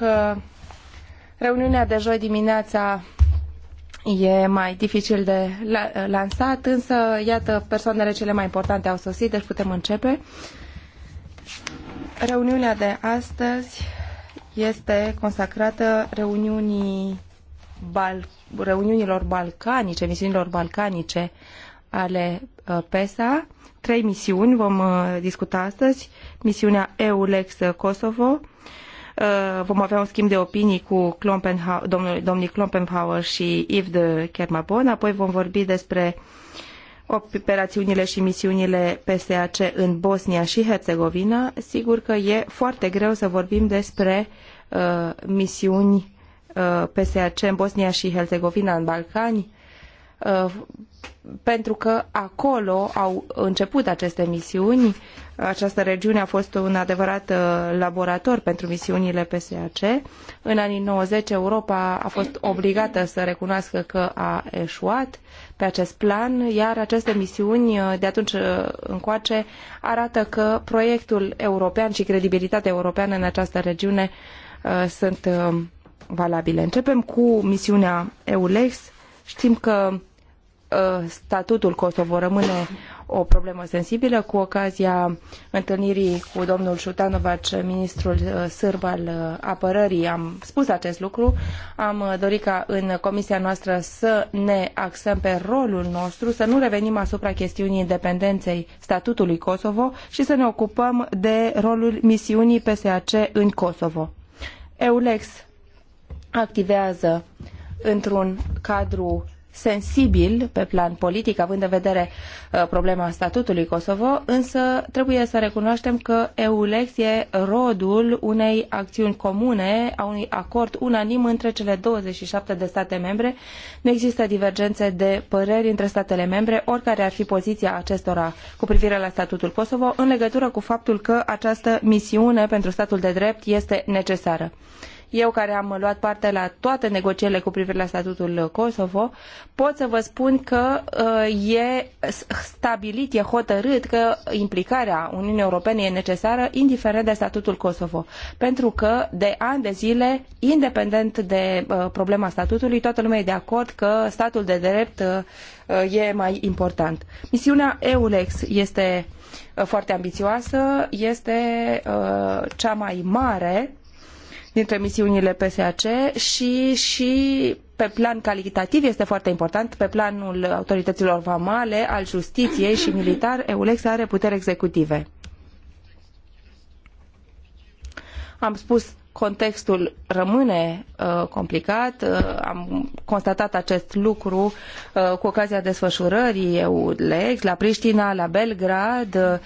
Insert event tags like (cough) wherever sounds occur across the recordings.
că reuniunea de joi dimineața e mai dificil de lansat, însă, iată, persoanele cele mai importante au sosit, deci putem începe. Reuniunea de astăzi este consacrată reuniunii Bal reuniunilor balcanice, misiunilor balcanice ale uh, PESA. Trei misiuni vom uh, discuta astăzi. Misiunea EULEX Kosovo, Uh, vom avea un schimb de opinii cu domnul, domnii Klompenhauer și Yves de Kermabon, apoi vom vorbi despre operațiunile și misiunile PSAC în Bosnia și Herțegovina. Sigur că e foarte greu să vorbim despre uh, misiuni uh, PSAC în Bosnia și Herțegovina, în Balcani, Uh, pentru că acolo au început aceste misiuni. Această regiune a fost un adevărat uh, laborator pentru misiunile PSAC. În anii 90 Europa a fost obligată să recunoască că a eșuat pe acest plan, iar aceste misiuni uh, de atunci încoace arată că proiectul european și credibilitatea europeană în această regiune sunt valabile. Începem cu misiunea EULEX. Știm că Uh, statutul Kosovo rămâne o problemă sensibilă. Cu ocazia întâlnirii cu domnul Șutanovac, ministrul uh, sârb al uh, apărării, am spus acest lucru. Am dorit ca în comisia noastră să ne axăm pe rolul nostru, să nu revenim asupra chestiunii independenței statutului Kosovo și să ne ocupăm de rolul misiunii PSAC în Kosovo. EULEX activează într-un cadru sensibil pe plan politic, având în vedere uh, problema statutului Kosovo, însă trebuie să recunoaștem că EULEX e rodul unei acțiuni comune, a unui acord unanim între cele 27 de state membre. Nu există divergențe de păreri între statele membre, oricare ar fi poziția acestora cu privire la statutul Kosovo, în legătură cu faptul că această misiune pentru statul de drept este necesară eu care am luat parte la toate negocierile cu privire la statutul Kosovo, pot să vă spun că uh, e stabilit, e hotărât că implicarea Uniunii Europene e necesară, indiferent de statutul Kosovo. Pentru că de ani de zile, independent de uh, problema statutului, toată lumea e de acord că statul de drept uh, e mai important. Misiunea EULEX este foarte ambițioasă, este cea mai mare dintre misiunile PSAC și, și pe plan calitativ este foarte important, pe planul autorităților vamale, al justiției și militar, EULEX are puteri executive. Am spus contextul rămâne uh, complicat. Uh, am constatat acest lucru uh, cu ocazia desfășurării EULEX la Priștina, la Belgrad. Uh,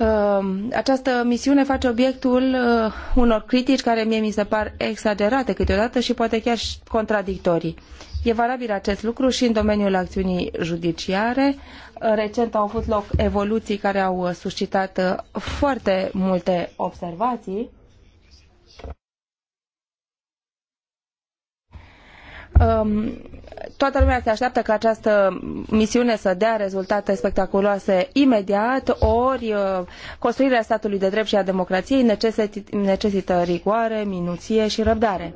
Um, această misiune face obiectul uh, unor critici care mie mi se par exagerate câteodată și poate chiar contradictorii. E valabil acest lucru și în domeniul acțiunii judiciare. Uh, recent au avut loc evoluții care au uh, suscitat foarte multe observații. Um, toată lumea se așteaptă ca această misiune să dea rezultate spectaculoase imediat, ori uh, construirea statului de drept și a democrației necesită rigoare, minuție și răbdare.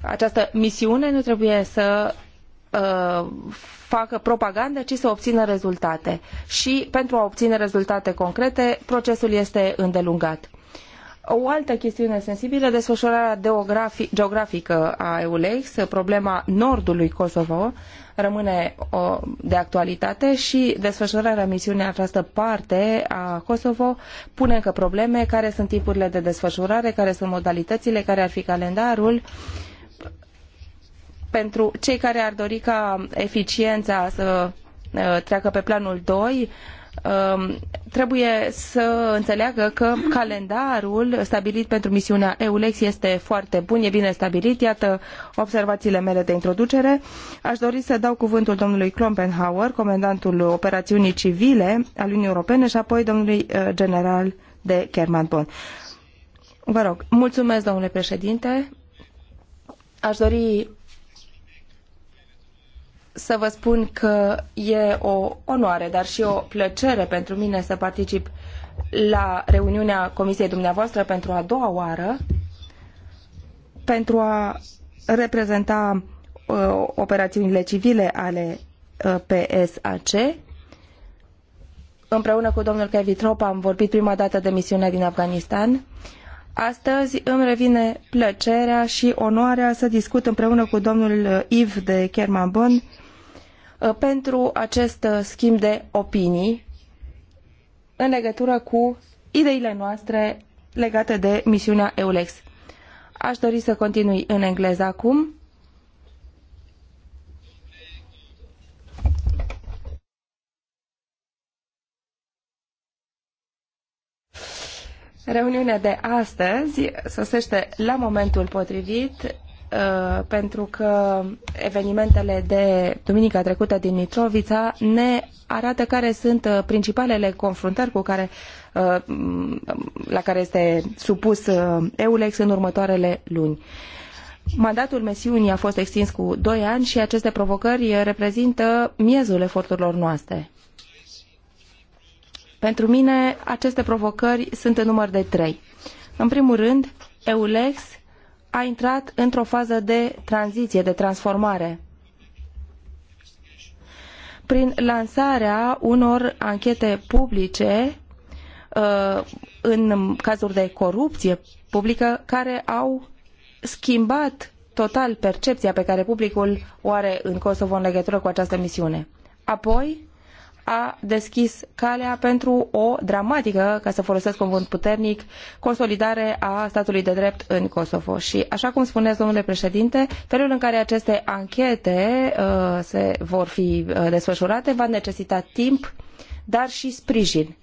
Această misiune nu trebuie să uh, facă propagandă, ci să obțină rezultate. Și pentru a obține rezultate concrete, procesul este îndelungat o altă chestiune sensibilă, desfășurarea geografică a EULEX, problema nordului Kosovo, rămâne de actualitate și desfășurarea misiunii această parte a Kosovo pune încă probleme, care sunt tipurile de desfășurare, care sunt modalitățile, care ar fi calendarul pentru cei care ar dori ca eficiența să uh, treacă pe planul 2, Um, trebuie să înțeleagă că calendarul stabilit pentru misiunea EULEX este foarte bun, e bine stabilit. Iată observațiile mele de introducere. Aș dori să dau cuvântul domnului Klompenhauer, comandantul operațiunii civile al Uniunii Europene și apoi domnului uh, general de Kermanbon. Vă rog, mulțumesc, domnule președinte. Aș dori să vă spun că e o onoare, dar și o plăcere pentru mine să particip la reuniunea Comisiei dumneavoastră pentru a doua oară pentru a reprezenta uh, operațiunile civile ale uh, PSAC. Împreună cu domnul Kevin Trop am vorbit prima dată de misiunea din Afganistan Astăzi îmi revine plăcerea și onoarea să discut împreună cu domnul Yves de Kermanbon uh, pentru acest uh, schimb de opinii în legătură cu ideile noastre legate de misiunea EULEX. Aș dori să continui în engleză acum Reuniunea de astăzi sosește la momentul potrivit uh, pentru că evenimentele de duminica trecută din Mitrovița ne arată care sunt uh, principalele confruntări cu care, uh, la care este supus EULEX în următoarele luni. Mandatul mesiunii a fost extins cu doi ani și aceste provocări reprezintă miezul eforturilor noastre. Pentru mine, aceste provocări sunt în număr de trei. În primul rând, EULEX a intrat într-o fază de tranziție, de transformare. Prin lansarea unor anchete publice uh, în cazuri de corupție publică care au schimbat total percepția pe care publicul o are în Kosovo în legătură cu această misiune. Apoi, a deschis calea pentru o dramatică, ca să folosesc un cuvânt puternic, consolidare a statului de drept în Kosovo. Și, așa cum spuneți, domnule președinte, felul în care aceste anchete uh, se vor fi uh, desfășurate va necesita timp, dar și sprijin.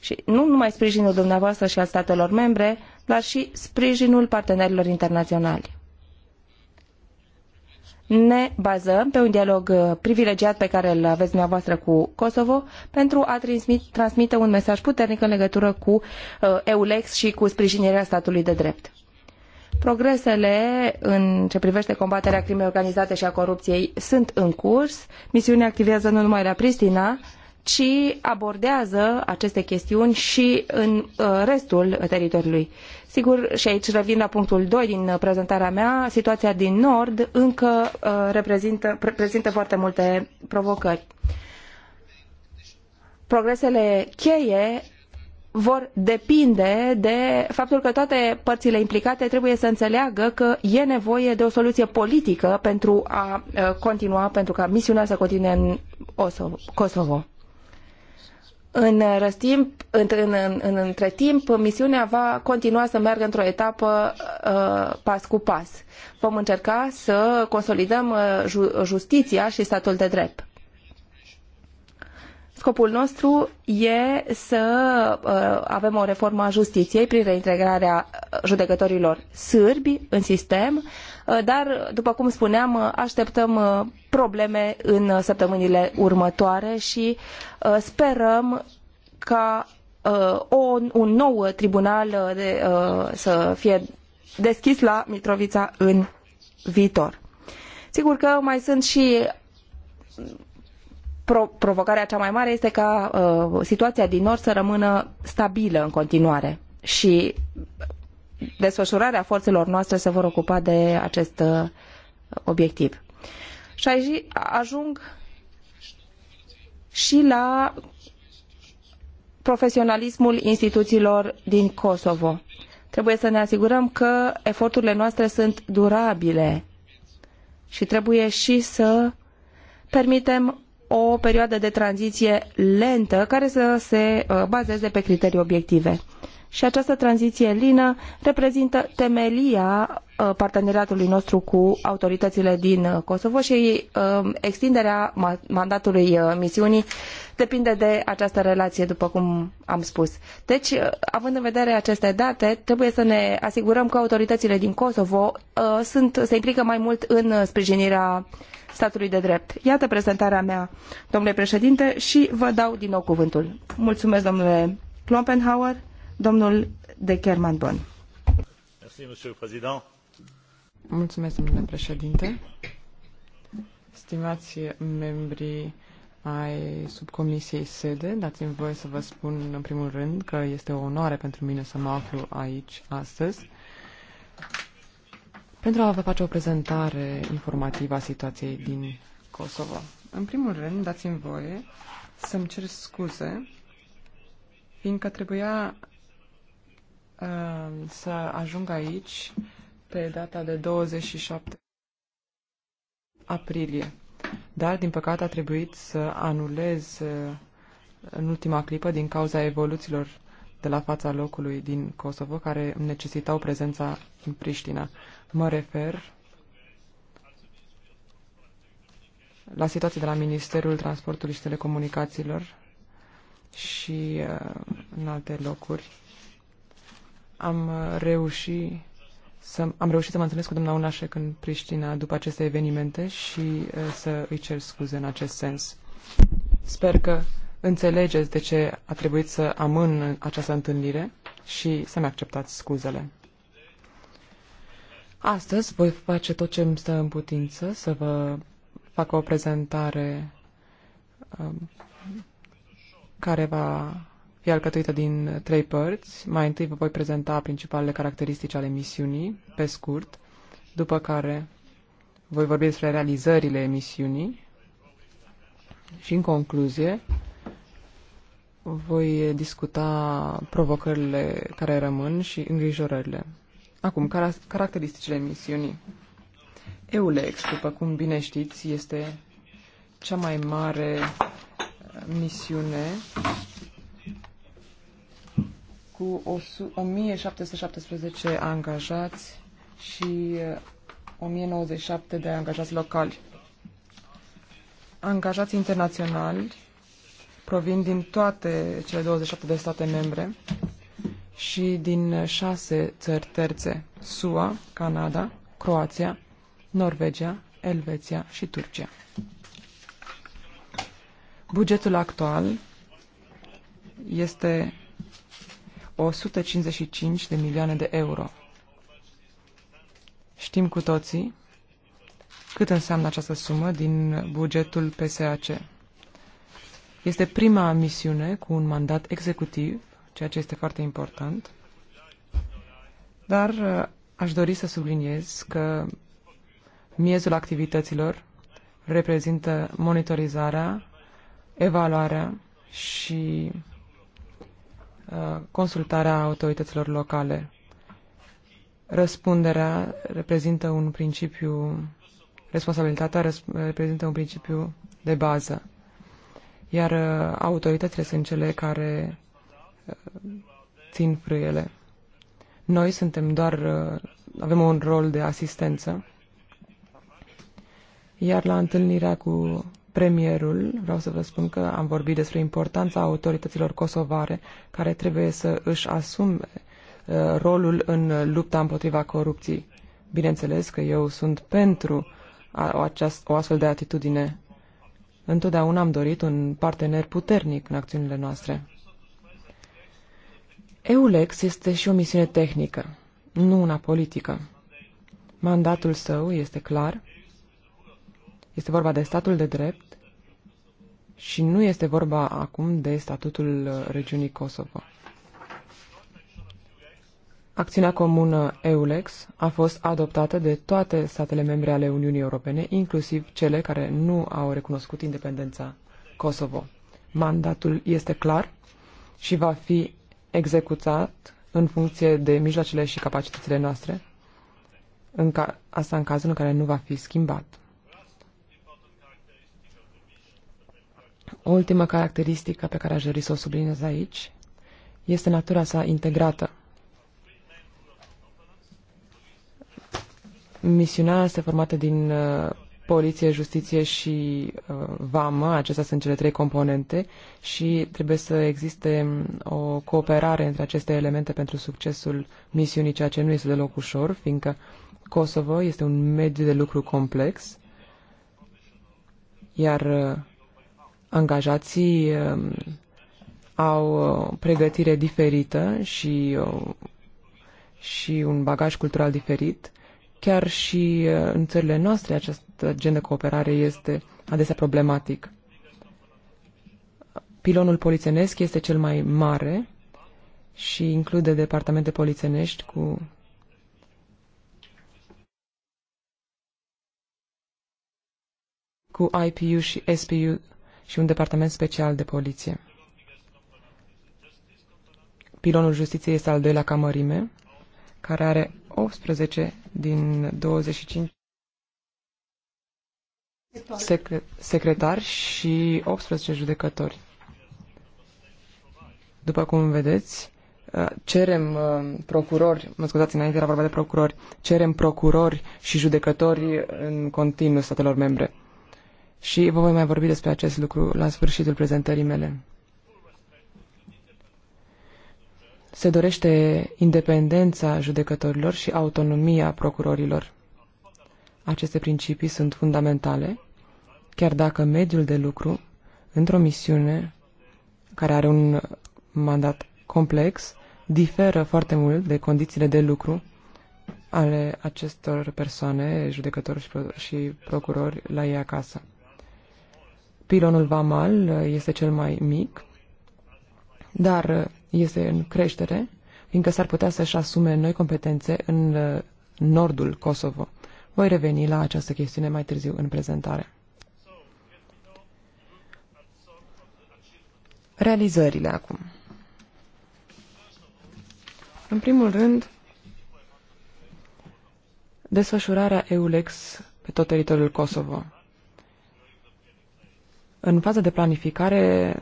Și nu numai sprijinul dumneavoastră și al statelor membre, dar și sprijinul partenerilor internaționali ne bazăm pe un dialog uh, privilegiat pe care îl aveți dumneavoastră cu Kosovo pentru a transmit, transmite un mesaj puternic în legătură cu uh, EULEX și cu sprijinirea statului de drept. Progresele în ce privește combaterea crimei organizate și a corupției sunt în curs. Misiunea activează nu numai la Pristina, ci abordează aceste chestiuni și în uh, restul teritoriului. Sigur, și aici revin la punctul 2 din prezentarea mea, situația din Nord încă uh, reprezintă, prezintă foarte multe provocări. Progresele cheie vor depinde de faptul că toate părțile implicate trebuie să înțeleagă că e nevoie de o soluție politică pentru a uh, continua, pentru ca misiunea să continue în Kosovo. În, uh, răstimp, în, în, în, între timp, misiunea va continua să meargă într-o etapă uh, pas cu pas. Vom încerca să consolidăm uh, justiția și statul de drept. Scopul nostru e să uh, avem o reformă a justiției prin reintegrarea uh, judecătorilor sârbi în sistem, uh, Uh, dar, după cum spuneam, uh, așteptăm uh, probleme în săptămânile următoare și sperăm ca un nou tribunal de, să fie deschis la Mitrovița în viitor. Sigur că mai sunt și provocarea cea mai mare este ca uh, situația din nord să rămână stabilă în continuare și desfășurarea forțelor noastre se vor ocupa de acest uh, obiectiv. Și ajung și la profesionalismul instituțiilor din Kosovo. Trebuie să ne asigurăm că eforturile noastre sunt durabile și trebuie și să permitem o perioadă de tranziție lentă care să se uh, bazeze pe criterii obiective și această tranziție lină reprezintă temelia uh, parteneriatului nostru cu autoritățile din uh, Kosovo și uh, extinderea mandatului misiunii depinde de această relație, după cum am spus. Deci, având în vedere aceste date, trebuie să ne asigurăm că autoritățile din Kosovo sunt, se implică mai mult în sprijinirea statului de drept. Iată prezentarea mea, domnule președinte, și vă dau din nou cuvântul. Mulțumesc, domnule Klompenhauer. Domnul de Kerman Bon. Mulțumesc, domnule președinte. Stimați membrii ai subcomisiei sede, dați-mi voie să vă spun în primul rând că este o onoare pentru mine să mă aflu aici astăzi pentru a vă face o prezentare informativă a situației din Kosovo. În primul rând, dați-mi voie să-mi cer scuze, fiindcă trebuia Uh, să ajung aici pe data de 27 aprilie. Dar, din păcate, a trebuit să anulez uh, în ultima clipă din cauza evoluțiilor de la fața locului din Kosovo, care necesitau prezența în Priștina. Mă refer la situația de la Ministerul Transportului și Telecomunicațiilor și uh, în alte locuri am reușit să, am reușit să mă întâlnesc cu doamna Unașec în Priștina după aceste evenimente și uh, să îi cer scuze în acest sens. Sper că înțelegeți de ce a trebuit să amân această întâlnire și să-mi acceptați scuzele. Astăzi voi face tot ce îmi stă în putință să vă fac o prezentare um, care va fi alcătuită din trei părți. Mai întâi vă voi prezenta principalele caracteristici ale misiunii, pe scurt, după care voi vorbi despre realizările misiunii și, în concluzie, voi discuta provocările care rămân și îngrijorările. Acum, car caracteristicile misiunii. EULEX, după cum bine știți, este cea mai mare misiune cu 1717 angajați și 1097 uh, de angajați locali. angajați internaționali provin din toate cele 27 de state membre și din șase țări terțe, SUA, Canada, Croația, Norvegia, Elveția și Turcia. Bugetul actual este 155 de milioane de euro. Știm cu toții cât înseamnă această sumă din bugetul PSAC. Este prima misiune cu un mandat executiv, ceea ce este foarte important, dar uh, aș dori să subliniez că miezul activităților reprezintă monitorizarea, evaluarea și consultarea autorităților locale. Răspunderea reprezintă un principiu, responsabilitatea reprezintă un principiu de bază. Iar uh, autoritățile sunt cele care uh, țin frâiele. Noi suntem doar, uh, avem un rol de asistență. Iar la întâlnirea cu premierul, vreau să vă spun că am vorbit despre importanța autorităților kosovare care trebuie să își asume uh, rolul în lupta împotriva corupției. Bineînțeles că eu sunt pentru a, o, aceast, o astfel de atitudine. Întotdeauna am dorit un partener puternic în acțiunile noastre. EULEX este și o misiune tehnică, nu una politică. Mandatul său este clar. Este vorba de statul de drept, și nu este vorba acum de statutul regiunii Kosovo. Acțiunea comună EULEX a fost adoptată de toate statele membre ale Uniunii Europene, inclusiv cele care nu au recunoscut independența Kosovo. Mandatul este clar și va fi executat în funcție de mijloacele și capacitățile noastre, în ca, asta în cazul în care nu va fi schimbat. O ultimă caracteristică pe care aș dori să o subliniez aici este natura sa integrată. Misiunea este formată din uh, poliție, justiție și uh, vamă, acestea sunt cele trei componente și trebuie să existe um, o cooperare între aceste elemente pentru succesul misiunii, ceea ce nu este deloc ușor, fiindcă Kosovo este un mediu de lucru complex, iar uh, angajații um, au o uh, pregătire diferită și, uh, și un bagaj cultural diferit. Chiar și uh, în țările noastre această gen de cooperare este adesea problematic. Pilonul polițenesc este cel mai mare și include departamente polițenești cu cu IPU și SPU și un departament special de poliție. Pilonul justiției este al doilea camărime, care are 18 din 25 sec secretari și 18 judecători. După cum vedeți, uh, cerem uh, procurori, mă scuzați, înainte era vorba de procurori, cerem procurori și judecători în continuu statelor membre și vă voi mai vorbi despre acest lucru la sfârșitul prezentării mele. Se dorește independența judecătorilor și autonomia procurorilor. Aceste principii sunt fundamentale, chiar dacă mediul de lucru, într-o misiune care are un mandat complex, diferă foarte mult de condițiile de lucru ale acestor persoane, judecători și procurori, la ei acasă pilonul vamal uh, este cel mai mic, dar uh, este în creștere, fiindcă s-ar putea să-și asume noi competențe în uh, nordul Kosovo. Voi reveni la această chestiune mai târziu în prezentare. Realizările acum. În primul rând, desfășurarea EULEX pe tot teritoriul Kosovo. În faza de planificare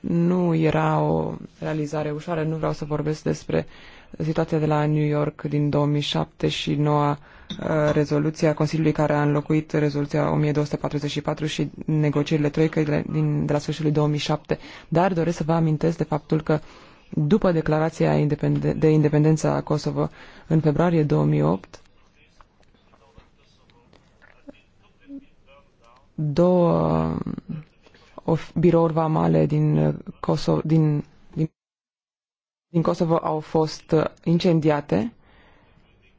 nu era o realizare ușoară. Nu vreau să vorbesc despre situația de la New York din 2007 și noua uh, rezoluție a Consiliului care a înlocuit rezoluția 1244 și negocierile troică din, de la sfârșitul 2007. Dar doresc să vă amintesc de faptul că după declarația de independență a Kosovo în februarie 2008, două uh, of, birouri vamale din uh, Kosovo, din, din, din Kosovo au fost uh, incendiate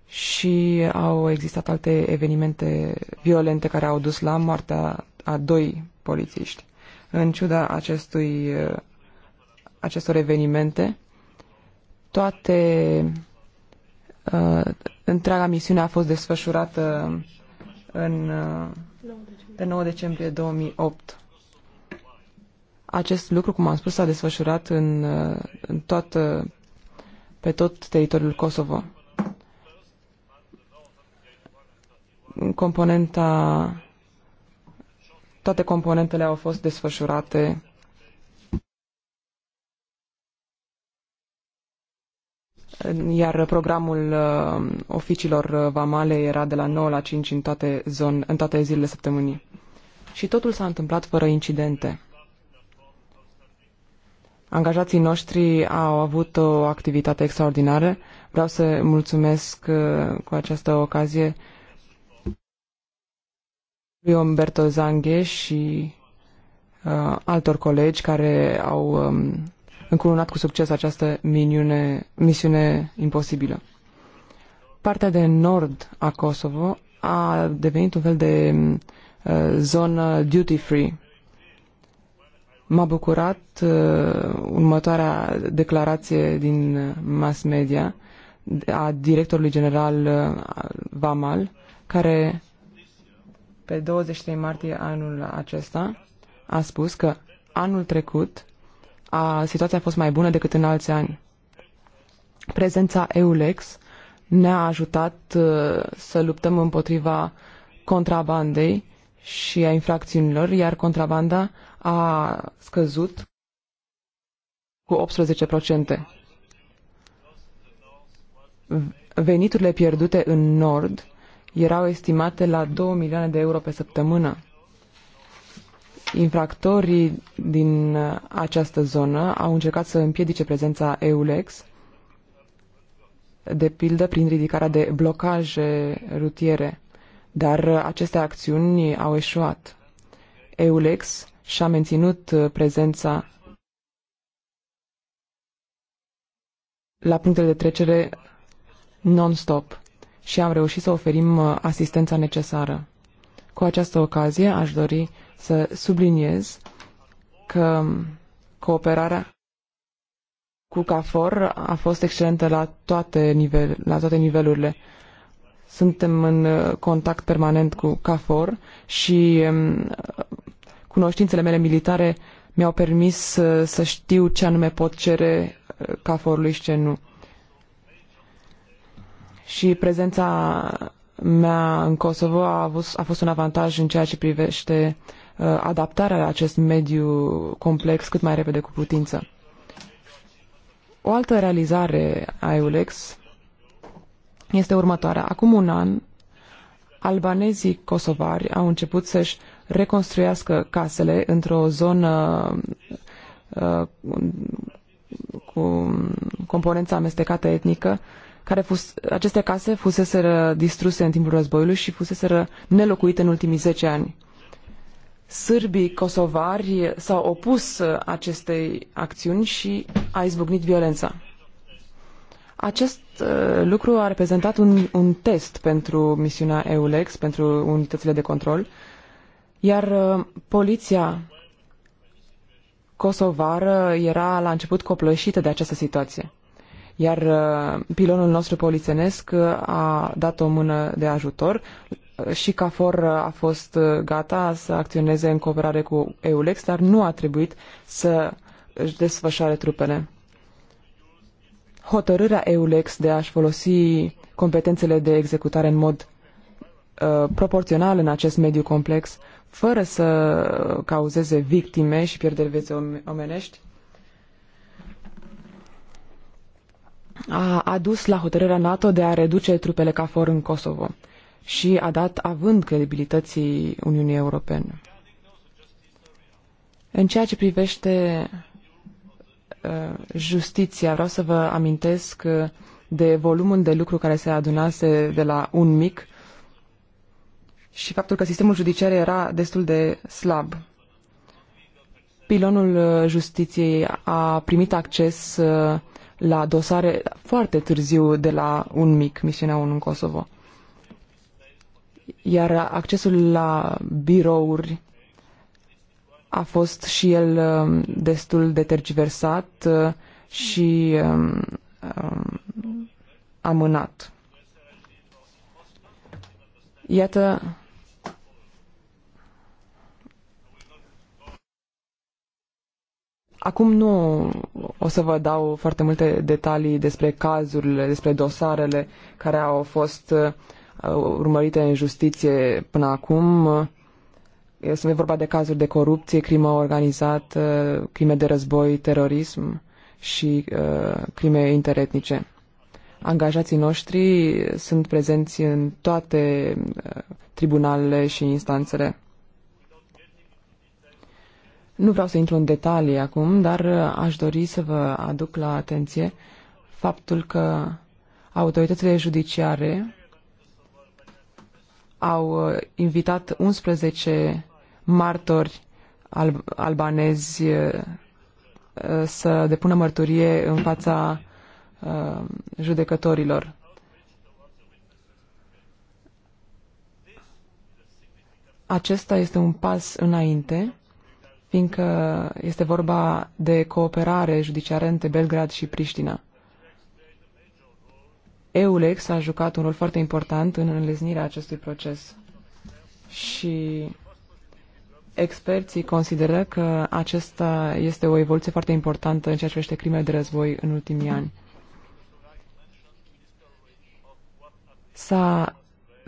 și au existat alte evenimente violente care au dus la moartea a doi polițiști. În ciuda acestui, acestor evenimente, toate uh, întreaga misiune a fost desfășurată în uh, pe 9 decembrie 2008. Acest lucru, cum am spus, s-a desfășurat în, uh, în toată, pe tot teritoriul Kosovo. Componenta, toate componentele au fost desfășurate iar programul uh, oficiilor uh, vamale era de la 9 la 5 în toate, zone, în toate zilele săptămânii. Și totul s-a întâmplat fără incidente. Angajații noștri au avut o activitate extraordinară. Vreau să mulțumesc uh, cu această ocazie lui Umberto Zanghe și uh, altor colegi care au um, încununat cu succes această miniune, misiune imposibilă. Partea de nord a Kosovo a devenit un fel de uh, zonă duty-free. M-a bucurat uh, următoarea declarație din mass media a directorului general uh, Vamal, care pe 23 martie anul acesta a spus că anul trecut a, situația a fost mai bună decât în alți ani. Prezența EULEX ne-a ajutat uh, să luptăm împotriva contrabandei și a infracțiunilor, iar contrabanda a scăzut cu 18%. Veniturile pierdute în Nord erau estimate la 2 milioane de euro pe săptămână. Infractorii din uh, această zonă au încercat să împiedice prezența EULEX, de pildă prin ridicarea de blocaje rutiere, dar uh, aceste acțiuni au eșuat. EULEX și-a menținut uh, prezența la punctele de trecere non-stop și am reușit să oferim asistența necesară. Cu această ocazie aș dori să subliniez că cooperarea cu CAFOR a fost excelentă la toate, nivel, la toate nivelurile. Suntem în contact permanent cu CAFOR și um, cunoștințele mele militare mi-au permis să, să știu ce anume pot cere uh, CAFOR-ului și ce nu. Și prezența mea în Kosovo a, avut, a fost un avantaj în ceea ce privește uh, adaptarea la acest mediu complex cât mai repede cu putință. O altă realizare a EULEX este următoarea. Acum un an, albanezii kosovari au început să-și reconstruiască casele într-o zonă uh, cu componența amestecată etnică care fus, aceste case fuseseră distruse în timpul războiului și fuseseră nelocuite în ultimii 10 ani. Sârbii kosovari s-au opus acestei acțiuni și a izbucnit violența. Acest uh, lucru a reprezentat un, un test pentru misiunea EULEX, pentru unitățile de control, iar uh, poliția kosovară era la început copleșită de această situație. Iar uh, pilonul nostru polițenesc uh, a dat o mână de ajutor și CAFOR uh, a fost gata să acționeze în cooperare cu EULEX, dar nu a trebuit să își desfășoare trupele. Hotărârea EULEX de a-și folosi competențele de executare în mod uh, proporțional în acest mediu complex, fără să cauzeze victime și pierderi vieții omenești, a adus la hotărârea NATO de a reduce trupele CAFOR în Kosovo și a dat având credibilității Uniunii Europene. În ceea ce privește uh, justiția, vreau să vă amintesc de volumul de lucru care se adunase de la un mic și faptul că sistemul judiciar era destul de slab. Pilonul justiției a primit acces uh, la dosare foarte târziu de la un mic, misiunea 1 în Kosovo. Iar accesul la birouri a fost și el um, destul de tergiversat uh, și um, um, amânat. Iată Acum nu o să vă dau foarte multe detalii despre cazurile, despre dosarele care au fost uh, urmărite în justiție până acum. Este vorba de cazuri de corupție, crimă organizată, crime de război, terorism și uh, crime interetnice. Angajații noștri sunt prezenți în toate uh, tribunalele și instanțele. Nu vreau să intru în detalii acum, dar uh, aș dori să vă aduc la atenție faptul că autoritățile judiciare au uh, invitat 11 martori albanezi uh, să depună mărturie în fața judecătorilor. Acesta este un pas înainte fiindcă este vorba de cooperare judiciară între Belgrad și Priștina. EULEX a jucat un rol foarte important în înlesnirea acestui proces și experții consideră că acesta este o evoluție foarte importantă în ceea ce privește crimele de război în ultimii ani. S-a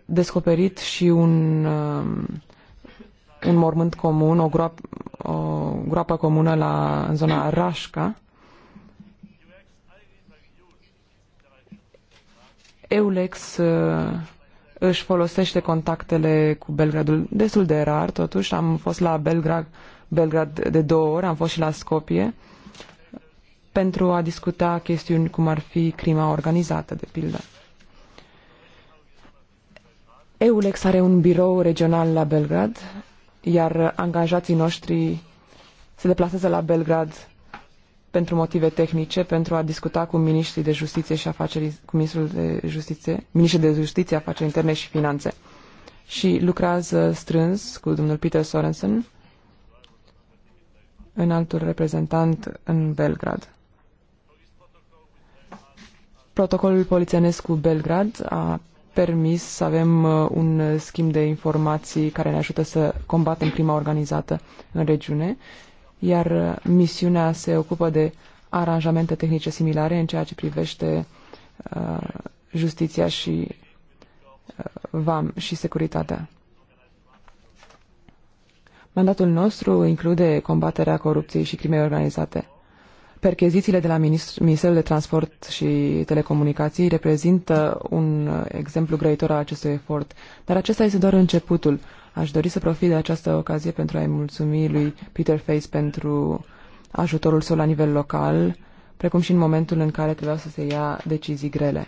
descoperit și un, um, un mormânt comun, o groapă, o groapă comună la, în zona Rașca. Eulex uh, își folosește contactele cu Belgradul destul de rar, totuși am fost la Belgrad, Belgrad de două ori, am fost și la Scopie pentru a discuta chestiuni cum ar fi crima organizată, de pildă. Eulex are un birou regional la Belgrad iar angajații noștri se deplasează la Belgrad pentru motive tehnice, pentru a discuta cu ministrii de justiție și afaceri, cu ministrul de justiție, ministrul de justiție, afaceri interne și finanțe. Și lucrează strâns cu domnul Peter Sorensen, în altul reprezentant în Belgrad. Protocolul polițienesc cu Belgrad a permis să avem uh, un uh, schimb de informații care ne ajută să combatem crima organizată în regiune, iar uh, misiunea se ocupă de aranjamente tehnice similare în ceea ce privește justiția și VAM și securitatea. Mandatul nostru include combaterea corupției și crimei organizate. Perchezițiile de la Ministerul de Transport și Telecomunicații reprezintă un exemplu grăitor al acestui efort, dar acesta este doar începutul. Aș dori să profit de această ocazie pentru a-i mulțumi lui Peter Face pentru ajutorul său la nivel local, precum și în momentul în care trebuia să se ia decizii grele.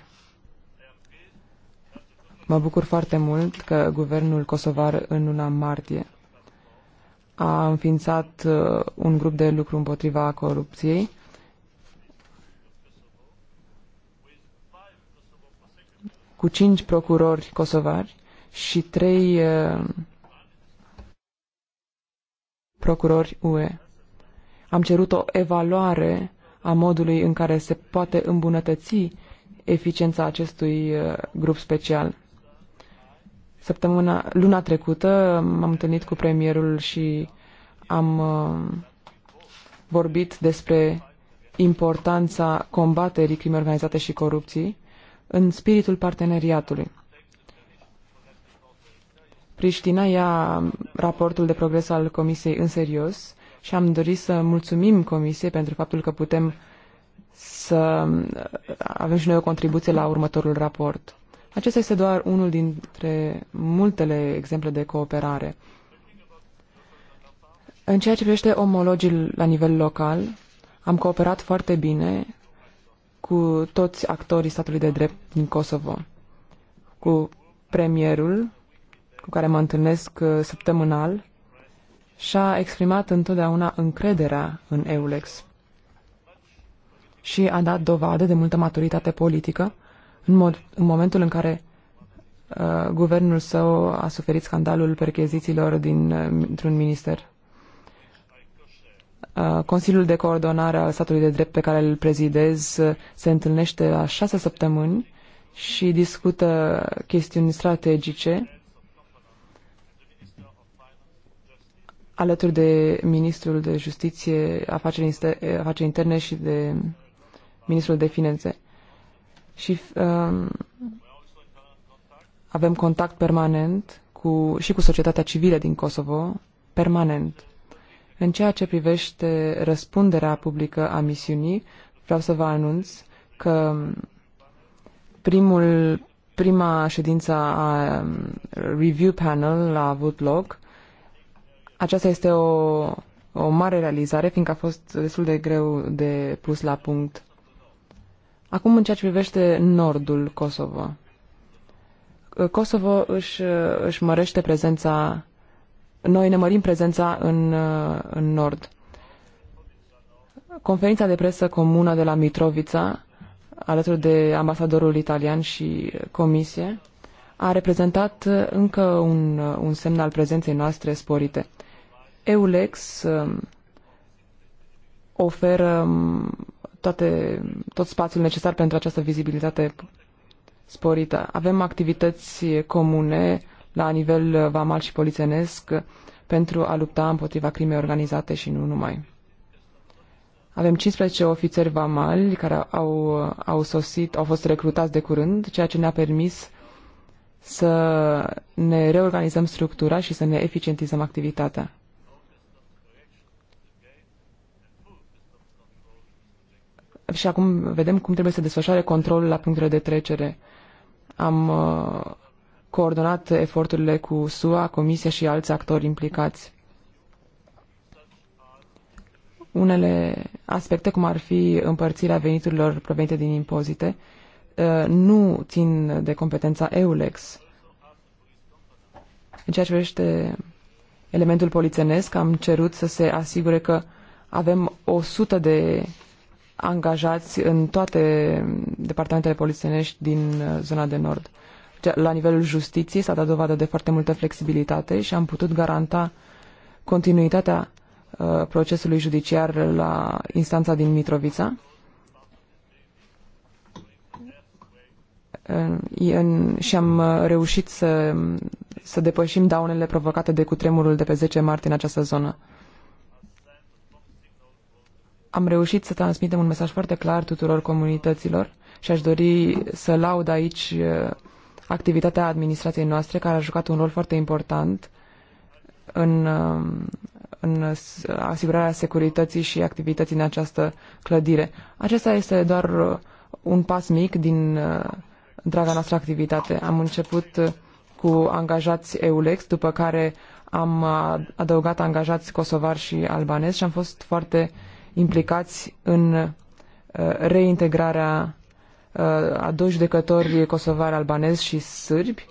Mă bucur foarte mult că guvernul kosovar în luna martie a înființat uh, un grup de lucru împotriva corupției cu cinci procurori kosovari și trei uh, procurori UE. Am cerut o evaluare a modului în care se poate îmbunătăți eficiența acestui uh, grup special. Săptămâna, luna trecută m-am întâlnit cu premierul și am uh, vorbit despre importanța combaterii crimei organizate și corupției în spiritul parteneriatului. Priștina ia raportul de progres al Comisiei în serios și am dorit să mulțumim Comisiei pentru faptul că putem să avem și noi o contribuție la următorul raport. Acesta este doar unul dintre multele exemple de cooperare. În ceea ce privește omologii la nivel local, am cooperat foarte bine cu toți actorii statului de drept din Kosovo, cu premierul, cu care mă întâlnesc uh, săptămânal, și-a exprimat întotdeauna încrederea în EULEX și a dat dovadă de multă maturitate politică în, mod, în momentul în care uh, guvernul său a suferit scandalul perchezițiilor dintr uh, un minister. Consiliul de coordonare al statului de drept pe care îl prezidez se întâlnește la șase săptămâni și discută chestiuni strategice alături de ministrul de justiție, afaceri, interne și de ministrul de finanțe. Și um, avem contact permanent cu, și cu societatea civilă din Kosovo, permanent. În ceea ce privește răspunderea publică a misiunii, vreau să vă anunț că primul, prima ședință a um, Review Panel a avut loc. Aceasta este o, o mare realizare, fiindcă a fost destul de greu de pus la punct. Acum, în ceea ce privește nordul Kosovo. Kosovo își, își mărește prezența noi ne mărim prezența în, uh, în Nord. Conferința de presă comună de la Mitrovica, alături de ambasadorul italian și comisie, a reprezentat uh, încă un, uh, un semn al prezenței noastre sporite. EULEX um, oferă um, toate, tot spațiul necesar pentru această vizibilitate sporită. Avem activități comune la nivel uh, vamal și polițenesc uh, pentru a lupta împotriva crimei organizate și nu numai. Avem 15 ofițeri vamali care au, uh, au sosit, au fost recrutați de curând, ceea ce ne-a permis să ne reorganizăm structura și să ne eficientizăm activitatea. Și acum vedem cum trebuie să desfășoare controlul la punctele de trecere. Am uh, coordonat eforturile cu SUA, Comisia și alți actori implicați. Unele aspecte, cum ar fi împărțirea veniturilor provenite din impozite, uh, nu țin de competența EULEX. În ceea ce privește elementul polițenesc, am cerut să se asigure că avem 100 de angajați în toate departamentele polițenești din uh, zona de nord la nivelul justiției s-a dat dovadă de foarte multă flexibilitate și am putut garanta continuitatea uh, procesului judiciar la instanța din Mitrovița. În, și am uh, reușit să, să depășim daunele provocate de cutremurul de pe 10 martie în această zonă. Am reușit să transmitem un mesaj foarte clar tuturor comunităților și aș dori să laud aici uh, activitatea administrației noastre, care a jucat un rol foarte important în, um, în asigurarea securității și activității în această clădire. Acesta este doar uh, un pas mic din draga uh, noastră activitate. Am început uh, cu angajați EULEX, după care am adăugat angajați kosovari și albanezi și am fost foarte implicați în reintegrarea Uh, a doi judecători kosovari albanezi și sârbi,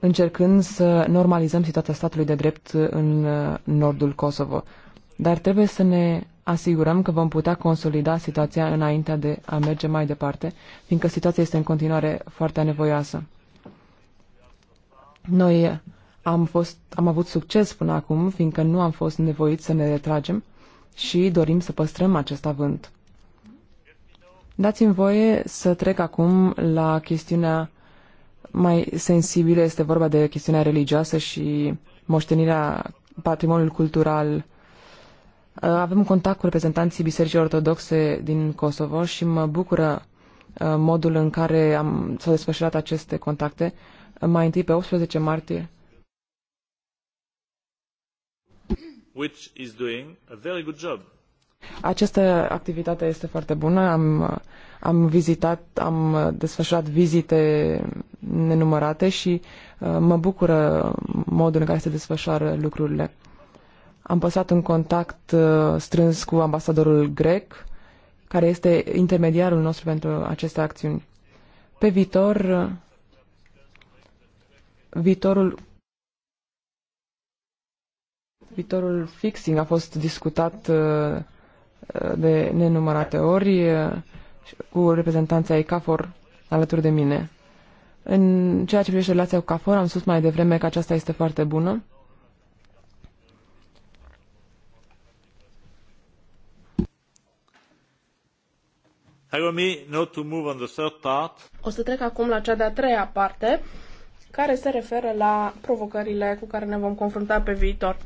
încercând să normalizăm situația statului de drept în uh, nordul Kosovo. Dar trebuie să ne asigurăm că vom putea consolida situația înainte de a merge mai departe, fiindcă situația este în continuare foarte anevoioasă. Noi am, fost, am avut succes până acum, fiindcă nu am fost nevoiți să ne retragem și dorim să păstrăm acest avânt. Dați-mi voie să trec acum la chestiunea mai sensibilă. Este vorba de chestiunea religioasă și moștenirea patrimoniului cultural. Uh, avem contact cu reprezentanții Bisericii Ortodoxe din Kosovo și mă bucură uh, modul în care am, s-au desfășurat aceste contacte. Uh, mai întâi pe 18 martie which is doing a very good job. Această activitate este foarte bună. Am, am vizitat, am desfășurat vizite nenumărate și uh, mă bucură modul în care se desfășoară lucrurile. Am păsat un contact uh, strâns cu ambasadorul grec, care este intermediarul nostru pentru aceste acțiuni. Pe viitor, uh, viitorul viitorul fixing a fost discutat uh, de nenumărate ori cu reprezentanța ei CAFOR alături de mine. În ceea ce privește relația cu CAFOR, am spus mai devreme că aceasta este foarte bună. O să trec acum la cea de-a treia parte, care se referă la provocările cu care ne vom confrunta pe viitor.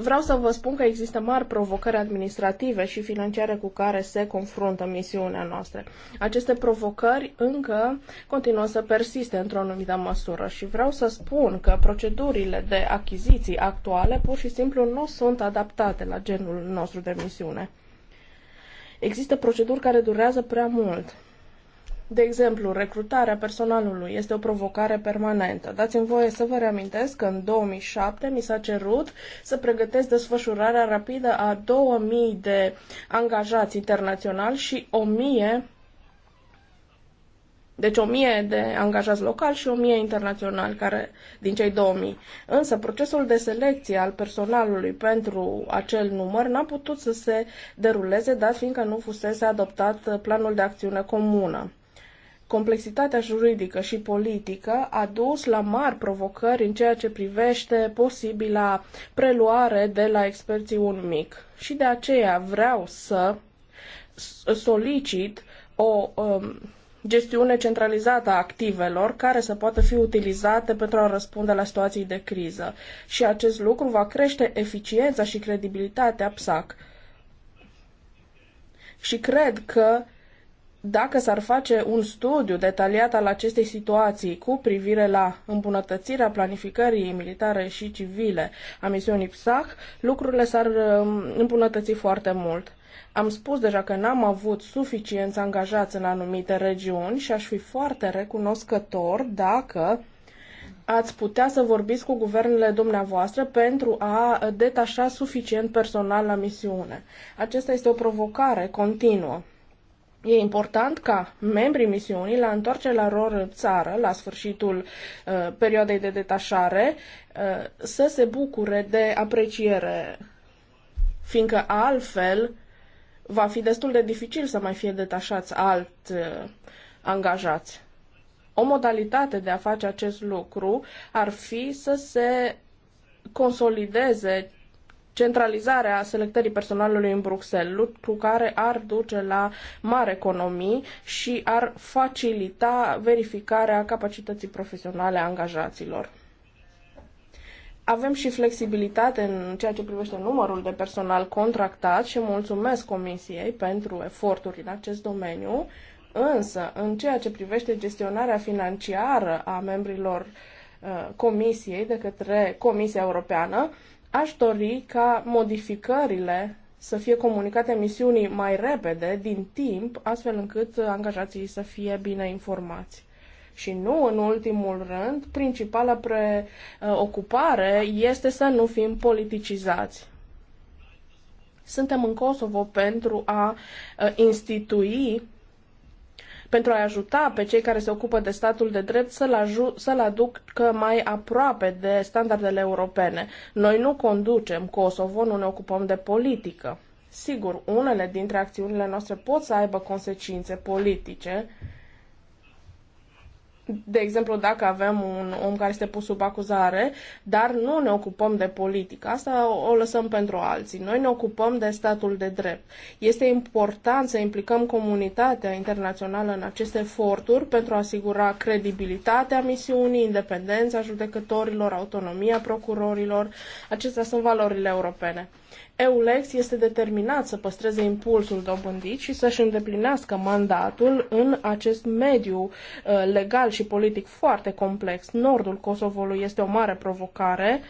Vreau să vă spun că există mari provocări administrative și financiare cu care se confruntă misiunea noastră. Aceste provocări încă continuă să persiste într-o anumită măsură și vreau să spun că procedurile de achiziții actuale pur și simplu nu sunt adaptate la genul nostru de misiune. Există proceduri care durează prea mult de exemplu, recrutarea personalului este o provocare permanentă. Dați-mi voie să vă reamintesc că în 2007 mi s-a cerut să pregătesc desfășurarea rapidă a 2000 de angajați internaționali și 1000 deci 1000 de angajați locali și 1000 internaționali care, din cei 2000. Însă procesul de selecție al personalului pentru acel număr n-a putut să se deruleze, dat fiindcă nu fusese adoptat planul de acțiune comună. Complexitatea juridică și politică a dus la mari provocări în ceea ce privește posibila preluare de la experții un mic. Și de aceea vreau să solicit o um, gestiune centralizată a activelor care să poată fi utilizate pentru a răspunde la situații de criză. Și acest lucru va crește eficiența și credibilitatea PSAC. Și cred că dacă s-ar face un studiu detaliat al acestei situații cu privire la îmbunătățirea planificării militare și civile a misiunii PSAC, lucrurile s-ar um, îmbunătăți foarte mult. Am spus deja că n-am avut suficienți angajați în anumite regiuni și aș fi foarte recunoscător dacă ați putea să vorbiți cu guvernele dumneavoastră pentru a detașa suficient personal la misiune. Acesta este o provocare continuă. E important ca membrii misiunii la întoarcerea în țară, la sfârșitul uh, perioadei de detașare, uh, să se bucure de apreciere, fiindcă altfel va fi destul de dificil să mai fie detașați alt uh, angajați. O modalitate de a face acest lucru ar fi să se consolideze centralizarea selectării personalului în Bruxelles, lucru care ar duce la mari economii și ar facilita verificarea capacității profesionale a angajaților. Avem și flexibilitate în ceea ce privește numărul de personal contractat și mulțumesc Comisiei pentru eforturi în acest domeniu, însă în ceea ce privește gestionarea financiară a membrilor uh, Comisiei de către Comisia Europeană, Aș dori ca modificările să fie comunicate misiunii mai repede, din timp, astfel încât angajații să fie bine informați. Și nu în ultimul rând, principala preocupare este să nu fim politicizați. Suntem în Kosovo pentru a institui pentru a ajuta pe cei care se ocupă de statul de drept să-l, aju- să-l aducă mai aproape de standardele europene. Noi nu conducem Kosovo, nu ne ocupăm de politică. Sigur, unele dintre acțiunile noastre pot să aibă consecințe politice, de exemplu, dacă avem un om care este pus sub acuzare, dar nu ne ocupăm de politică. Asta o lăsăm pentru alții. Noi ne ocupăm de statul de drept. Este important să implicăm comunitatea internațională în aceste eforturi pentru a asigura credibilitatea misiunii, independența judecătorilor, autonomia procurorilor. Acestea sunt valorile europene. EULEX este determinat să păstreze impulsul dobândit și să-și îndeplinească mandatul în acest mediu uh, legal și politic foarte complex. Nordul Kosovului este o mare provocare.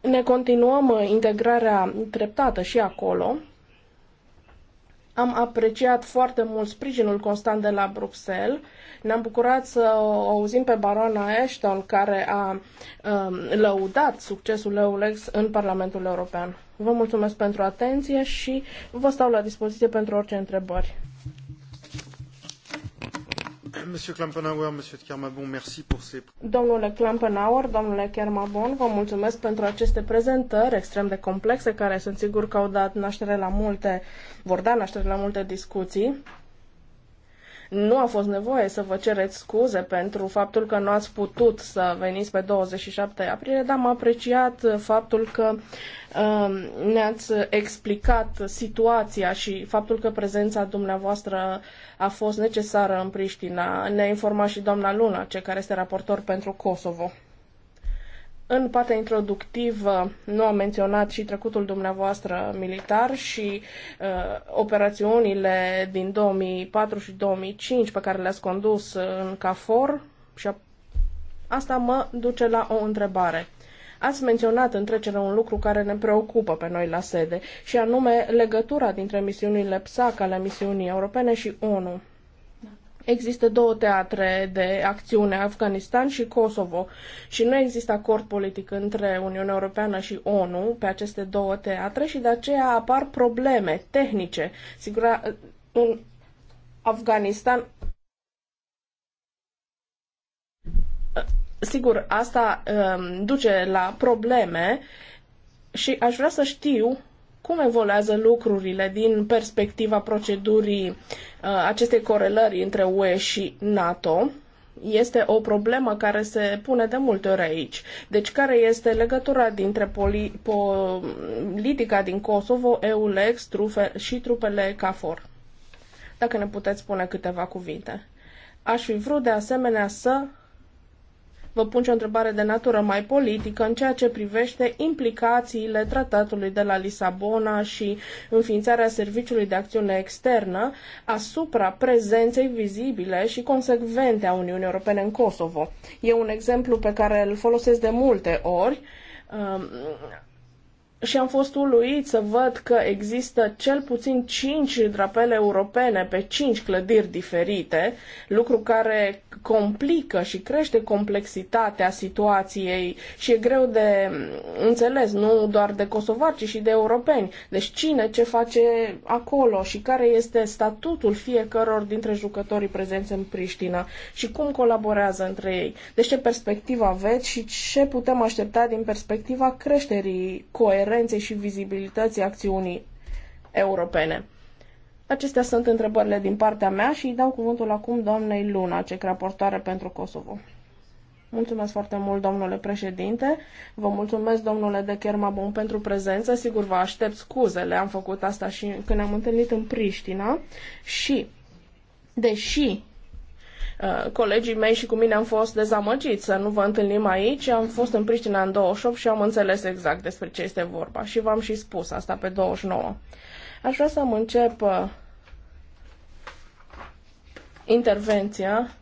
Ne continuăm uh, integrarea treptată și acolo. Am apreciat foarte mult sprijinul constant de la Bruxelles ne-am bucurat să o auzim pe barona Ashton, care a um, lăudat succesul EULEX în Parlamentul European. Vă mulțumesc pentru atenție și vă stau la dispoziție pentru orice întrebări. Monsieur Klampenauer, Monsieur Kermabon, merci pour ces... Domnule Klampenauer, domnule Kermabon, vă mulțumesc pentru aceste prezentări extrem de complexe, care sunt sigur că au dat naștere la multe, vor da naștere la multe discuții. Nu a fost nevoie să vă cereți scuze pentru faptul că nu ați putut să veniți pe 27 aprilie, dar am apreciat uh, faptul că um, ne-ați explicat situația și faptul că prezența dumneavoastră a fost necesară în Priștina. Ne-a informat și doamna Luna, ce care este raportor pentru Kosovo. În partea introductivă nu am menționat și trecutul dumneavoastră militar și uh, operațiunile din 2004 și 2005 pe care le-ați condus în CAFOR și a... asta mă duce la o întrebare. Ați menționat în trecere un lucru care ne preocupă pe noi la sede și anume legătura dintre misiunile PSAC ale misiunii europene și ONU. Există două teatre de acțiune, Afganistan și Kosovo, și nu există acord politic între Uniunea Europeană și ONU pe aceste două teatre și de aceea apar probleme tehnice. Sigur, în Afganistan sigur, asta um, duce la probleme și aș vrea să știu cum evoluează lucrurile din perspectiva procedurii uh, acestei corelări între UE și NATO. Este o problemă care se pune de multe ori aici. Deci care este legătura dintre poli- politica din Kosovo, EULEX trufe- și trupele CAFOR? Dacă ne puteți spune câteva cuvinte. Aș fi vrut de asemenea să vă pun și o întrebare de natură mai politică în ceea ce privește implicațiile tratatului de la Lisabona și înființarea Serviciului de Acțiune Externă asupra prezenței vizibile și consecvente a Uniunii Europene în Kosovo. E un exemplu pe care îl folosesc de multe ori um, și am fost uluit să văd că există cel puțin 5 drapele europene pe 5 clădiri diferite, lucru care complică și crește complexitatea situației și e greu de înțeles, nu doar de kosovari, ci și de europeni. Deci cine ce face acolo și care este statutul fiecăror dintre jucătorii prezenți în Priștina și cum colaborează între ei. Deci ce perspectivă aveți și ce putem aștepta din perspectiva creșterii coerenței coerenței și vizibilității acțiunii europene. Acestea sunt întrebările din partea mea și îi dau cuvântul acum doamnei Luna, ce raportoare pentru Kosovo. Mulțumesc foarte mult, domnule președinte. Vă mulțumesc, domnule de Kermabon, pentru prezență. Sigur, vă aștept scuzele. Am făcut asta și când am întâlnit în Priștina. Și, deși Uh, colegii mei și cu mine am fost dezamăgiți să nu vă întâlnim aici. Am fost în Priștina în 28 și am înțeles exact despre ce este vorba și v-am și spus asta pe 29. Aș vrea să-mi încep uh, intervenția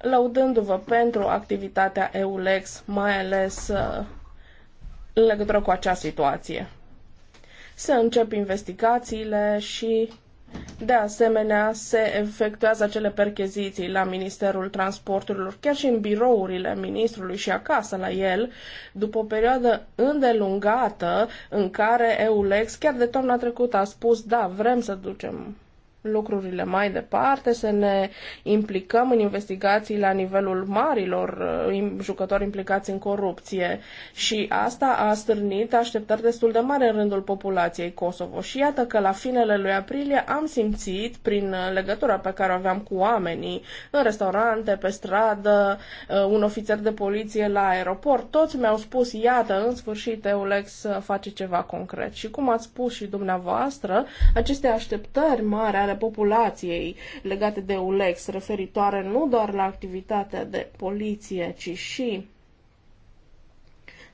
lăudându-vă pentru activitatea EULEX, mai ales uh, în legătură cu acea situație. Să încep investigațiile și de asemenea, se efectuează acele percheziții la Ministerul Transporturilor, chiar și în birourile ministrului și acasă la el, după o perioadă îndelungată în care EULEX, chiar de toamna trecută, a spus da, vrem să ducem lucrurile mai departe, să ne implicăm în investigații la nivelul marilor uh, jucători implicați în corupție și asta a stârnit așteptări destul de mare în rândul populației Kosovo. Și iată că la finele lui aprilie am simțit, prin uh, legătura pe care o aveam cu oamenii, în restaurante, pe stradă, uh, un ofițer de poliție la aeroport, toți mi-au spus, iată, în sfârșit EULEX face ceva concret. Și cum ați spus și dumneavoastră, aceste așteptări mari ale populației legate de ULEX, referitoare nu doar la activitatea de poliție, ci și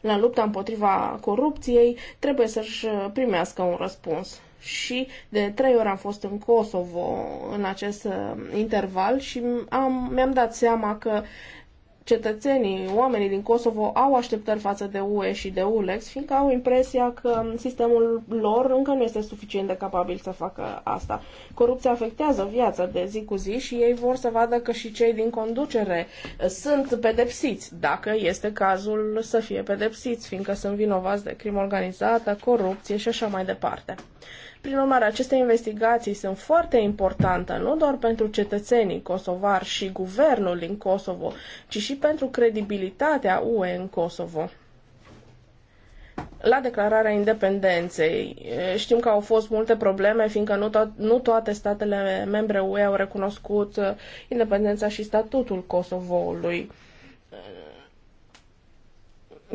la lupta împotriva corupției, trebuie să-și primească un răspuns. Și de trei ori am fost în Kosovo în acest uh, interval și am, mi-am dat seama că cetățenii, oamenii din Kosovo au așteptări față de UE și de ULEX, fiindcă au impresia că sistemul lor încă nu este suficient de capabil să facă asta. Corupția afectează viața de zi cu zi și ei vor să vadă că și cei din conducere uh, sunt pedepsiți, dacă este cazul să fie pedepsiți, fiindcă sunt vinovați de crimă organizată, corupție și așa mai departe. Prin urmare, aceste investigații sunt foarte importante, nu doar pentru cetățenii kosovari și guvernul din Kosovo, ci și pentru credibilitatea UE în Kosovo la declararea independenței. Știm că au fost multe probleme, fiindcă nu, to- nu toate statele membre UE au recunoscut independența și statutul Kosovoului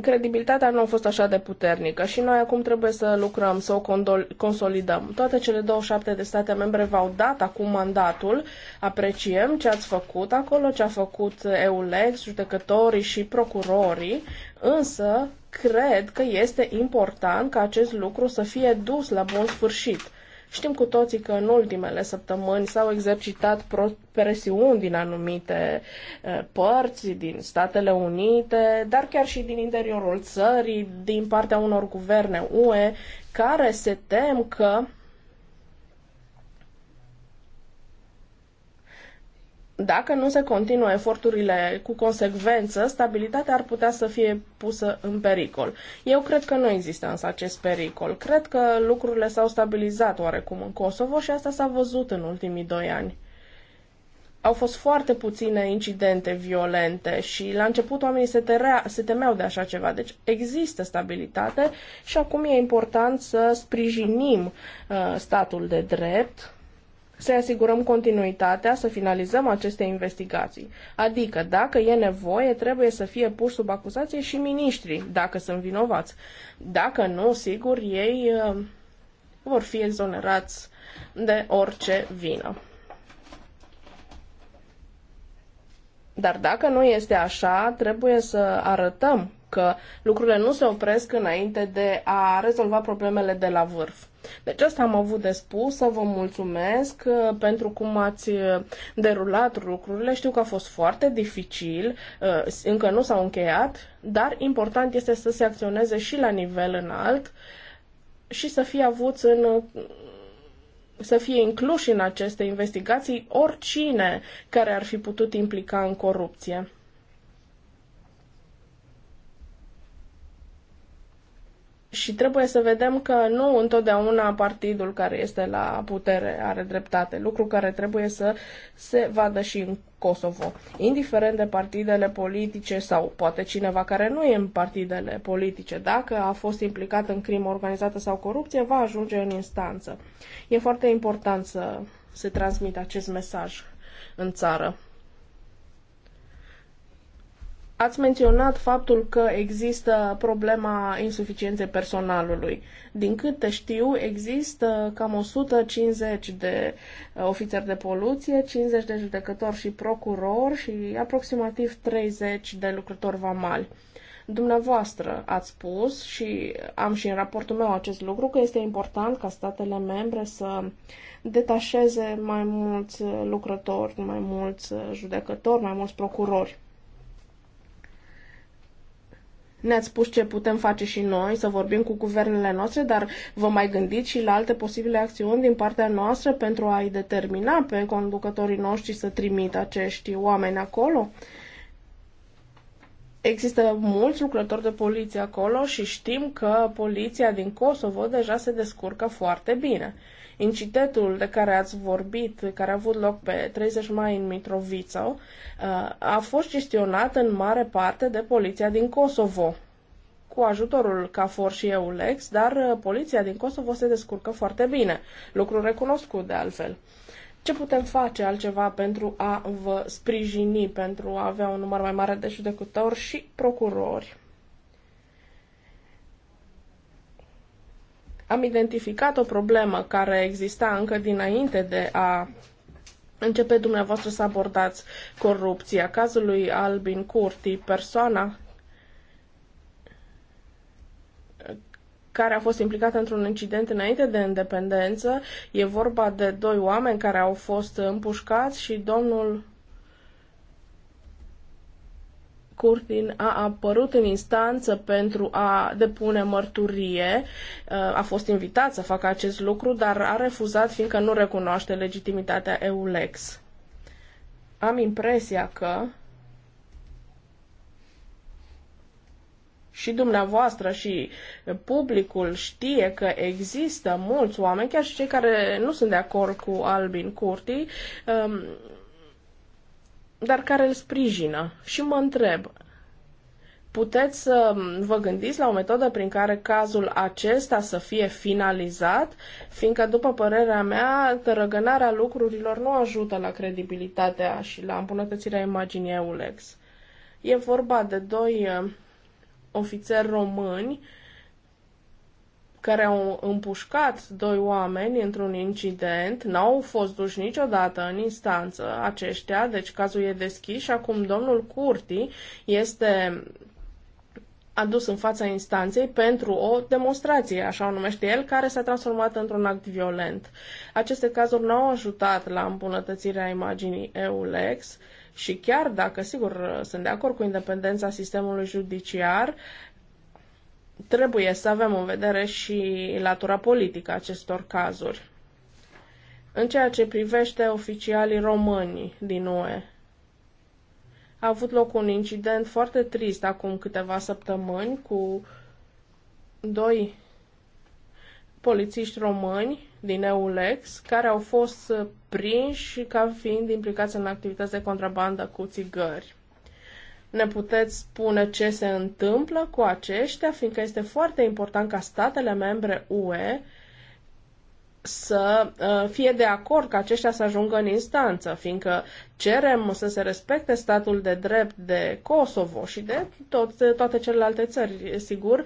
credibilitatea nu a fost așa de puternică și noi acum trebuie să lucrăm, să o consolidăm. Toate cele 27 de state membre v-au dat acum mandatul, apreciem ce ați făcut acolo, ce a făcut EULEX, judecătorii și procurorii, însă cred că este important ca acest lucru să fie dus la bun sfârșit Știm cu toții că în ultimele săptămâni s-au exercitat presiuni din anumite eh, părți, din Statele Unite, dar chiar și din interiorul țării, din partea unor guverne UE, care se tem că Dacă nu se continuă eforturile cu consecvență, stabilitatea ar putea să fie pusă în pericol. Eu cred că nu există însă acest pericol. Cred că lucrurile s-au stabilizat oarecum în Kosovo și asta s-a văzut în ultimii doi ani au fost foarte puține incidente violente și la început oamenii se, terea, se temeau de așa ceva. Deci există stabilitate și acum e important să sprijinim uh, statul de drept să asigurăm continuitatea, să finalizăm aceste investigații. Adică, dacă e nevoie, trebuie să fie pus sub acuzație și miniștrii, dacă sunt vinovați. Dacă nu, sigur, ei uh, vor fi exonerați de orice vină. Dar dacă nu este așa, trebuie să arătăm că lucrurile nu se opresc înainte de a rezolva problemele de la vârf. Deci asta am avut de spus, să vă mulțumesc uh, pentru cum ați uh, derulat lucrurile. Știu că a fost foarte dificil, uh, încă nu s-au încheiat, dar important este să se acționeze și la nivel înalt și să fie avuți în să fie incluși în aceste investigații oricine care ar fi putut implica în corupție. și trebuie să vedem că nu întotdeauna partidul care este la putere are dreptate, lucru care trebuie să se vadă și în Kosovo. Indiferent de partidele politice sau poate cineva care nu e în partidele politice, dacă a fost implicat în crimă organizată sau corupție, va ajunge în instanță. E foarte important să se transmită acest mesaj în țară. Ați menționat faptul că există problema insuficienței personalului. Din câte știu, există cam 150 de uh, ofițeri de poluție, 50 de judecători și procurori și aproximativ 30 de lucrători vamali. Dumneavoastră ați spus și am și în raportul meu acest lucru că este important ca statele membre să detașeze mai mulți lucrători, mai mulți uh, judecători, mai mulți procurori ne-ați spus ce putem face și noi, să vorbim cu guvernele noastre, dar vă mai gândiți și la alte posibile acțiuni din partea noastră pentru a-i determina pe conducătorii noștri să trimită acești oameni acolo? Există mulți lucrători de poliție acolo și știm că poliția din Kosovo deja se descurcă foarte bine. Incidentul de care ați vorbit, care a avut loc pe 30 mai în Mitrovica, uh, a fost gestionat în mare parte de poliția din Kosovo cu ajutorul CAFOR și EULEX, dar uh, poliția din Kosovo se descurcă foarte bine, lucru recunoscut de altfel. Ce putem face altceva pentru a vă sprijini, pentru a avea un număr mai mare de judecători și procurori? Am identificat o problemă care exista încă dinainte de a începe dumneavoastră să abordați corupția. Cazului Albin Curti, persoana care a fost implicată într-un incident înainte de independență. E vorba de doi oameni care au fost împușcați și domnul Curtin a apărut în instanță pentru a depune mărturie. Uh, a fost invitat să facă acest lucru, dar a refuzat fiindcă nu recunoaște legitimitatea EULEX. Am impresia că și dumneavoastră și publicul știe că există mulți oameni, chiar și cei care nu sunt de acord cu Albin Curti, um, dar care îl sprijină. Și mă întreb, puteți să vă gândiți la o metodă prin care cazul acesta să fie finalizat, fiindcă, după părerea mea, tărăgânarea lucrurilor nu ajută la credibilitatea și la îmbunătățirea imaginii EULEX. E vorba de doi eh, ofițeri români care au împușcat doi oameni într-un incident, n-au fost duși niciodată în instanță aceștia, deci cazul e deschis și acum domnul Curti este adus în fața instanței pentru o demonstrație, așa o numește el, care s-a transformat într-un act violent. Aceste cazuri n-au ajutat la îmbunătățirea imaginii EULEX și chiar dacă, sigur, sunt de acord cu independența sistemului judiciar, trebuie să avem în vedere și latura politică acestor cazuri. În ceea ce privește oficialii români din UE, a avut loc un incident foarte trist acum câteva săptămâni cu doi polițiști români din EULEX care au fost prinși ca fiind implicați în activități de contrabandă cu țigări. Ne puteți spune ce se întâmplă cu aceștia, fiindcă este foarte important ca statele membre UE să uh, fie de acord ca aceștia să ajungă în instanță, fiindcă cerem să se respecte statul de drept de Kosovo și de tot, toate celelalte țări, sigur,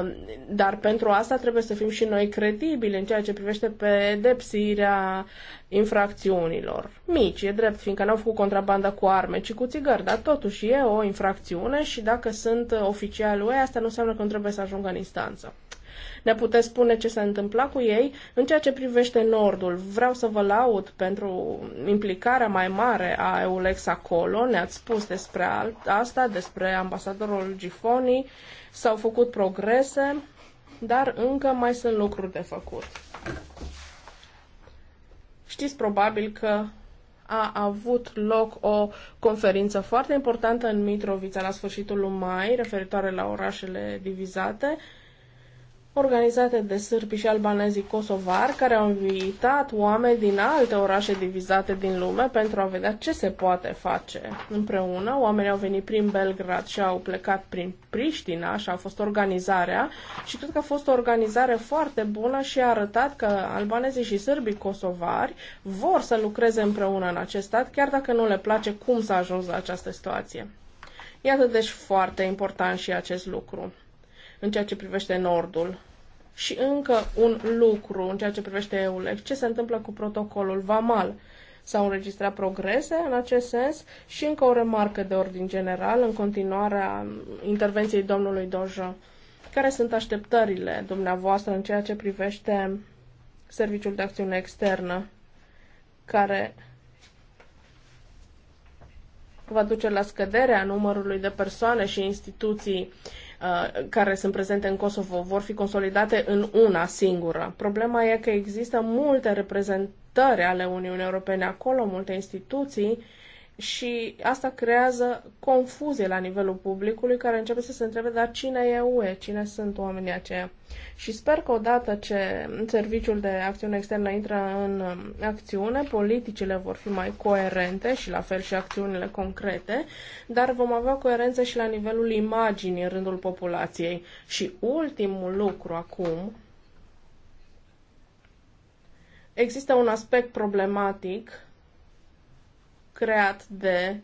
um, dar pentru asta trebuie să fim și noi credibili în ceea ce privește pedepsirea infracțiunilor. Mici, e drept, fiindcă n-au făcut contrabandă cu arme, ci cu țigări, dar totuși e o infracțiune și dacă sunt oficial UE, asta nu înseamnă că nu trebuie să ajungă în instanță. Ne puteți spune ce s-a întâmplat cu ei? În ceea ce privește Nordul, vreau să vă laud pentru implicarea mai mare a EULEX acolo. Ne-ați spus despre asta, despre ambasadorul Gifoni. S-au făcut progrese, dar încă mai sunt lucruri de făcut. Știți probabil că a avut loc o conferință foarte importantă în Mitrovița la sfârșitul lui mai, referitoare la orașele divizate organizate de sârbi și albanezii kosovari, care au invitat oameni din alte orașe divizate din lume pentru a vedea ce se poate face împreună. Oamenii au venit prin Belgrad și au plecat prin Priștina, așa a fost organizarea și cred că a fost o organizare foarte bună și a arătat că albanezii și sârbii kosovari vor să lucreze împreună în acest stat, chiar dacă nu le place cum s-a ajuns la această situație. Iată deci foarte important și acest lucru în ceea ce privește Nordul. Și încă un lucru în ceea ce privește EULEX. Ce se întâmplă cu protocolul VAMAL? S-au înregistrat progrese în acest sens și încă o remarcă de ordin general în continuarea intervenției domnului Dojo. Care sunt așteptările dumneavoastră în ceea ce privește Serviciul de Acțiune Externă, care va duce la scăderea numărului de persoane și instituții Uh, care sunt prezente în Kosovo vor fi consolidate în una singură. Problema e că există multe reprezentări ale Uniunii Europene acolo, multe instituții și asta creează confuzie la nivelul publicului care începe să se întrebe, dar cine e UE, cine sunt oamenii aceia. Și sper că odată ce Serviciul de Acțiune Externă intră în um, acțiune, politicile vor fi mai coerente și la fel și acțiunile concrete, dar vom avea coerență și la nivelul imaginii în rândul populației. Și ultimul lucru acum, există un aspect problematic creat de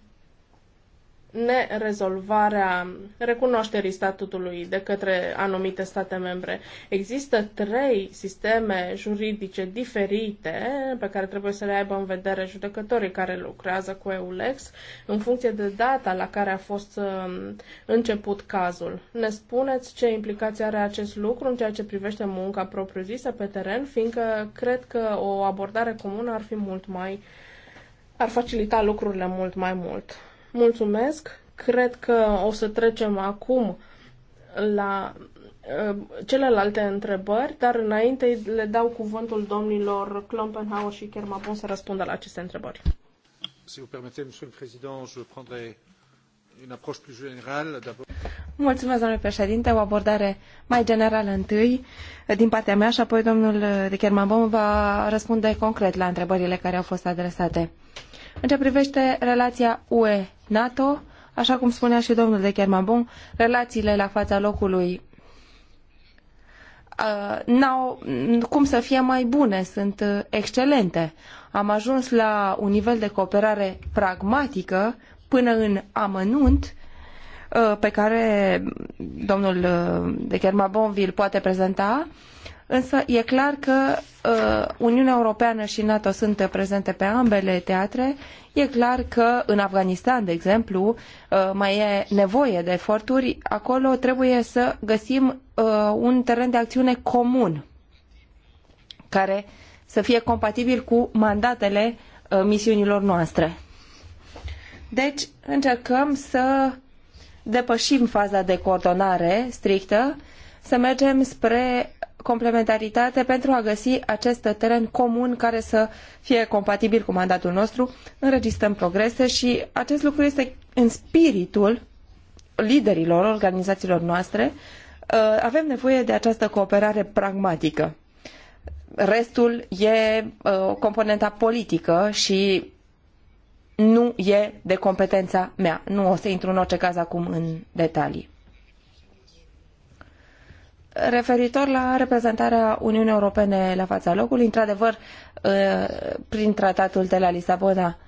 nerezolvarea recunoașterii statutului de către anumite state membre. Există trei sisteme juridice diferite pe care trebuie să le aibă în vedere judecătorii care lucrează cu EULEX în funcție de data la care a fost um, început cazul. Ne spuneți ce implicație are acest lucru în ceea ce privește munca propriu-zisă pe teren, fiindcă cred că o abordare comună ar fi mult mai uh, ar facilita lucrurile mult mai mult. Mulțumesc! Cred că o să trecem acum la uh, celelalte întrebări, dar înainte le dau cuvântul domnilor Klompenhauer și Kermabon să răspundă la aceste întrebări. Si vous permettez, Monsieur le Président, je prendrai Mulțumesc, domnule președinte. O abordare mai generală întâi din partea mea și apoi domnul De Richermanbom va răspunde concret la întrebările care au fost adresate. În ce privește relația UE-NATO, așa cum spunea și domnul De Richermanbom, relațiile la fața locului n-au cum să fie mai bune, sunt excelente. Am ajuns la un nivel de cooperare pragmatică până în amănunt uh, pe care domnul uh, de Kermabon vi-l poate prezenta, însă e clar că uh, Uniunea Europeană și NATO sunt prezente pe ambele teatre. E clar că în Afganistan, de exemplu, mai e nevoie de eforturi. Acolo trebuie să găsim un teren de acțiune comun care să fie compatibil cu mandatele misiunilor noastre. Deci încercăm să depășim faza de coordonare strictă, să mergem spre complementaritate pentru a găsi acest teren comun care să fie compatibil cu mandatul nostru, înregistrăm progrese și acest lucru este în spiritul liderilor organizațiilor noastre. Uh, avem nevoie de această cooperare pragmatică. Restul e o uh, componentă politică și nu e de competența mea. Nu o să intru în orice caz acum în detalii. Referitor la reprezentarea Uniunii Europene la fața locului, într-adevăr, ă, prin tratatul de la Lisabona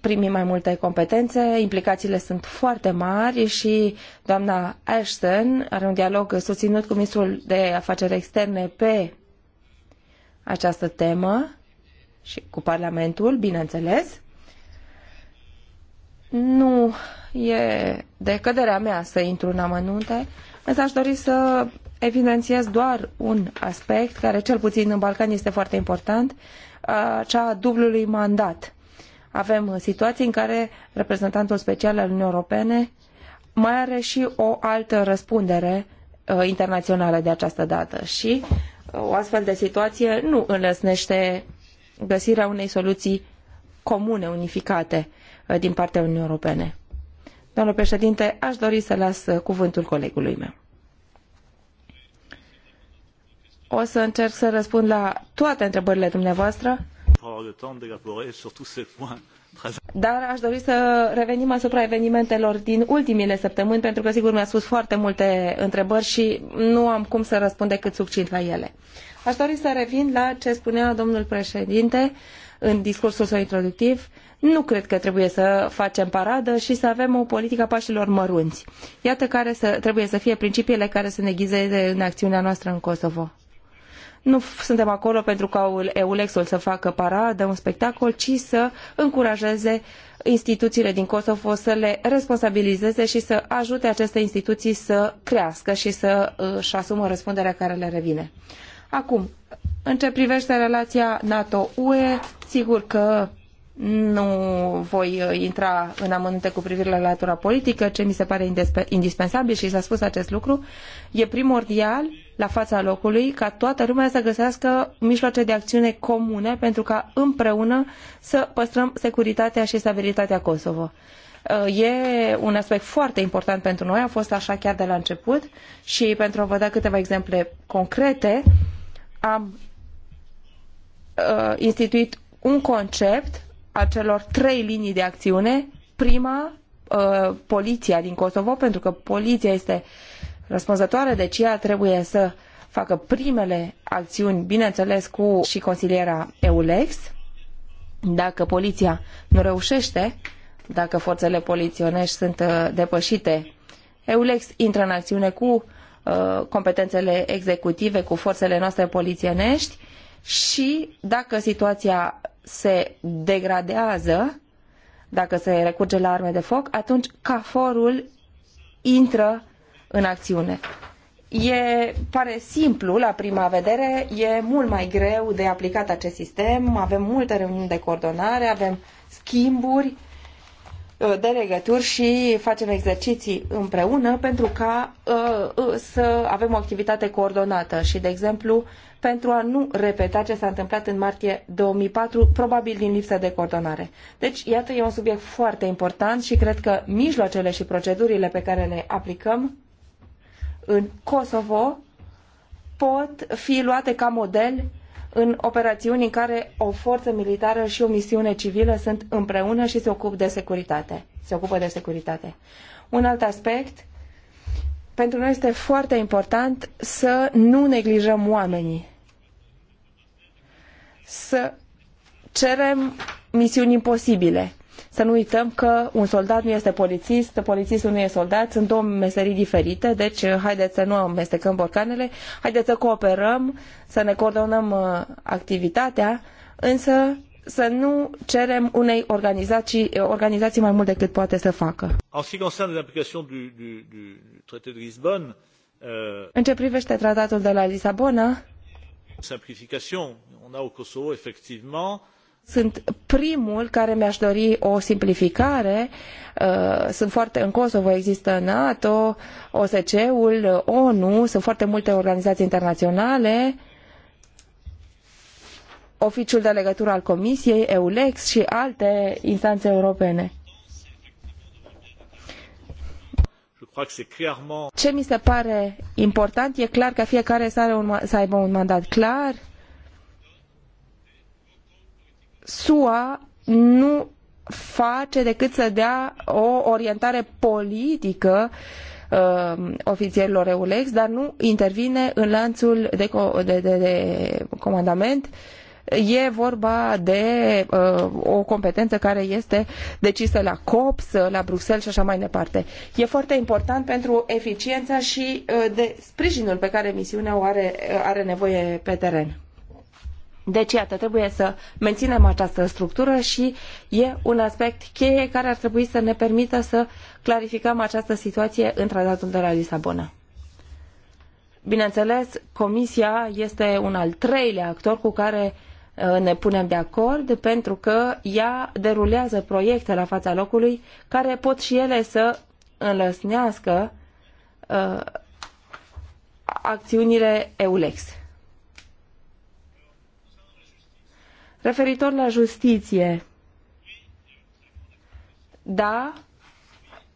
primim mai multe competențe, implicațiile sunt foarte mari și doamna Ashton are un dialog susținut cu ministrul de afaceri externe pe această temă și cu Parlamentul, bineînțeles. Nu e de căderea mea să intru în amănunte, însă aș dori să evidențiez doar un aspect care cel puțin în Balcani este foarte important, uh, cea a dublului mandat. Avem situații în care reprezentantul special al Uniunii Europene mai are și o altă răspundere uh, internațională de această dată și uh, o astfel de situație nu înlăsnește găsirea unei soluții comune, unificate uh, din partea Uniunii Europene. Doamnă președinte, aș dori să las uh, cuvântul colegului meu. O să încerc să răspund la toate întrebările dumneavoastră. Dar aș dori să revenim asupra evenimentelor din ultimile săptămâni, pentru că sigur mi-a spus foarte multe întrebări și nu am cum să răspund decât succint la ele. Aș dori să revin la ce spunea domnul președinte în discursul său introductiv. Nu cred că trebuie să facem paradă și să avem o politică a pașilor mărunți. Iată care să, trebuie să fie principiile care să ne ghizeze în acțiunea noastră în Kosovo. Nu suntem acolo pentru ca EULEX-ul să facă paradă, un spectacol, ci să încurajeze instituțiile din Kosovo să le responsabilizeze și să ajute aceste instituții să crească și să își asumă răspunderea care le revine. Acum, în ce privește relația NATO-UE, sigur că nu voi uh, intra în amănunte cu privire la latura politică, ce mi se pare indispensabil și s-a spus acest lucru, e primordial la fața locului ca toată lumea să găsească mijloace de acțiune comune pentru ca împreună să păstrăm securitatea și stabilitatea Kosovo. Uh, e un aspect foarte important pentru noi, a fost așa chiar de la început și pentru a vă da câteva exemple concrete, am uh, instituit un concept a celor trei linii de acțiune. Prima, uh, poliția din Kosovo, pentru că poliția este răspunzătoare, deci ea trebuie să facă primele acțiuni, bineînțeles, cu și consiliera EULEX. Dacă poliția nu reușește, dacă forțele poliționești sunt uh, depășite, EULEX intră în acțiune cu Uh, competențele executive cu forțele noastre polițienești și dacă situația se degradează, dacă se recurge la arme de foc, atunci caforul intră în acțiune. E, pare simplu la prima vedere, e mult mai greu de aplicat acest sistem, avem multe reuniuni de coordonare, avem schimburi Uh, de legături și facem exerciții împreună pentru ca uh, uh, să avem o activitate coordonată și, de exemplu, pentru a nu repeta ce s-a întâmplat în martie 2004, probabil din lipsă de coordonare. Deci, iată, e un subiect foarte important și cred că mijloacele și procedurile pe care le aplicăm în Kosovo pot fi luate ca model în operațiuni în care o forță militară și o misiune civilă sunt împreună și se ocupă de securitate. Se ocupă de securitate. Un alt aspect, pentru noi este foarte important să nu neglijăm oamenii. Să cerem misiuni imposibile să nu uităm că un soldat nu este polițist, polițistul nu e soldat, sunt două meserii diferite, deci uh, haideți să nu amestecăm borcanele, haideți să cooperăm, să ne coordonăm uh, activitatea, însă să nu cerem unei organizații, uh, organizații mai mult decât poate să facă. ce euh, În ce privește tratatul de la Lisabona, simplification, on a au Kosovo effectivement sunt primul care mi-aș dori o simplificare. Uh, sunt foarte în Kosovo, există NATO, OSCE-ul, ONU, sunt foarte multe organizații internaționale oficiul de legătură al Comisiei, EULEX și alte instanțe europene. Ce mi se pare important e clar că fiecare să, un, să aibă un mandat clar, SUA nu face decât să dea o orientare politică uh, EULEX, dar nu intervine în lanțul de, co- de, de, de comandament. E vorba de uh, o competență care este decisă la COPS, la Bruxelles și așa mai departe. E foarte important pentru eficiența și uh, de sprijinul pe care misiunea o are, uh, are nevoie pe teren. Deci, iată, trebuie să menținem această structură și e un aspect cheie care ar trebui să ne permită să clarificăm această situație în tratatul de la Lisabona. Bineînțeles, Comisia este un al treilea actor cu care uh, ne punem de acord pentru că ea derulează proiecte la fața locului care pot și ele să înlăsnească uh, acțiunile EULEX. Referitor la justiție, da,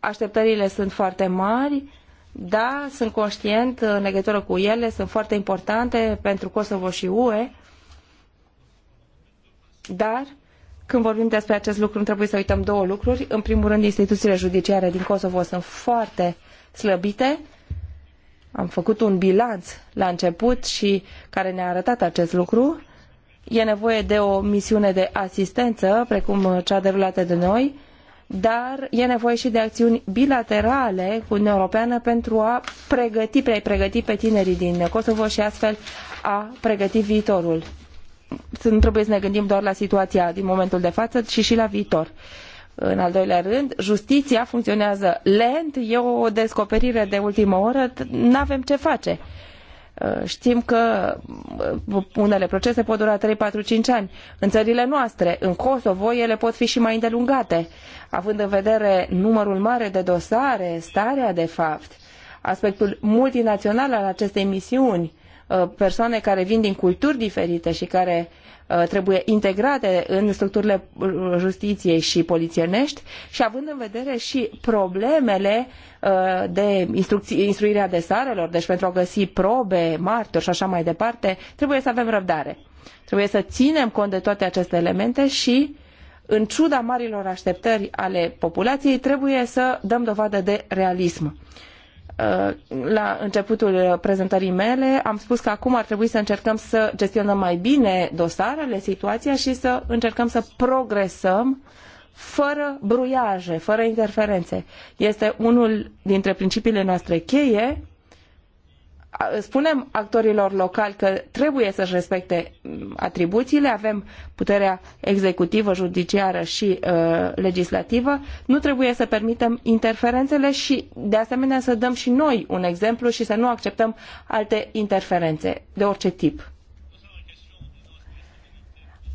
așteptările sunt foarte mari, da, sunt conștient în legătură cu ele, sunt foarte importante pentru Kosovo și UE, dar când vorbim despre acest lucru, nu trebuie să uităm două lucruri. În primul rând, instituțiile judiciare din Kosovo sunt foarte slăbite. Am făcut un bilanț la început și care ne-a arătat acest lucru. E nevoie de o misiune de asistență, precum cea derulată de noi, dar e nevoie și de acțiuni bilaterale cu Uniunea Europeană pentru a pregăti, pre pregăti pe tinerii din Kosovo și astfel a pregăti viitorul. Nu trebuie să ne gândim doar la situația din momentul de față, ci și la viitor. În al doilea rând, justiția funcționează lent, e o descoperire de ultimă oră, nu avem ce face. Uh, Uh, știm că uh, unele procese pot dura 3, 4, 5 ani. În țările noastre, în Kosovo, ele pot fi și mai îndelungate, având în vedere numărul mare de dosare, starea de fapt, aspectul multinațional al acestei misiuni, uh, persoane care vin din culturi diferite și care Uh, trebuie integrate în structurile justiției și polițienești și având în vedere și problemele uh, de instruirea desarelor, deci pentru a găsi probe, martori și așa mai departe, trebuie să avem răbdare. Trebuie să ținem cont de toate aceste elemente și în ciuda marilor așteptări ale populației, trebuie să dăm dovadă de realism. Uh, la începutul prezentării mele, am spus că acum ar trebui să încercăm să gestionăm mai bine dosarele, situația și să încercăm să progresăm fără bruiaje, fără interferențe. Este unul dintre principiile noastre cheie spunem actorilor locali că trebuie să-și respecte mm, atribuțiile, avem puterea executivă, judiciară și uh, legislativă, nu trebuie să permitem interferențele și de asemenea să dăm și noi un exemplu și să nu acceptăm alte interferențe de orice tip.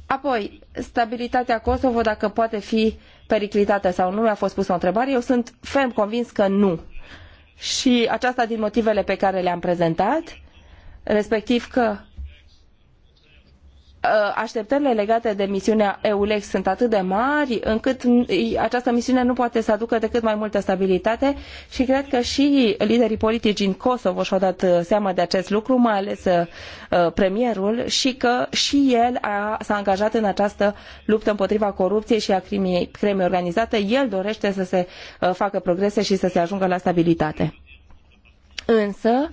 Apoi, stabilitatea Kosovo, dacă poate fi periclitată sau nu, mi-a fost pusă o întrebare. Eu sunt ferm convins că nu și aceasta din motivele pe care le-am prezentat, respectiv că Uh, așteptările legate de misiunea EULEX sunt atât de mari încât această misiune nu poate să aducă decât mai multă stabilitate și cred că și liderii politici din Kosovo și-au dat uh, seama de acest lucru, mai ales uh, premierul și că și el a, s-a angajat în această luptă împotriva corupției și a crimei, crimei organizate. El dorește să se facă progrese și să se ajungă la stabilitate. Însă,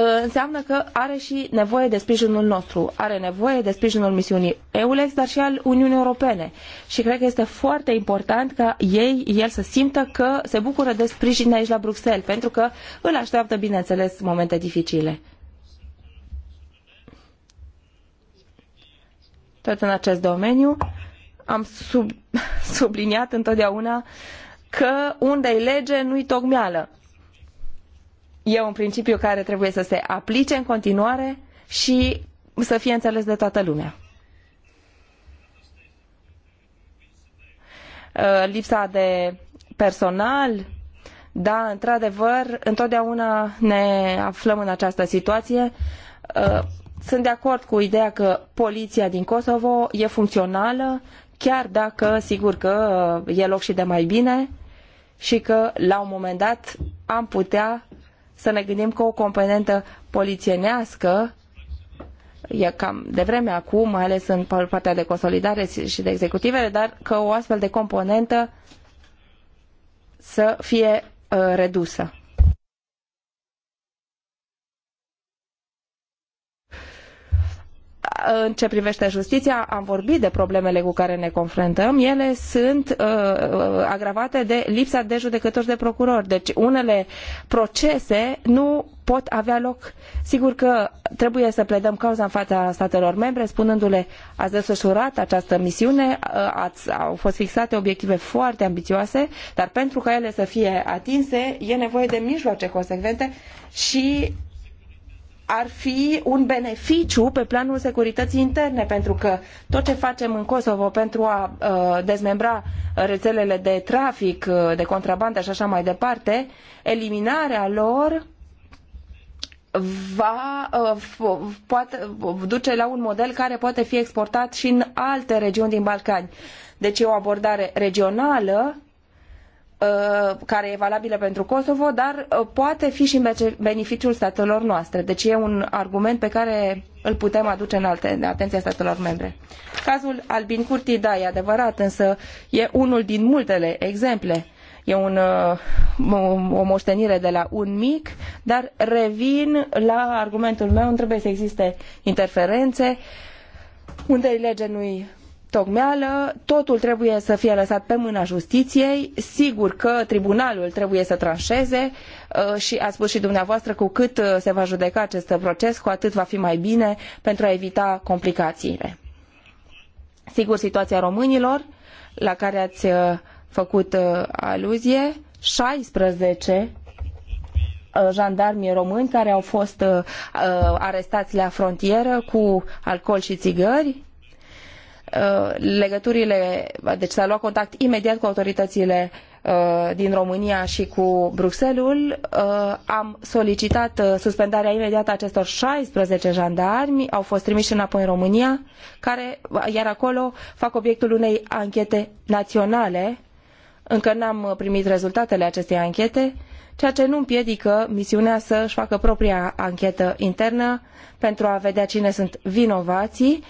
Uh, înseamnă că are și nevoie de sprijinul nostru, are nevoie de sprijinul misiunii EULEX, dar și al Uniunii Europene. Și cred că este foarte important ca ei, el să simtă că se bucură de sprijin aici la Bruxelles, pentru că îl așteaptă, bineînțeles, momente dificile. Tot în acest domeniu am sub, (laughs) subliniat întotdeauna că unde-i lege, nu-i tocmeală e un principiu care trebuie să se aplice în continuare și să fie înțeles de toată lumea. Uh, lipsa de personal, da, într-adevăr, întotdeauna ne aflăm în această situație. Uh, sunt de acord cu ideea că poliția din Kosovo e funcțională, chiar dacă, sigur că uh, e loc și de mai bine și că, la un moment dat, am putea să ne gândim că o componentă polițienească e cam vreme acum, mai ales în partea de consolidare și de executivele, dar că o astfel de componentă să fie uh, redusă. în ce privește justiția, am vorbit de problemele cu care ne confruntăm. Ele sunt uh, uh, agravate de lipsa de judecători de procurori. Deci unele procese nu pot avea loc. Sigur că trebuie să pledăm cauza în fața statelor membre, spunându-le ați desfășurat această misiune, uh, ați, au fost fixate obiective foarte ambițioase, dar pentru ca ele să fie atinse e nevoie de mijloace consecvente și ar fi un beneficiu pe planul securității interne, pentru că tot ce facem în Kosovo pentru a uh, dezmembra rețelele de trafic, uh, de contrabandă și așa mai departe, eliminarea lor va uh, poate, duce la un model care poate fi exportat și în alte regiuni din Balcani. Deci e o abordare regională Uh, care e valabilă pentru Kosovo, dar uh, poate fi și în beneficiul statelor noastre. Deci e un argument pe care îl putem aduce în atenția statelor membre. Cazul Albin Curti, da, e adevărat, însă e unul din multele exemple. E un, uh, o moștenire de la un mic, dar revin la argumentul meu, trebuie să existe interferențe unde legea nu-i tocmeală, totul trebuie să fie lăsat pe mâna justiției, sigur că tribunalul trebuie să tranșeze uh, și a spus și dumneavoastră cu cât uh, se va judeca acest proces, cu atât va fi mai bine pentru a evita complicațiile. Sigur, situația românilor, la care ați uh, făcut aluzie, 16 jandarmii români care au fost arestați la frontieră cu alcool și țigări, Uh, legăturile, deci s-a luat contact imediat cu autoritățile uh, din România și cu Bruxelles. Uh, am solicitat suspendarea imediată a acestor 16 jandarmi, au fost trimiși înapoi în România, care, iar acolo, fac obiectul unei anchete naționale. Încă n-am primit rezultatele acestei anchete, ceea ce nu împiedică misiunea să își facă propria anchetă internă pentru a vedea cine sunt vinovații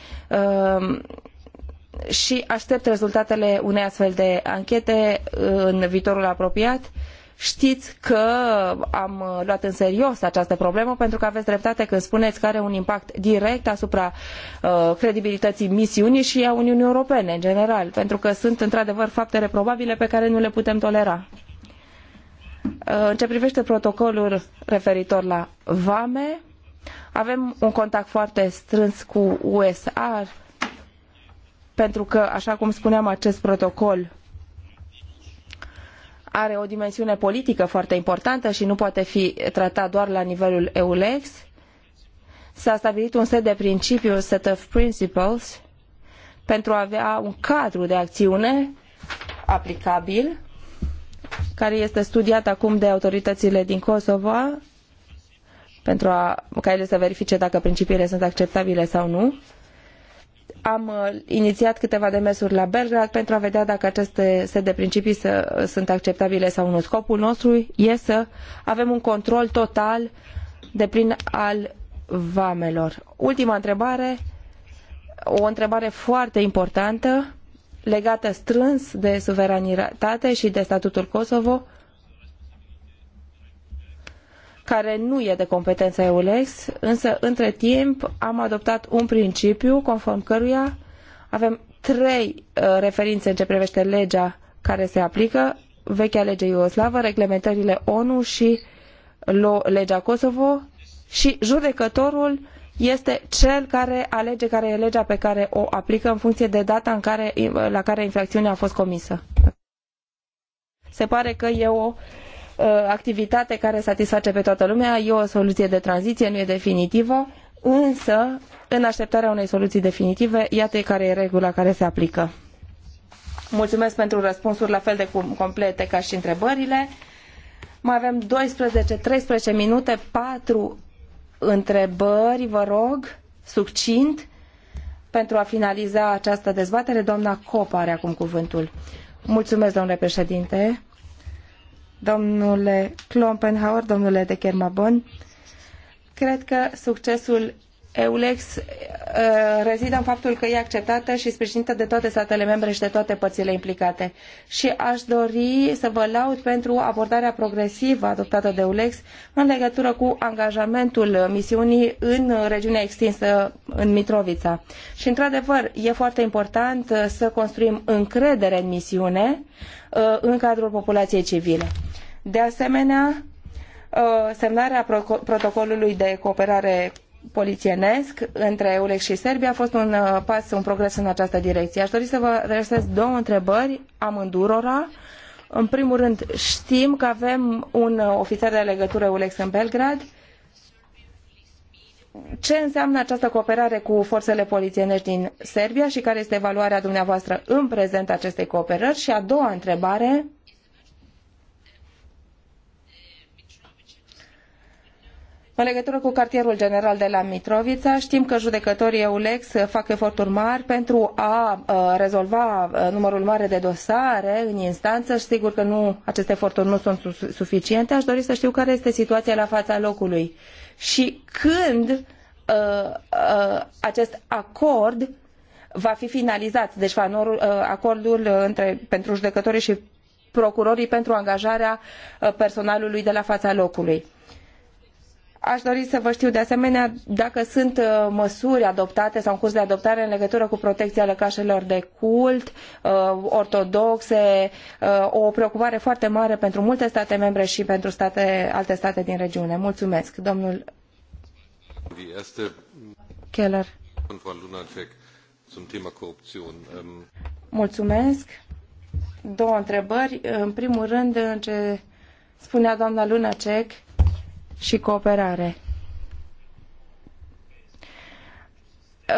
și aștept rezultatele unei astfel de anchete uh, în viitorul apropiat. Știți că am luat în serios această problemă pentru că aveți dreptate când spuneți că are un impact direct asupra uh, credibilității misiunii și a Uniunii Europene în general, pentru că sunt într-adevăr fapte reprobabile pe care nu le putem tolera. Uh, în ce privește protocolul referitor la vame, avem un contact foarte strâns cu USA, pentru că, așa cum spuneam, acest protocol are o dimensiune politică foarte importantă și nu poate fi tratat doar la nivelul EULEX. S-a stabilit un set de principii, un set of principles, pentru a avea un cadru de acțiune aplicabil, care este studiat acum de autoritățile din Kosovo, pentru a, ca ele să verifice dacă principiile sunt acceptabile sau nu am uh, inițiat câteva demersuri la Belgrad pentru a vedea dacă aceste set de principii să, uh, sunt acceptabile sau nu. Scopul nostru este să avem un control total de plin al vamelor. Ultima întrebare, o întrebare foarte importantă legată strâns de suveranitate și de statutul Kosovo care nu e de competența EULEX, însă între timp am adoptat un principiu conform căruia avem trei uh, referințe în ce privește legea care se aplică, vechea lege iugoslavă, reglementările ONU și legea Kosovo și judecătorul este cel care alege care e legea pe care o aplică în funcție de data în care, la care infracțiunea a fost comisă. Se pare că e o Uh, activitate care satisface pe toată lumea, e o soluție de tranziție, nu e definitivă, însă, în așteptarea unei soluții definitive, iată care e regula care se aplică. Mulțumesc pentru răspunsuri la fel de complete ca și întrebările. Mai avem 12-13 minute, 4 întrebări, vă rog, succint, pentru a finaliza această dezbatere. Doamna Cop are acum cuvântul. Mulțumesc, domnule președinte domnule Klompenhauer, domnule de Kermabon. Cred că succesul EULEX uh, rezidă în faptul că e acceptată și sprijinită de toate statele membre și de toate părțile implicate. Și aș dori să vă laud pentru abordarea progresivă adoptată de EULEX în legătură cu angajamentul misiunii în regiunea extinsă în Mitrovița. Și, într-adevăr, e foarte important să construim încredere în misiune uh, în cadrul populației civile. De asemenea, uh, semnarea protocolului de cooperare polițienesc între EULEX și Serbia a fost un uh, pas, un progres în această direcție. Aș dori să vă adresez două întrebări amândurora. În primul rând, știm că avem un uh, ofițer de legătură EULEX în Belgrad. Ce înseamnă această cooperare cu forțele polițienești din Serbia și care este evaluarea dumneavoastră în prezent acestei cooperări? Și a doua întrebare, În legătură cu cartierul general de la Mitrovița, știm că judecătorii EULEX fac eforturi mari pentru a uh, rezolva uh, numărul mare de dosare în instanță și sigur că nu, aceste eforturi nu sunt suficiente. Aș dori să știu care este situația la fața locului și când uh, uh, acest acord va fi finalizat, deci fanorul, uh, acordul uh, între, pentru judecătorii și procurorii pentru angajarea personalului de la fața locului Aș dori să vă știu de asemenea dacă sunt uh, măsuri adoptate sau în curs de adoptare în legătură cu protecția lăcașelor de cult, uh, ortodoxe, uh, o preocupare foarte mare pentru multe state membre și pentru state, alte state din regiune. Mulțumesc, domnul Keller. Um, Mulțumesc. Două întrebări. În primul rând, în ce spunea doamna Lunacek, și cooperare.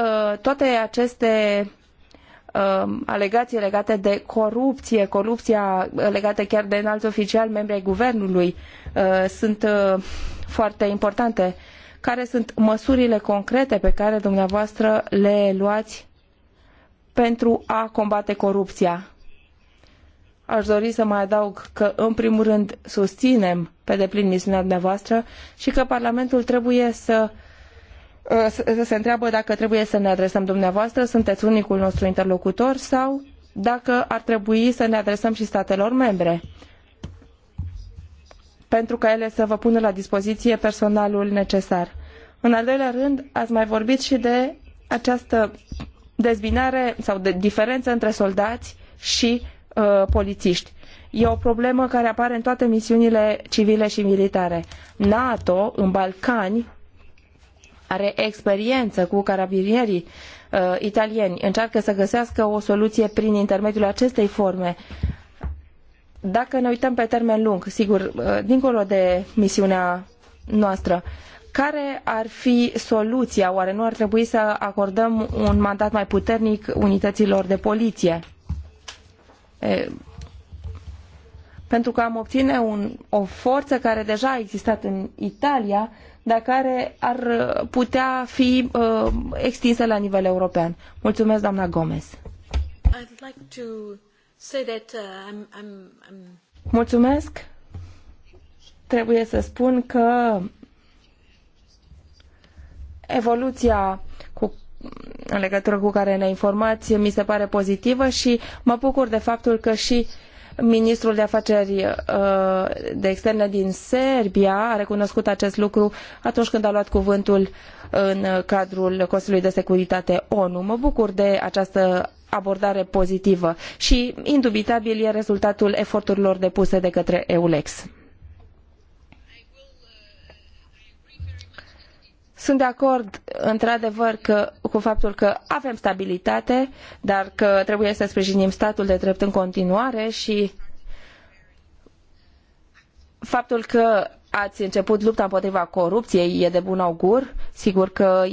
Uh, toate aceste uh, alegații legate de corupție, corupția legată chiar de înalți oficiali, membri ai guvernului, uh, sunt foarte importante. Care sunt măsurile concrete pe care dumneavoastră le luați pentru a combate corupția? Aș dori să mai adaug că, în primul rând, susținem pe deplin misiunea dumneavoastră și că Parlamentul trebuie să uh, să se întreabă dacă trebuie să ne adresăm dumneavoastră, sunteți unicul nostru interlocutor sau dacă ar trebui să ne adresăm și statelor membre pentru ca ele să vă pună la dispoziție personalul necesar. În al doilea rând, ați mai vorbit și de această dezbinare sau de diferență între soldați și Uh, polițiști. E o problemă care apare în toate misiunile civile și militare. NATO, în Balcani, are experiență cu carabinierii uh, italieni. Încearcă să găsească o soluție prin intermediul acestei forme. Dacă ne uităm pe termen lung, sigur, uh, dincolo de misiunea noastră, care ar fi soluția? Oare nu ar trebui să acordăm un mandat mai puternic unităților de poliție? pentru că am obține un, o forță care deja a existat în Italia, dar care ar putea fi uh, extinsă la nivel european. Mulțumesc, doamna Gomez. Like that, uh, I'm, I'm, I'm... Mulțumesc. Trebuie să spun că evoluția în legătură cu care ne informați mi se pare pozitivă și mă bucur de faptul că și ministrul de afaceri uh, de externe din Serbia a recunoscut acest lucru atunci când a luat cuvântul în cadrul Consiliului de Securitate ONU. Mă bucur de această abordare pozitivă și indubitabil e rezultatul eforturilor depuse de către EULEX. Sunt de acord, într-adevăr, că, cu faptul că avem stabilitate, dar că trebuie să sprijinim statul de drept în continuare și faptul că ați început lupta împotriva corupției e de bun augur. Sigur că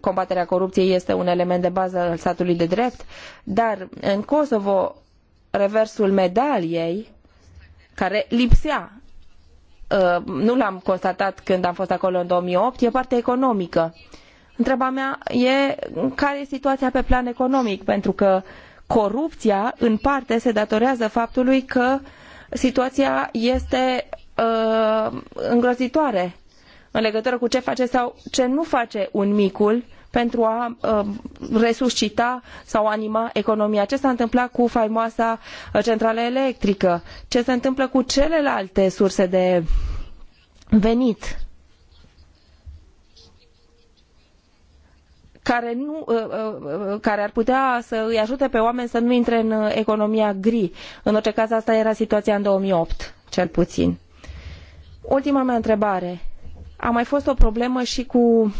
combaterea corupției este un element de bază al statului de drept, dar în Kosovo reversul medaliei care lipsea Uh, nu l-am constatat când am fost acolo în 2008, e partea economică. Întrebarea mea e care e situația pe plan economic, pentru că corupția în parte se datorează faptului că situația este uh, îngrozitoare în legătură cu ce face sau ce nu face un micul pentru a uh, resuscita sau anima economia. Ce s-a întâmplat cu faimoasa uh, centrală electrică? Ce se întâmplă cu celelalte surse de venit? Care, nu, uh, care, ar putea să îi ajute pe oameni să nu intre în economia gri. În orice caz, asta era situația în 2008, cel puțin. Ultima mea întrebare. A mai fost o problemă și cu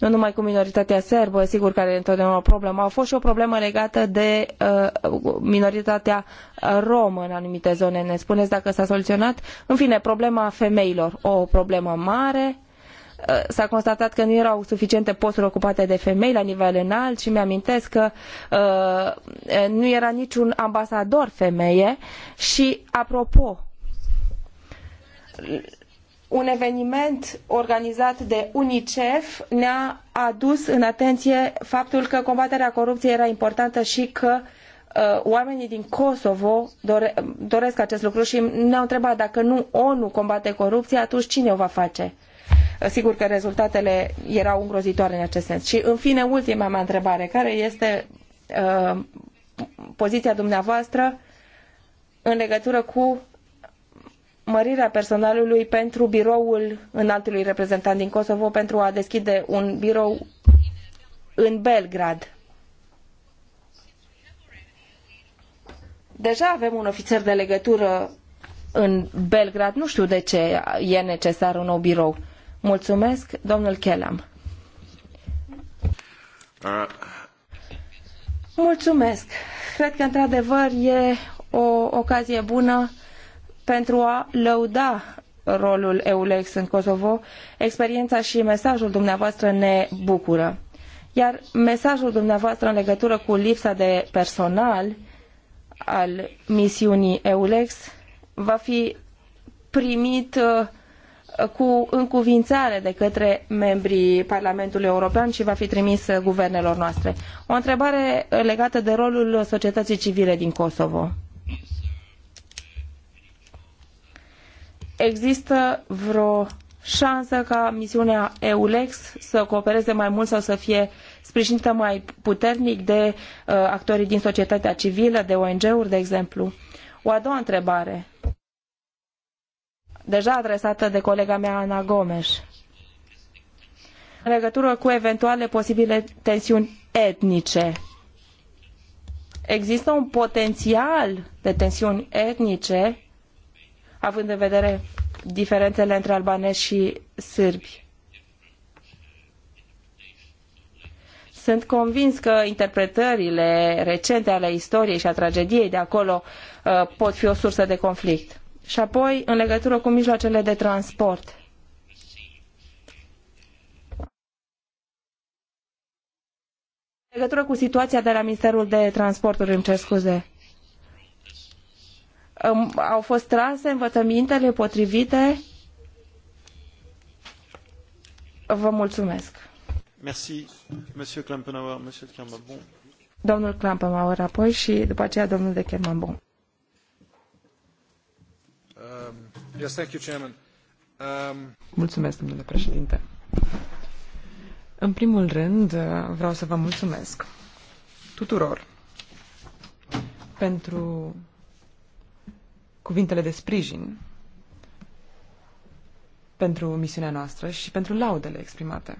nu numai cu minoritatea serbă, sigur care e întotdeauna o problemă, au fost și o problemă legată de uh, minoritatea romă în anumite zone. Ne spuneți dacă s-a soluționat? În fine, problema femeilor, o problemă mare. Uh, s-a constatat că nu erau suficiente posturi ocupate de femei la nivel înalt și mi-amintesc că uh, nu era niciun ambasador femeie și, apropo, un eveniment organizat de UNICEF ne-a adus în atenție faptul că combaterea corupției era importantă și că uh, oamenii din Kosovo dore, doresc acest lucru și ne-au întrebat dacă nu ONU combate corupția, atunci cine o va face? Uh, sigur că rezultatele erau îngrozitoare în acest sens. Și în fine, ultima mea întrebare, care este uh, poziția dumneavoastră în legătură cu mărirea personalului pentru biroul înaltului reprezentant din Kosovo pentru a deschide un birou în Belgrad. Deja avem un ofițer de legătură în Belgrad. Nu știu de ce e necesar un nou birou. Mulțumesc, domnul Chelam. Mulțumesc. Cred că, într-adevăr, e o ocazie bună pentru a lăuda rolul EULEX în Kosovo. Experiența și mesajul dumneavoastră ne bucură. Iar mesajul dumneavoastră în legătură cu lipsa de personal al misiunii EULEX va fi primit uh, cu încuvințare de către membrii Parlamentului European și va fi trimis uh, guvernelor noastre. O întrebare legată de rolul societății civile din Kosovo. Există vreo șansă ca misiunea EULEX să coopereze mai mult sau să fie sprijinită mai puternic de uh, actorii din societatea civilă, de ONG-uri, de exemplu? O a doua întrebare, deja adresată de colega mea Ana Gomes, în legătură cu eventuale posibile tensiuni etnice. Există un potențial de tensiuni etnice având în vedere diferențele între albanezi și sârbi. Sunt convins că interpretările recente ale istoriei și a tragediei de acolo uh, pot fi o sursă de conflict. Și apoi, în legătură cu mijloacele de transport. În legătură cu situația de la Ministerul de Transporturi, îmi cer scuze au fost trase învățămintele potrivite. Vă mulțumesc. Merci, monsieur Klampenauer, monsieur Kermabon. Domnul Klampenauer apoi și după aceea domnul de Kermabon. Um, yes, thank you, Chairman. Um... Mulțumesc, domnule președinte. În primul rând, vreau să vă mulțumesc tuturor pentru cuvintele de sprijin pentru misiunea noastră și pentru laudele exprimate.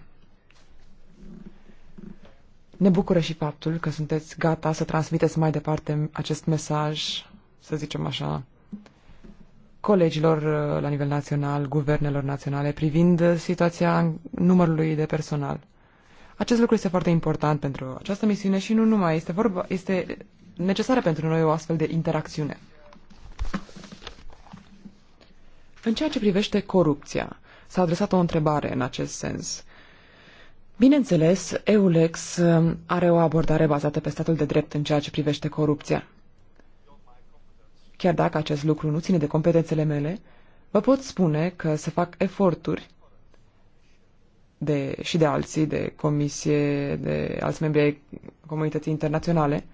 Ne bucură și faptul că sunteți gata să transmiteți mai departe acest mesaj, să zicem așa, colegilor uh, la nivel național, guvernelor naționale, privind situația numărului de personal. Acest lucru este foarte important pentru această misiune și nu numai, este, vorba, este necesară pentru noi o astfel de interacțiune. În ceea ce privește corupția, s-a adresat o întrebare în acest sens. Bineînțeles, EULEX um, are o abordare bazată pe statul de drept în ceea ce privește corupția. Chiar dacă acest lucru nu ține de competențele mele, vă pot spune că se fac eforturi de, și de alții, de comisie, de alți membri ai comunității internaționale,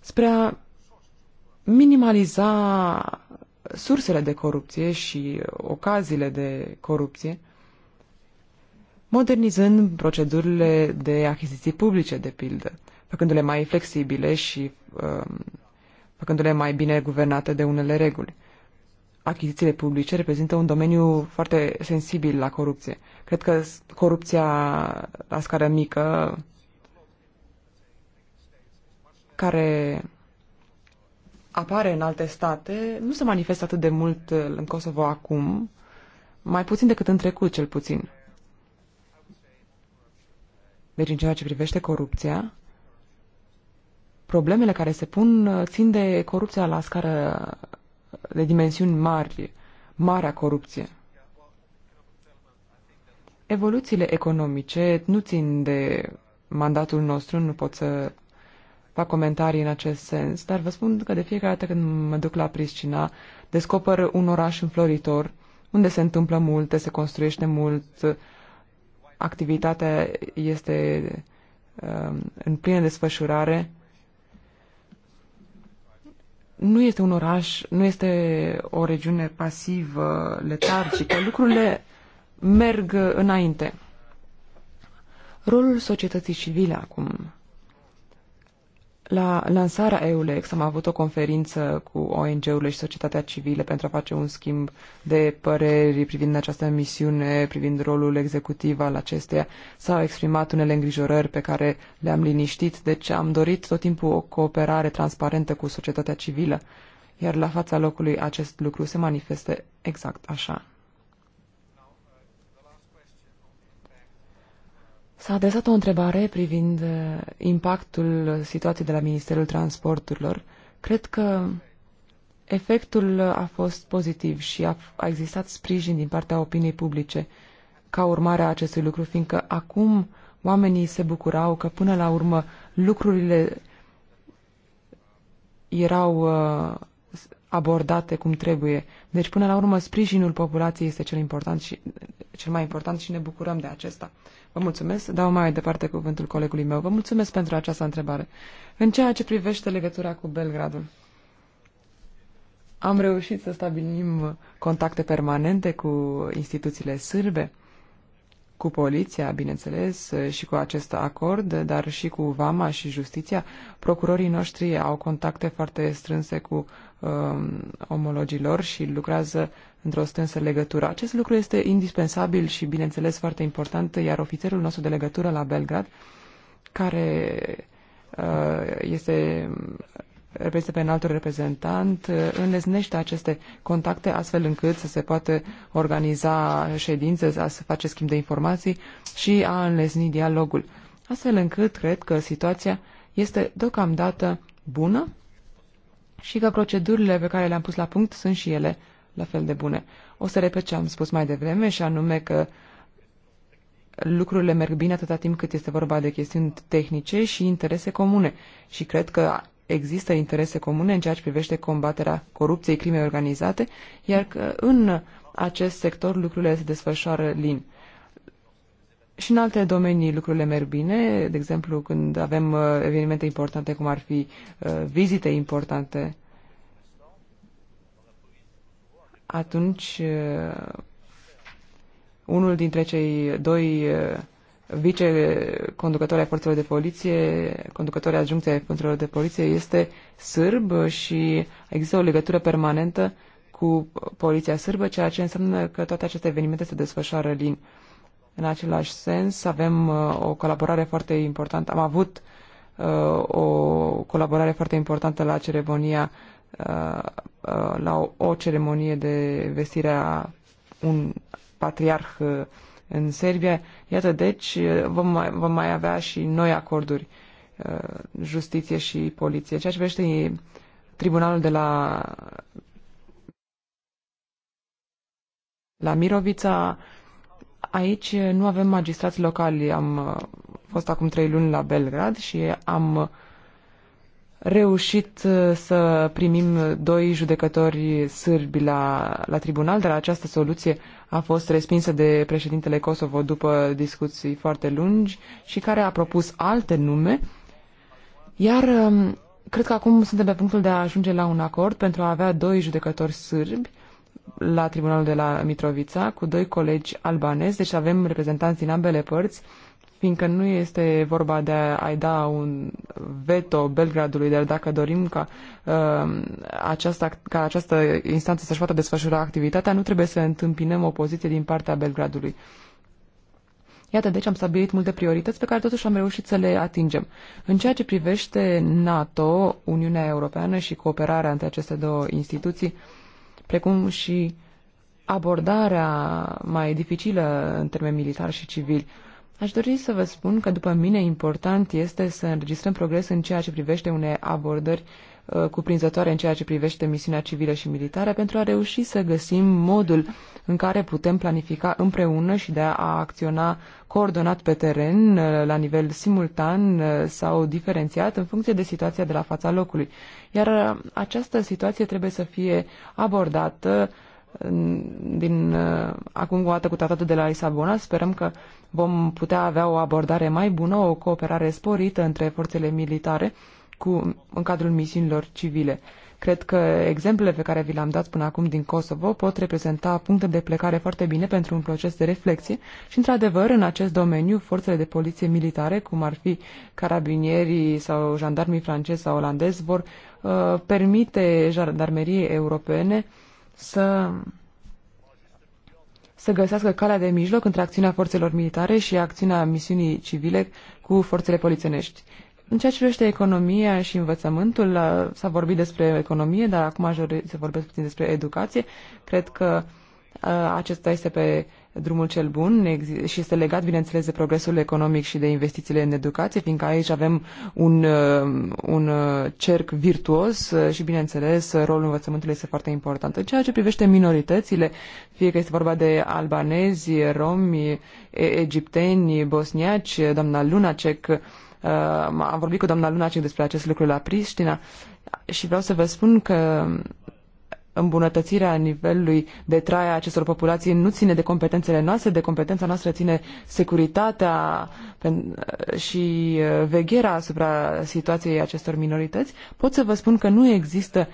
spre a minimaliza sursele de corupție și ocaziile de corupție, modernizând procedurile de achiziții publice, de pildă, făcându-le mai flexibile și um, făcându-le mai bine guvernate de unele reguli. Achizițiile publice reprezintă un domeniu foarte sensibil la corupție. Cred că corupția la scară mică, care apare în alte state, nu se manifestă atât de mult uh, în Kosovo acum, mai puțin decât în trecut, cel puțin. Deci, în ceea ce privește corupția, problemele care se pun uh, țin de corupția la scară uh, de dimensiuni mari, marea corupție. Evoluțiile economice nu țin de mandatul nostru, nu pot să fac comentarii în acest sens, dar vă spun că de fiecare dată când mă duc la Priscina, descoper un oraș înfloritor, unde se întâmplă multe, se construiește mult, activitatea este um, în plină desfășurare. Nu este un oraș, nu este o regiune pasivă, letargică, lucrurile merg înainte. Rolul societății civile acum la lansarea EULEX am avut o conferință cu ONG-urile și societatea civilă pentru a face un schimb de păreri privind această misiune, privind rolul executiv al acesteia. S-au exprimat unele îngrijorări pe care le-am liniștit, deci am dorit tot timpul o cooperare transparentă cu societatea civilă, iar la fața locului acest lucru se manifestă exact așa. S-a adresat o întrebare privind uh, impactul situației de la Ministerul Transporturilor. Cred că efectul a fost pozitiv și a, a existat sprijin din partea opiniei publice ca urmare a acestui lucru, fiindcă acum oamenii se bucurau că până la urmă lucrurile erau uh, abordate cum trebuie. Deci, până la urmă, sprijinul populației este cel, important și, cel mai important și ne bucurăm de acesta. Vă mulțumesc. Dau mai departe cuvântul colegului meu. Vă mulțumesc pentru această întrebare. În ceea ce privește legătura cu Belgradul, am reușit să stabilim contacte permanente cu instituțiile sârbe cu poliția, bineînțeles, și cu acest acord, dar și cu VAMA și justiția. Procurorii noștri au contacte foarte strânse cu uh, um, omologii lor și lucrează într-o strânsă legătură. Acest lucru este indispensabil și, bineînțeles, foarte important, iar ofițerul nostru de legătură la Belgrad, care uh, este reprezintă pe înaltul reprezentant, uh, înlesnește aceste contacte astfel încât să se poată organiza ședințe, să se face schimb de informații și a înlesni dialogul. Astfel încât cred că situația este deocamdată bună și că procedurile pe care le-am pus la punct sunt și ele la fel de bune. O să repet ce am spus mai devreme și anume că lucrurile merg bine atâta timp cât este vorba de chestiuni tehnice și interese comune. Și cred că există interese comune în ceea ce privește combaterea corupției, crimei organizate, iar că în acest sector lucrurile se desfășoară lin. Și în alte domenii lucrurile merg bine, de exemplu când avem uh, evenimente importante, cum ar fi uh, vizite importante, atunci uh, unul dintre cei doi viceconducători a forțelor de poliție, conducătoare adjuncte a forțelor de poliție, este sârb și există o legătură permanentă cu poliția sârbă, ceea ce înseamnă că toate aceste evenimente se desfășoară din. În același sens, avem uh, o colaborare foarte importantă. Am avut uh, o colaborare foarte importantă la ceremonia, uh, la o, o ceremonie de vestire a un patriarh în Serbia. Iată, deci, eh, vom mai, vom mai avea și noi acorduri, eh, justiție și poliție. Ceea ce privește eh, tribunalul de la, la Mirovița, aici nu avem magistrați locali. Am fost acum trei luni la Belgrad și am reușit uh, să primim doi judecători sârbi la, la tribunal, dar această soluție a fost respinsă de președintele Kosovo după discuții foarte lungi și care a propus alte nume. Iar um, cred că acum suntem pe punctul de a ajunge la un acord pentru a avea doi judecători sârbi la tribunalul de la Mitrovița cu doi colegi albanezi, deci avem reprezentanți din ambele părți fiindcă nu este vorba de a-i da un veto Belgradului, dar dacă dorim ca, uh, aceasta, ca această instanță să-și poată desfășura activitatea, nu trebuie să întâmpinăm o opoziție din partea Belgradului. Iată, deci am stabilit multe priorități pe care totuși am reușit să le atingem. În ceea ce privește NATO, Uniunea Europeană și cooperarea între aceste două instituții, precum și abordarea mai dificilă în termeni militari și civili, Aș dori să vă spun că, după mine, important este să înregistrăm progres în ceea ce privește unei abordări uh, cuprinzătoare în ceea ce privește misiunea civilă și militară pentru a reuși să găsim modul în care putem planifica împreună și de a acționa coordonat pe teren, uh, la nivel simultan uh, sau diferențiat, în funcție de situația de la fața locului. Iar această situație trebuie să fie abordată din acum o dată cu tratatul de la Lisabona. Sperăm că uh, vom putea avea o abordare mai bună, o cooperare sporită între forțele militare cu, în cadrul misiunilor civile. Cred că exemplele pe care vi le-am dat până acum din Kosovo pot reprezenta puncte de plecare foarte bine pentru un proces de reflexie și, într-adevăr, în acest domeniu, forțele de poliție militare, cum ar fi carabinierii sau jandarmii francezi sau olandezi, vor uh, permite jandarmeriei europene să să găsească calea de mijloc între acțiunea forțelor militare și acțiunea misiunii civile cu forțele polițenești. În ceea ce privește economia și învățământul, s-a vorbit despre economie, dar acum aș dori să vorbesc puțin despre educație. Cred că acesta este pe drumul cel bun și este legat, bineînțeles, de progresul economic și de investițiile în educație, fiindcă aici avem un, uh, un uh, cerc virtuos uh, și, bineînțeles, rolul învățământului este foarte important. În ceea ce privește minoritățile, fie că este vorba de albanezi, romi, egipteni, bosniaci, doamna Lunacek, am vorbit cu doamna Lunacek despre acest lucru la Pristina și vreau să vă spun că îmbunătățirea nivelului de trai a acestor populații nu ține de competențele noastre, de competența noastră ține securitatea și uh, vegherea asupra situației acestor minorități. Pot să vă spun că nu există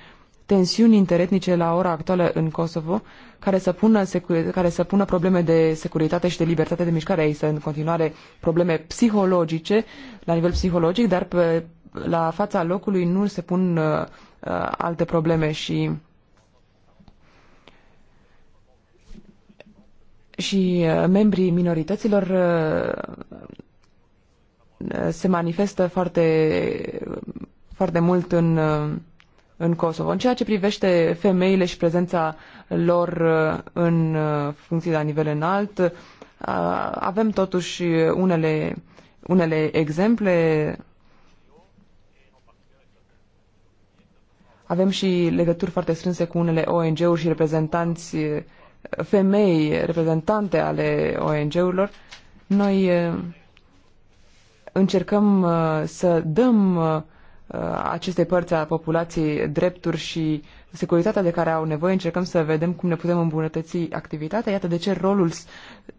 tensiuni interetnice la ora actuală în Kosovo care să, pună care să pună probleme de securitate și de libertate de mișcare. Există în continuare probleme psihologice, la nivel psihologic, dar pe, la fața locului nu se pun uh, uh alte probleme și și uh, membrii minorităților uh, se manifestă foarte, foarte mult în, uh, în Kosovo. În ceea ce privește femeile și prezența lor în funcții la nivel înalt, avem totuși unele, unele exemple. Avem și legături foarte strânse cu unele ONG-uri și reprezentanți femei reprezentante ale ONG-urilor, noi eh, încercăm eh, să dăm eh, acestei părți a populației drepturi și securitatea de care au nevoie, încercăm să vedem cum ne putem îmbunătăți activitatea. Iată de ce rolul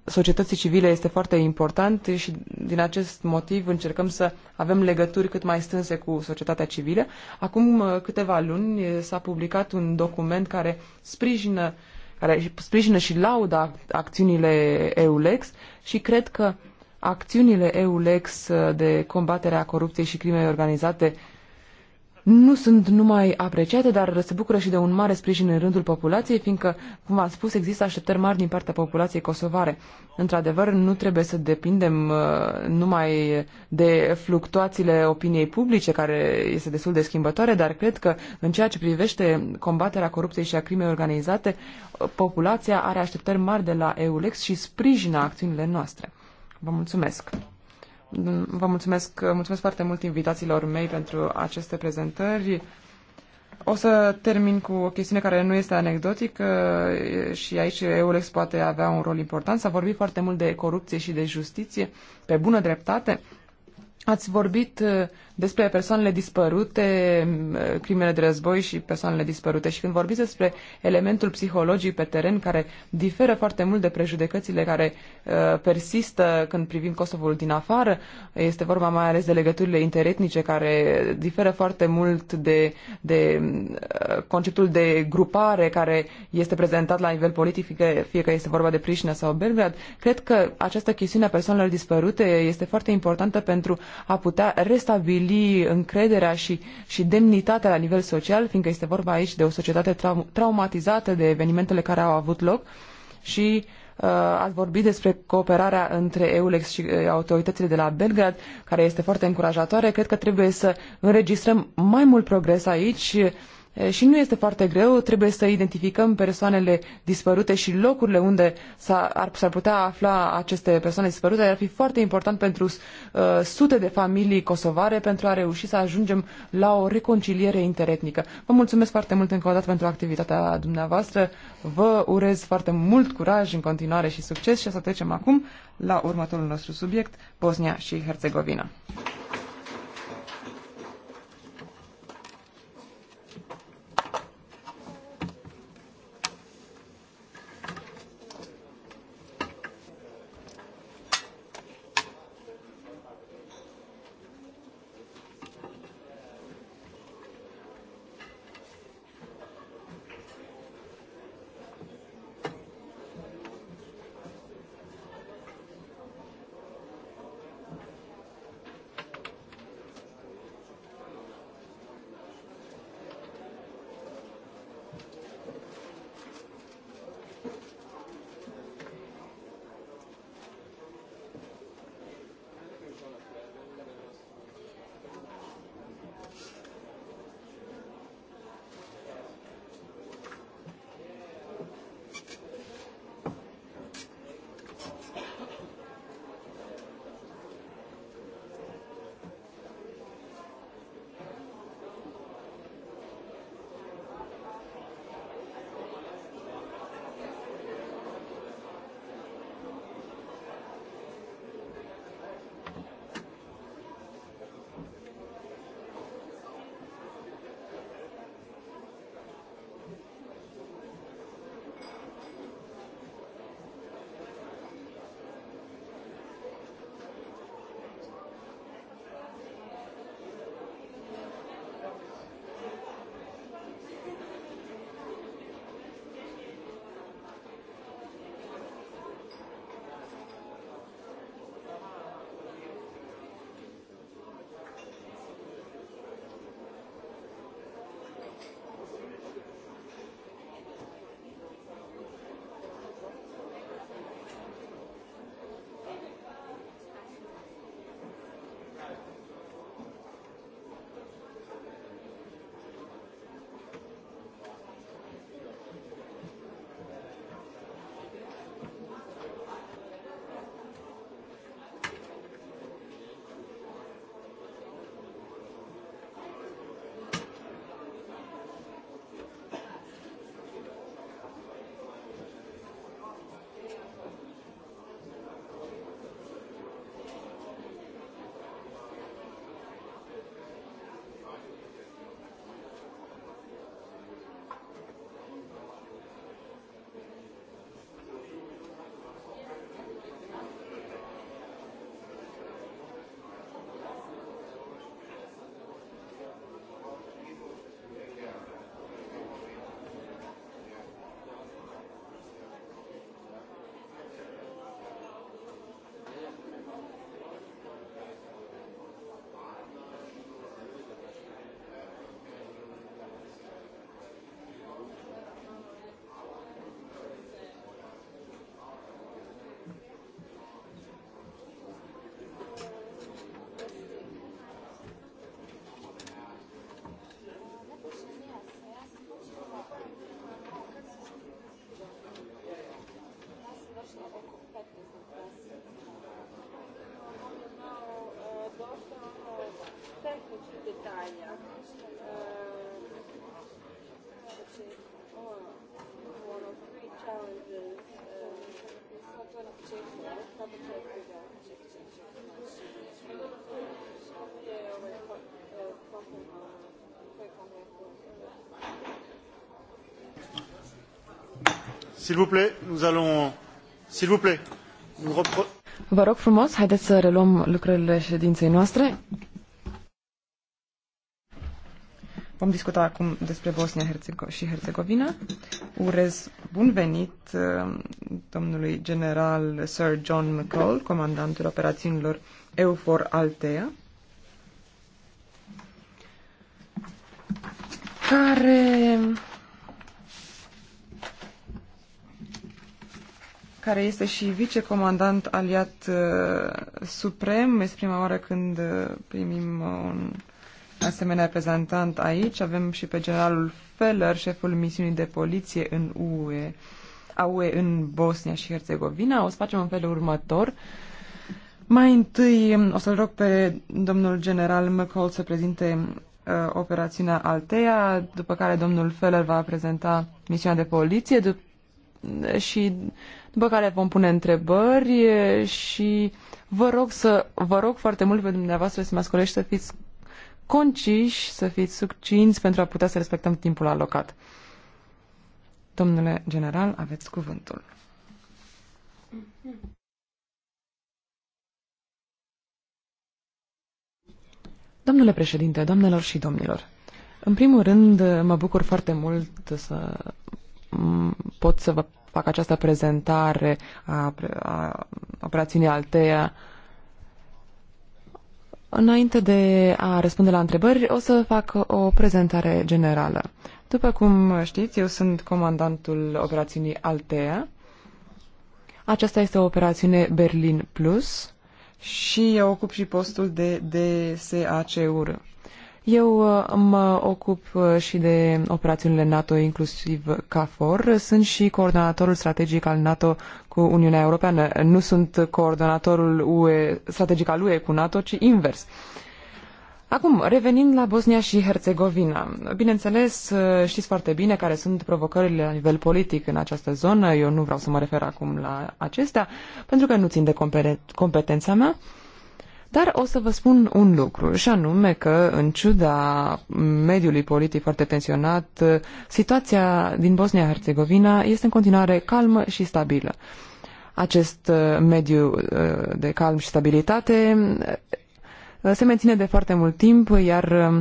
societății civile este foarte important și din acest motiv încercăm să avem legături cât mai strânse cu societatea civilă. Acum câteva luni s-a publicat un document care sprijină uh, care sprijină și laudă acțiunile EULEX și cred că acțiunile EULEX uh, de combatere a corupției și crimei organizate nu sunt numai apreciate, dar se bucură și de un mare sprijin în rândul populației, fiindcă, cum am spus, există așteptări mari din partea populației kosovare. Într-adevăr, nu trebuie să depindem uh, numai de fluctuațiile opiniei publice, care este destul de schimbătoare, dar cred că, în ceea ce privește combaterea corupției și a crimei organizate, uh, populația are așteptări mari de la EULEX și sprijină acțiunile noastre. Vă mulțumesc! Vă mulțumesc, mulțumesc foarte mult invitațiilor mei pentru aceste prezentări. O să termin cu o chestiune care nu este anecdotică și aici Eulex poate avea un rol important. S-a vorbit foarte mult de corupție și de justiție, pe bună dreptate. Ați vorbit despre persoanele dispărute, crimele de război și persoanele dispărute. Și când vorbiți despre elementul psihologic pe teren care diferă foarte mult de prejudecățile care uh, persistă când privim Kosovul din afară, este vorba mai ales de legăturile interetnice care diferă foarte mult de, de uh, conceptul de grupare care este prezentat la nivel politic, fie, fie că este vorba de Prișina sau Belgrad. Cred că această chestiune a persoanelor dispărute este foarte importantă pentru a putea restabili restabilii încrederea și, și demnitatea la nivel social, fiindcă este vorba aici de o societate trau- traumatizată de evenimentele care au avut loc și uh, ați vorbit despre cooperarea între EULEX și uh, autoritățile de la Belgrad, care este foarte încurajatoare. Cred că trebuie să înregistrăm mai mult progres aici. Uh, și nu este foarte greu, trebuie să identificăm persoanele dispărute și locurile unde s-ar, s-ar putea afla aceste persoane dispărute. Ar fi foarte important pentru uh, sute de familii kosovare pentru a reuși să ajungem la o reconciliere interetnică. Vă mulțumesc foarte mult încă o dată pentru activitatea dumneavoastră. Vă urez foarte mult curaj în continuare și succes și să trecem acum la următorul nostru subiect, Bosnia și Herțegovina. tecnici di dettaglia. Uh, or, or three challenges. S'il vous plaît, nous allons. S'il vous plaît, nous reprenons. Vă rog frumos, haideți să reluăm lucrările ședinței noastre. Vom discuta acum despre Bosnia și Herțegovina. Urez bun venit uh, domnului general Sir John McCall, comandantul operațiunilor EUFOR Altea, care care este și vicecomandant aliat uh, suprem. Este prima oară când uh, primim uh, un asemenea reprezentant aici. Avem și pe generalul Feller, șeful misiunii de poliție în UE, a UE în Bosnia și Herțegovina. O să facem în felul următor. Mai întâi o să-l rog pe domnul general McCall să prezinte uh, operațiunea Altea, după care domnul Feller va prezenta misiunea de poliție dup- și după care vom pune întrebări și vă rog să vă rog foarte mult pe dumneavoastră, stimați colegi, să fiți conciși, să fiți succinți pentru a putea să respectăm timpul alocat. Domnule general, aveți cuvântul. Domnule președinte, doamnelor și domnilor, în primul rând mă bucur foarte mult să pot să vă fac această prezentare a, a operațiunii Altea Înainte de a răspunde la întrebări, o să fac o prezentare generală. După cum știți, eu sunt comandantul operațiunii Altea. Aceasta este o operațiune Berlin Plus și eu ocup și postul de DSACUR. Eu uh, mă ocup uh, și de operațiunile NATO, inclusiv CAFOR. Sunt și coordonatorul strategic al NATO cu Uniunea Europeană. Nu sunt coordonatorul UE, strategic al UE cu NATO, ci invers. Acum, revenind la Bosnia și Herțegovina. Bineînțeles, uh, știți foarte bine care sunt provocările la nivel politic în această zonă. Eu nu vreau să mă refer acum la acestea, pentru că nu țin de competența mea. Dar o să vă spun un lucru, și anume că, în ciuda mediului politic foarte tensionat, situația din Bosnia-Herzegovina este în continuare calmă și stabilă. Acest uh, mediu uh, de calm și stabilitate uh, se menține de foarte mult timp, iar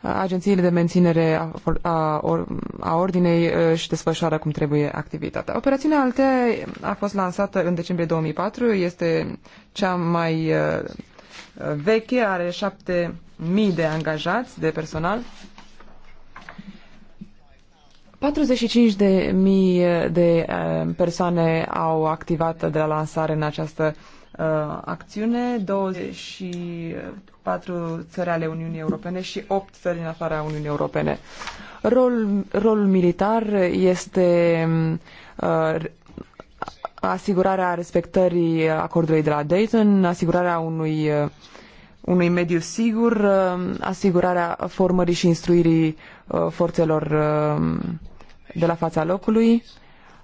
agențiile de menținere a, ordinei își desfășoară cum trebuie activitatea. Operațiunea Altea a fost lansată în decembrie 2004, este cea mai veche, are 7.000 de angajați de personal. 45.000 de, de eh, persoane au activat de la lansare în această uh, acțiune, 24 țări ale Uniunii Europene și 8 țări în afara Uniunii Europene. Rol, rolul militar este uh, asigurarea respectării acordului de la Dayton, asigurarea unui, unui mediu sigur, asigurarea formării și instruirii uh, forțelor uh, de la fața locului,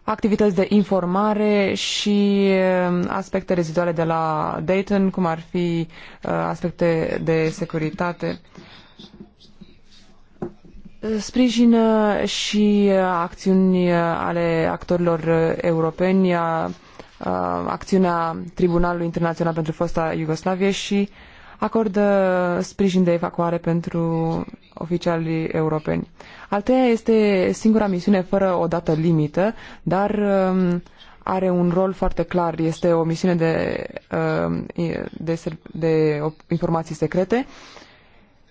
activități de informare și uh, aspecte reziduale de la Dayton, cum ar fi aspecte de securitate sprijină și acțiuni ale actorilor europeni, acțiunea Tribunalului Internațional pentru fosta Iugoslavie și acordă sprijin de evacuare pentru oficialii europeni. Al este singura misiune fără o dată limită, dar um, are un rol foarte clar. Este o misiune de, um, de, de informații secrete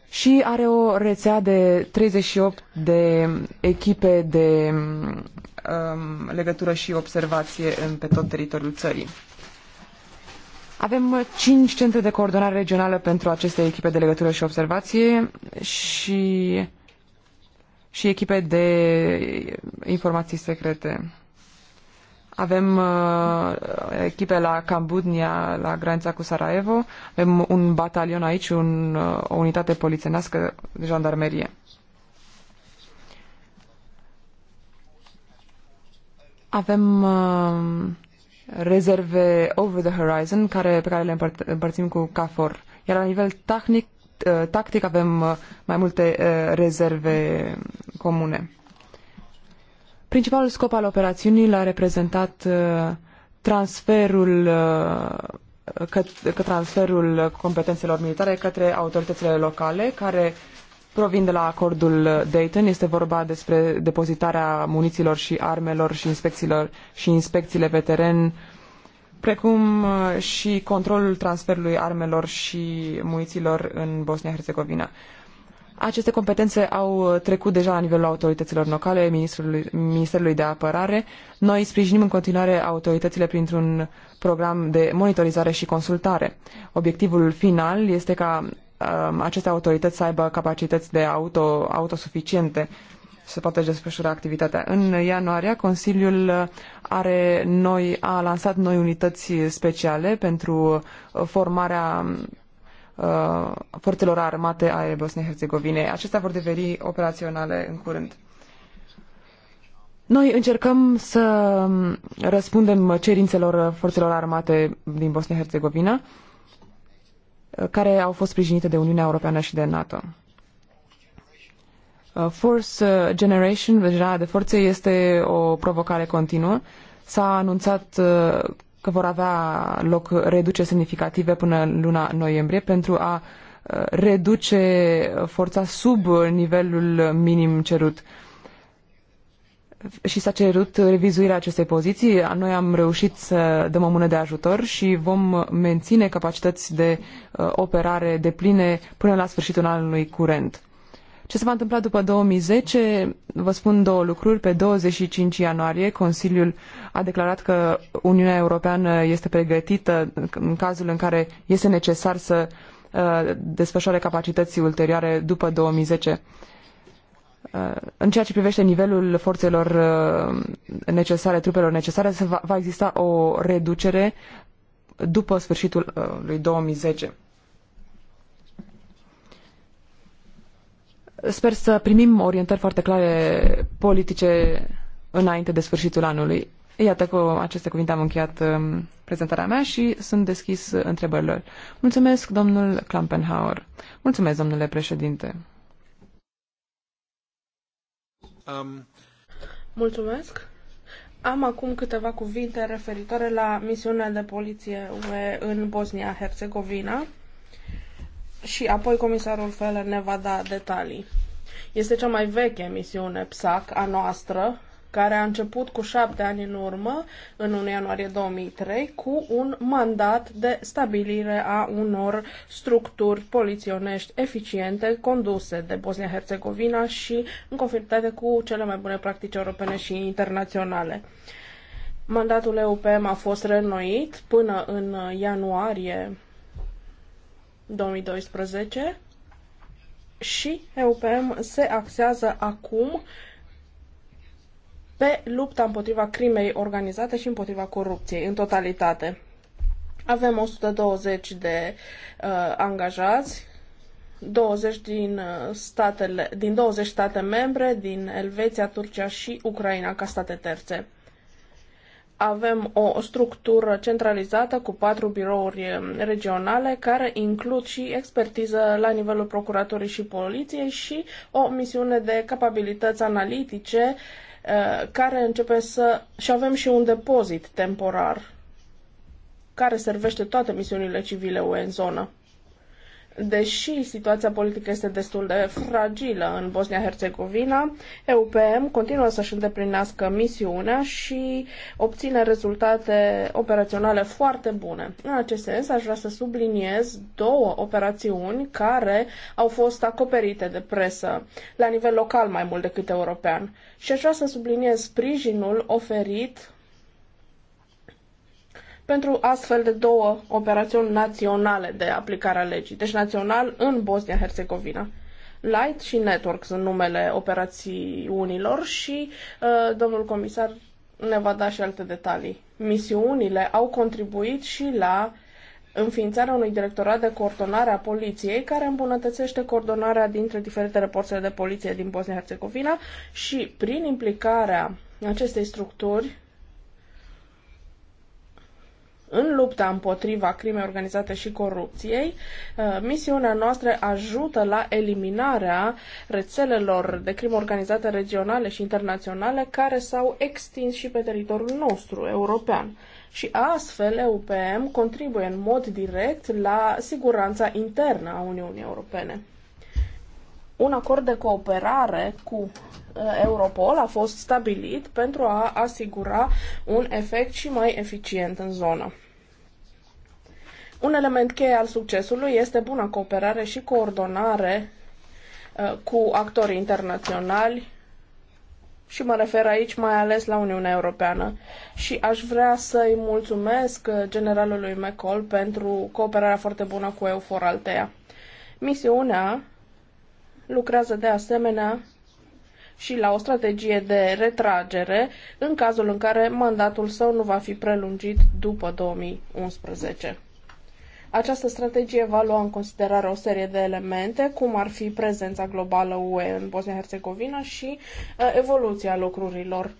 și are o rețea de 38 de echipe de um, legătură și observație în, pe tot teritoriul țării. Avem cinci centre de coordonare regională pentru aceste echipe de legătură și observație și, și echipe de informații secrete. Avem uh, echipe la Cambudnia, la granița cu Sarajevo. Avem un batalion aici, un, uh, o unitate polițenească de jandarmerie. Avem uh, rezerve over the horizon care, pe care le împăr- împărțim cu CAFOR. Iar la nivel uh, tactic avem uh, mai multe uh, rezerve uh, comune. Principalul scop al operațiunii l-a reprezentat uh, transferul uh, că, că transferul competențelor militare către autoritățile locale care provin de la acordul Dayton. Este vorba despre depozitarea munițiilor și armelor și inspecțiilor și inspecțiile pe teren, precum uh, și controlul transferului armelor și munițiilor în Bosnia-Herzegovina. Aceste competențe au uh, trecut deja la nivelul autorităților locale, Ministerului, Ministerului de Apărare. Noi sprijinim în continuare autoritățile printr-un program de monitorizare și consultare. Obiectivul final este ca um, aceste autorități să aibă capacități de auto, autosuficiente să poate desfășura activitatea. În ianuarie, Consiliul uh, are noi, a lansat noi unități speciale pentru uh, formarea uh, forțelor armate ale bosniei herzegovine Acestea vor deveni operaționale în curând. Noi încercăm să răspundem cerințelor forțelor armate din Bosnia-Herzegovina, uh, care au fost sprijinite de Uniunea Europeană și de NATO. Uh, force Generation, deja de forțe, este o provocare continuă. S-a anunțat uh, că vor avea loc reduceri semnificative până în luna noiembrie pentru a uh, reduce forța sub nivelul minim cerut. Și s-a cerut revizuirea acestei poziții. Noi am reușit să dăm o mână de ajutor și vom menține capacități de uh, operare de pline până la sfârșitul anului curent. Ce se va întâmpla după 2010? Vă spun două lucruri. Pe 25 ianuarie, Consiliul a declarat că Uniunea Europeană este pregătită în cazul în care este necesar să uh, desfășoare capacității ulterioare după 2010. Uh, în ceea ce privește nivelul forțelor uh, necesare, trupelor necesare, va exista o reducere după sfârșitul lui 2010. Sper să primim orientări foarte clare politice înainte de sfârșitul anului. Iată, cu aceste cuvinte am încheiat um, prezentarea mea și sunt deschis întrebărilor. Mulțumesc, domnul Klampenhauer. Mulțumesc, domnule președinte. Um... Mulțumesc. Am acum câteva cuvinte referitoare la misiunea de poliție UE în Bosnia-Herzegovina și apoi comisarul Feller ne va da detalii. Este cea mai veche misiune PSAC a noastră, care a început cu șapte ani în urmă, în 1 ianuarie 2003, cu un mandat de stabilire a unor structuri poliționești eficiente conduse de Bosnia-Herzegovina și în conformitate cu cele mai bune practici europene și internaționale. Mandatul EUPM a fost reînnoit până în ianuarie 2012 și EUPM se axează acum pe lupta împotriva crimei organizate și împotriva corupției în totalitate. Avem 120 de uh, angajați, 20 din, uh, statele, din 20 state membre, din Elveția, Turcia și Ucraina ca state terțe avem o structură centralizată cu patru birouri eh, regionale care includ și expertiză la nivelul procuratorii și poliției și o misiune de capabilități analitice eh, care începe să... și avem și un depozit temporar care servește toate misiunile civile UE în zonă. Deși situația politică este destul de fragilă în Bosnia-Herzegovina, EUPM continuă să-și îndeplinească misiunea și obține rezultate operaționale foarte bune. În acest sens, aș vrea să subliniez două operațiuni care au fost acoperite de presă, la nivel local mai mult decât european. Și aș vrea să subliniez sprijinul oferit pentru astfel de două operațiuni naționale de aplicare a legii, deci național în Bosnia-Herzegovina. Light și Network sunt numele operațiunilor și uh, domnul comisar ne va da și alte detalii. Misiunile au contribuit și la înființarea unui directorat de coordonare a poliției care îmbunătățește coordonarea dintre diferitele forțe de poliție din Bosnia-Herzegovina și prin implicarea acestei structuri în lupta împotriva crimei organizate și corupției, uh, misiunea noastră ajută la eliminarea rețelelor de crimă organizată regionale și internaționale care s-au extins și pe teritoriul nostru european. Și astfel EUPM contribuie în mod direct la siguranța internă a Uniunii Europene un acord de cooperare cu uh, Europol a fost stabilit pentru a asigura un efect și mai eficient în zonă. Un element cheie al succesului este buna cooperare și coordonare uh, cu actorii internaționali și mă refer aici mai ales la Uniunea Europeană. Și aș vrea să-i mulțumesc uh, generalului McCall pentru cooperarea foarte bună cu EUFOR Altea. Misiunea lucrează de asemenea și la o strategie de retragere în cazul în care mandatul său nu va fi prelungit după 2011. Această strategie va lua în considerare o serie de elemente, cum ar fi prezența globală UE în Bosnia-Herzegovina și uh, evoluția lucrurilor.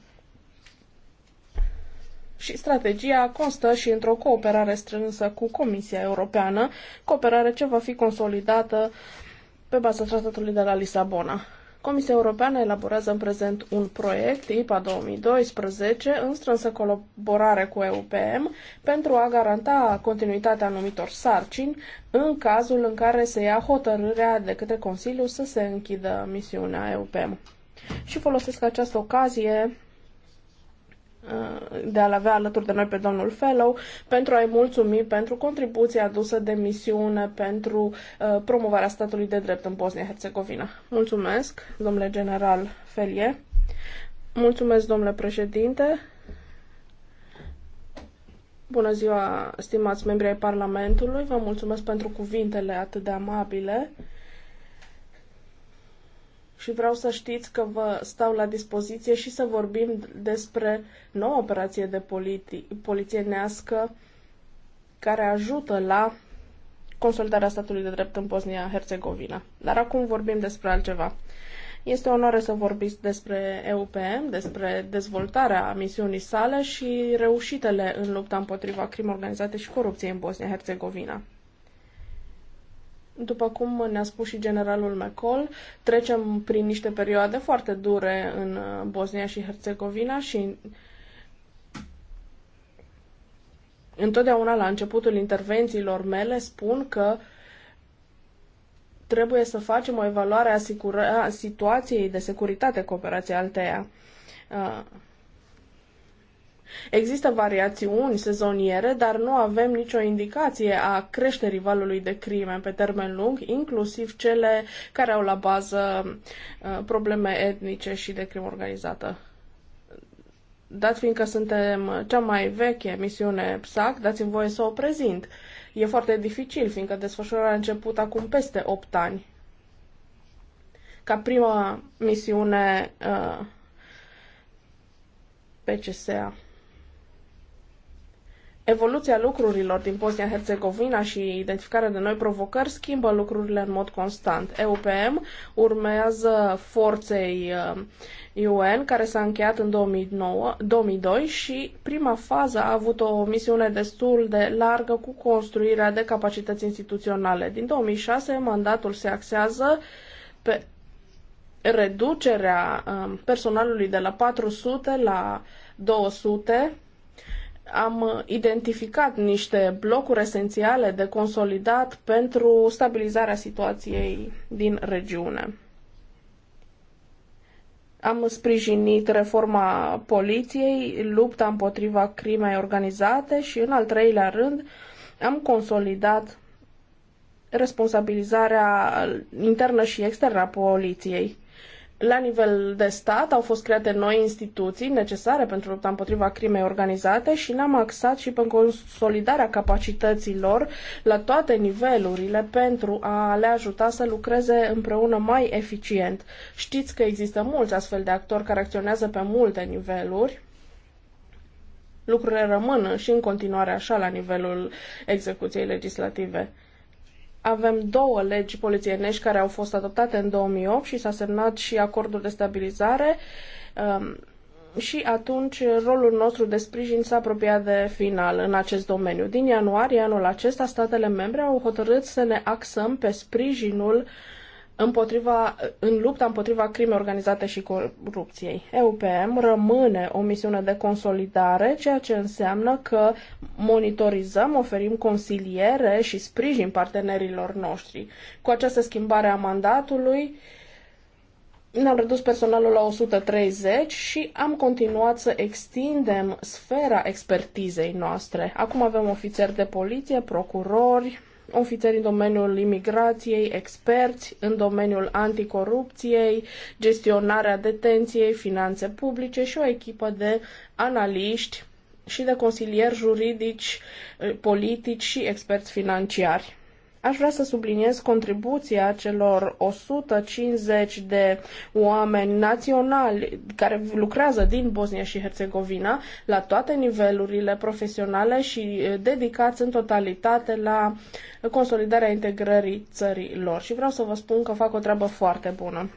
Și strategia constă și într-o cooperare strânsă cu Comisia Europeană, cooperare ce va fi consolidată uh, pe baza tratatului de la Lisabona. Comisia Europeană elaborează în prezent un proiect, IPA 2012, în strânsă colaborare cu EUPM, pentru a garanta continuitatea anumitor sarcini în cazul în care se ia hotărârea de către Consiliu să se închidă misiunea EUPM. Și folosesc această ocazie Uh, de a-l avea alături de noi pe domnul Fellow, pentru a-i mulțumi pentru contribuția adusă de misiune pentru uh, promovarea statului de drept în Bosnia-Herzegovina. Mulțumesc, domnule general Felie. Mulțumesc, domnule președinte. Bună ziua, stimați membri ai Parlamentului. Vă mulțumesc pentru cuvintele atât de amabile și vreau să știți că vă stau la dispoziție și să vorbim despre noua operație de politi- polițienească care ajută la consolidarea statului de drept în Bosnia-Herzegovina. Dar acum vorbim despre altceva. Este o onoare să vorbiți despre EUPM, despre dezvoltarea misiunii sale și reușitele în lupta împotriva crimă organizate și corupției în Bosnia-Herzegovina. După cum ne-a spus și generalul McCall, trecem prin niște perioade foarte dure în uh, Bosnia și Herțegovina și întotdeauna la începutul intervențiilor mele spun că trebuie să facem o evaluare a situației de securitate cooperației Altea. Uh, Există variațiuni sezoniere, dar nu avem nicio indicație a creșterii valului de crime pe termen lung, inclusiv cele care au la bază uh, probleme etnice și de crimă organizată. Dat fiindcă suntem cea mai veche misiune PSAC, dați-mi voie să o prezint. E foarte dificil, fiindcă desfășurarea a început acum peste 8 ani. Ca prima misiune uh, PCSA. Evoluția lucrurilor din Bosnia-Herzegovina și identificarea de noi provocări schimbă lucrurile în mod constant. EUPM urmează forței UN uh, care s-a încheiat în 2009, 2002 și prima fază a avut o misiune destul de largă cu construirea de capacități instituționale. Din 2006 mandatul se axează pe reducerea um, personalului de la 400 la 200 am identificat niște blocuri esențiale de consolidat pentru stabilizarea situației din regiune. Am sprijinit reforma poliției, lupta împotriva crimei organizate și, în al treilea rând, am consolidat responsabilizarea internă și externă a poliției. La nivel de stat au fost create noi instituții necesare pentru lupta împotriva crimei organizate și ne-am axat și pe consolidarea capacităților la toate nivelurile pentru a le ajuta să lucreze împreună mai eficient. Știți că există mulți astfel de actori care acționează pe multe niveluri. Lucrurile rămân și în continuare așa la nivelul execuției legislative avem două legi polițienești care au fost adoptate în 2008 și s-a semnat și acordul de stabilizare um, și atunci rolul nostru de sprijin s-a apropiat de final în acest domeniu. Din ianuarie anul acesta, statele membre au hotărât să ne axăm pe sprijinul uh, împotriva, în lupta împotriva crimei organizate și corupției. EUPM rămâne o misiune de consolidare, ceea ce înseamnă că monitorizăm, oferim consiliere și sprijin partenerilor noștri. Cu această schimbare a mandatului, ne-am redus personalul la 130 și am continuat să extindem sfera expertizei noastre. Acum avem ofițeri de poliție, procurori, ofițeri în domeniul imigrației, experți în domeniul anticorupției, gestionarea detenției, finanțe publice și o echipă de analiști și de consilieri juridici, eh, politici și experți financiari. Aș vrea să subliniez contribuția celor 150 de oameni naționali care lucrează din Bosnia și Herțegovina la toate nivelurile profesionale și dedicați în totalitate la consolidarea integrării țării lor. Și vreau să vă spun că fac o treabă foarte bună.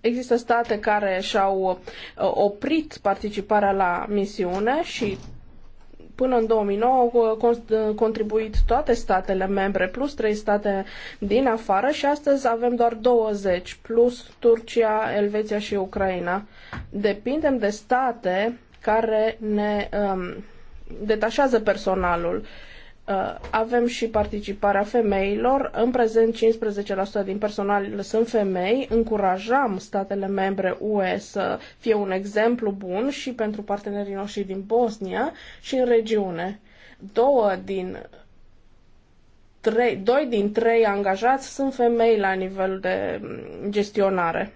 Există state care și-au oprit participarea la misiune și Până în 2009 au uh, contribuit toate statele membre, plus trei state din afară și astăzi avem doar 20, plus Turcia, Elveția și Ucraina. Depindem de state care ne um, detașează personalul Uh, avem și participarea femeilor. În prezent, 15% din personal sunt femei. Încurajam statele membre UE să fie un exemplu bun și pentru partenerii noștri din Bosnia și în regiune. Două din trei, doi din trei angajați sunt femei la nivel de gestionare.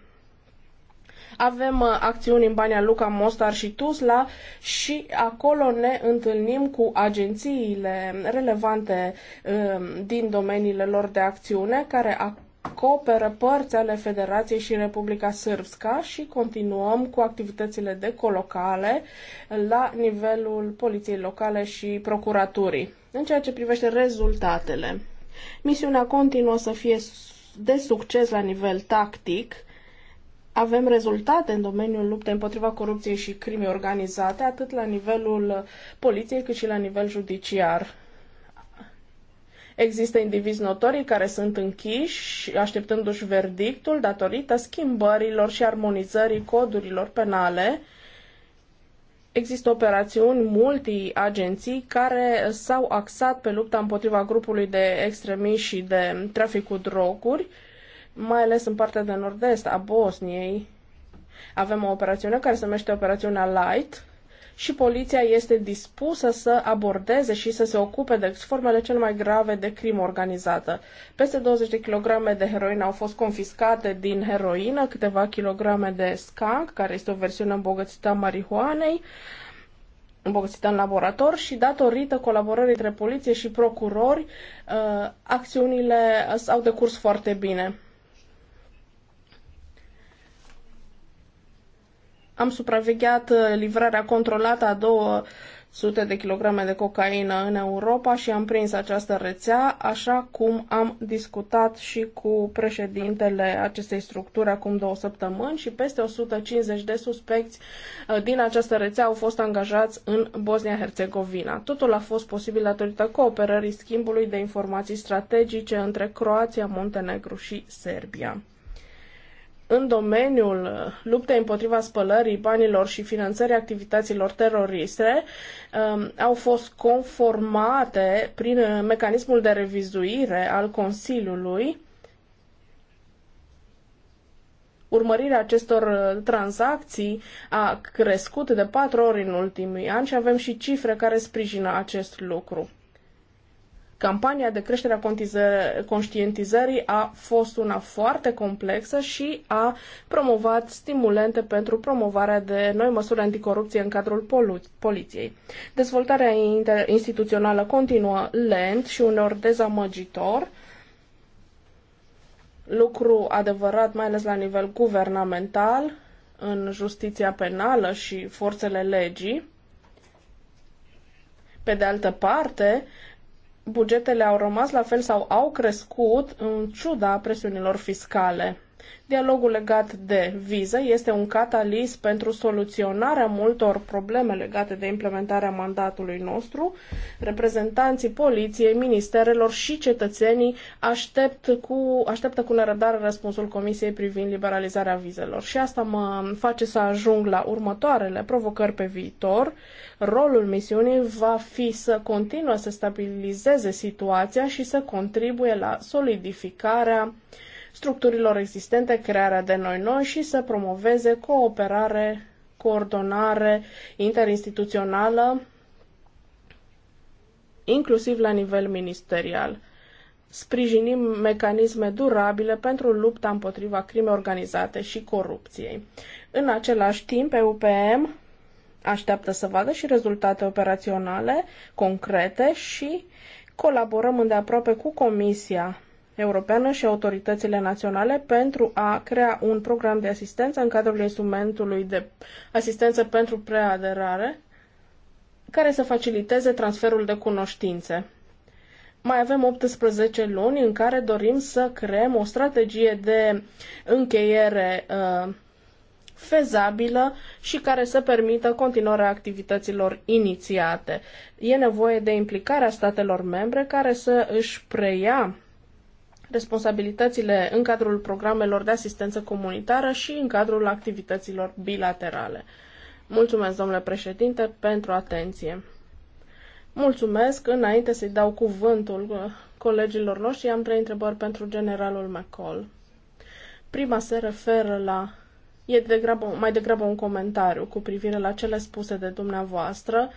Avem uh, acțiuni în Bania Luca, Mostar și Tuzla și acolo ne întâlnim cu agențiile relevante um, din domeniile lor de acțiune care acoperă părți ale Federației și Republica Sârbska și continuăm cu activitățile de colocale la nivelul poliției locale și procuraturii. În ceea ce privește rezultatele, misiunea continuă să fie de succes la nivel tactic, avem rezultate în domeniul luptei împotriva corupției și crimei organizate, atât la nivelul uh, poliției cât și la nivel judiciar. Există indivizi notorii care sunt închiși, așteptându-și verdictul datorită schimbărilor și armonizării codurilor penale. Există operațiuni multi-agenții care s-au axat pe lupta împotriva grupului de extremiști și de trafic cu droguri mai ales în partea de nord-est a Bosniei, avem o operațiune care se numește Operațiunea Light și poliția este dispusă să abordeze și să se ocupe de formele cele mai grave de crimă organizată. Peste 20 de kilograme de heroină au fost confiscate din heroină, câteva kilograme de skunk, care este o versiune îmbogățită a marihuanei, îmbogățită în laborator și datorită colaborării între poliție și procurori, uh, acțiunile au decurs foarte bine. Am supravegheat uh, livrarea controlată a 200 de kilograme de cocaină în Europa și am prins această rețea, așa cum am discutat și cu președintele acestei structuri acum două săptămâni și peste 150 de suspecți uh, din această rețea au fost angajați în Bosnia-Herzegovina. Totul a fost posibil datorită cooperării schimbului de informații strategice între Croația, Montenegru și Serbia în domeniul uh, luptei împotriva spălării banilor și finanțării activităților teroriste um, au fost conformate prin uh, mecanismul de revizuire al Consiliului urmărirea acestor uh, tranzacții a crescut de patru ori în ultimii ani și avem și cifre care sprijină acest lucru. Campania de creștere a conștientizării a fost una foarte complexă și a promovat stimulente pentru promovarea de noi măsuri anticorupție în cadrul poliției. Dezvoltarea instituțională continuă lent și uneori dezamăgitor, lucru adevărat mai ales la nivel guvernamental, în justiția penală și forțele legii. Pe de altă parte, bugetele au rămas la fel sau au crescut în ciuda presiunilor fiscale. Dialogul legat de viză este un catalist pentru soluționarea multor probleme legate de implementarea mandatului nostru. Reprezentanții poliției, ministerelor și cetățenii aștept cu, așteptă cu nerăbdare răspunsul Comisiei privind liberalizarea vizelor. Și asta mă face să ajung la următoarele provocări pe viitor. Rolul misiunii va fi să continue să stabilizeze situația și să contribuie la solidificarea uh, structurilor existente, crearea de noi noi și să promoveze cooperare, coordonare interinstituțională, inclusiv la nivel ministerial. Sprijinim mecanisme durabile pentru lupta împotriva crimei organizate și corupției. În același timp, EUPM așteaptă să vadă și rezultate operaționale concrete și colaborăm îndeaproape cu Comisia Europeană și autoritățile naționale pentru a crea un program de asistență în cadrul instrumentului de asistență pentru preaderare care să faciliteze transferul de cunoștințe. Mai avem 18 luni în care dorim să creăm o strategie de încheiere uh, fezabilă și care să permită continuarea activităților inițiate. E nevoie de implicarea statelor membre care să își preia responsabilitățile în cadrul programelor de asistență comunitară și în cadrul activităților bilaterale. Mulțumesc, domnule președinte, pentru atenție. Mulțumesc. Înainte să-i dau cuvântul uh, colegilor noștri, am trei întrebări pentru generalul McCall. Prima se referă la e degrabă, mai degrabă un comentariu cu privire la cele spuse de dumneavoastră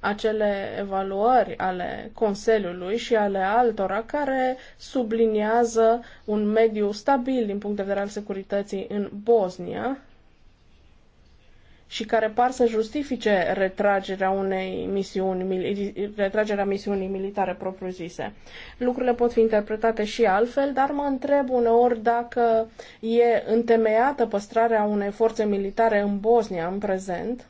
acele evaluări ale Consiliului și ale altora care subliniază un mediu stabil din punct de vedere al securității în Bosnia și care par să justifice retragerea unei misiuni, retragerea misiunii militare propriu-zise. Lucrurile pot fi interpretate și altfel, dar mă întreb uneori dacă e întemeiată păstrarea unei forțe militare în Bosnia în prezent,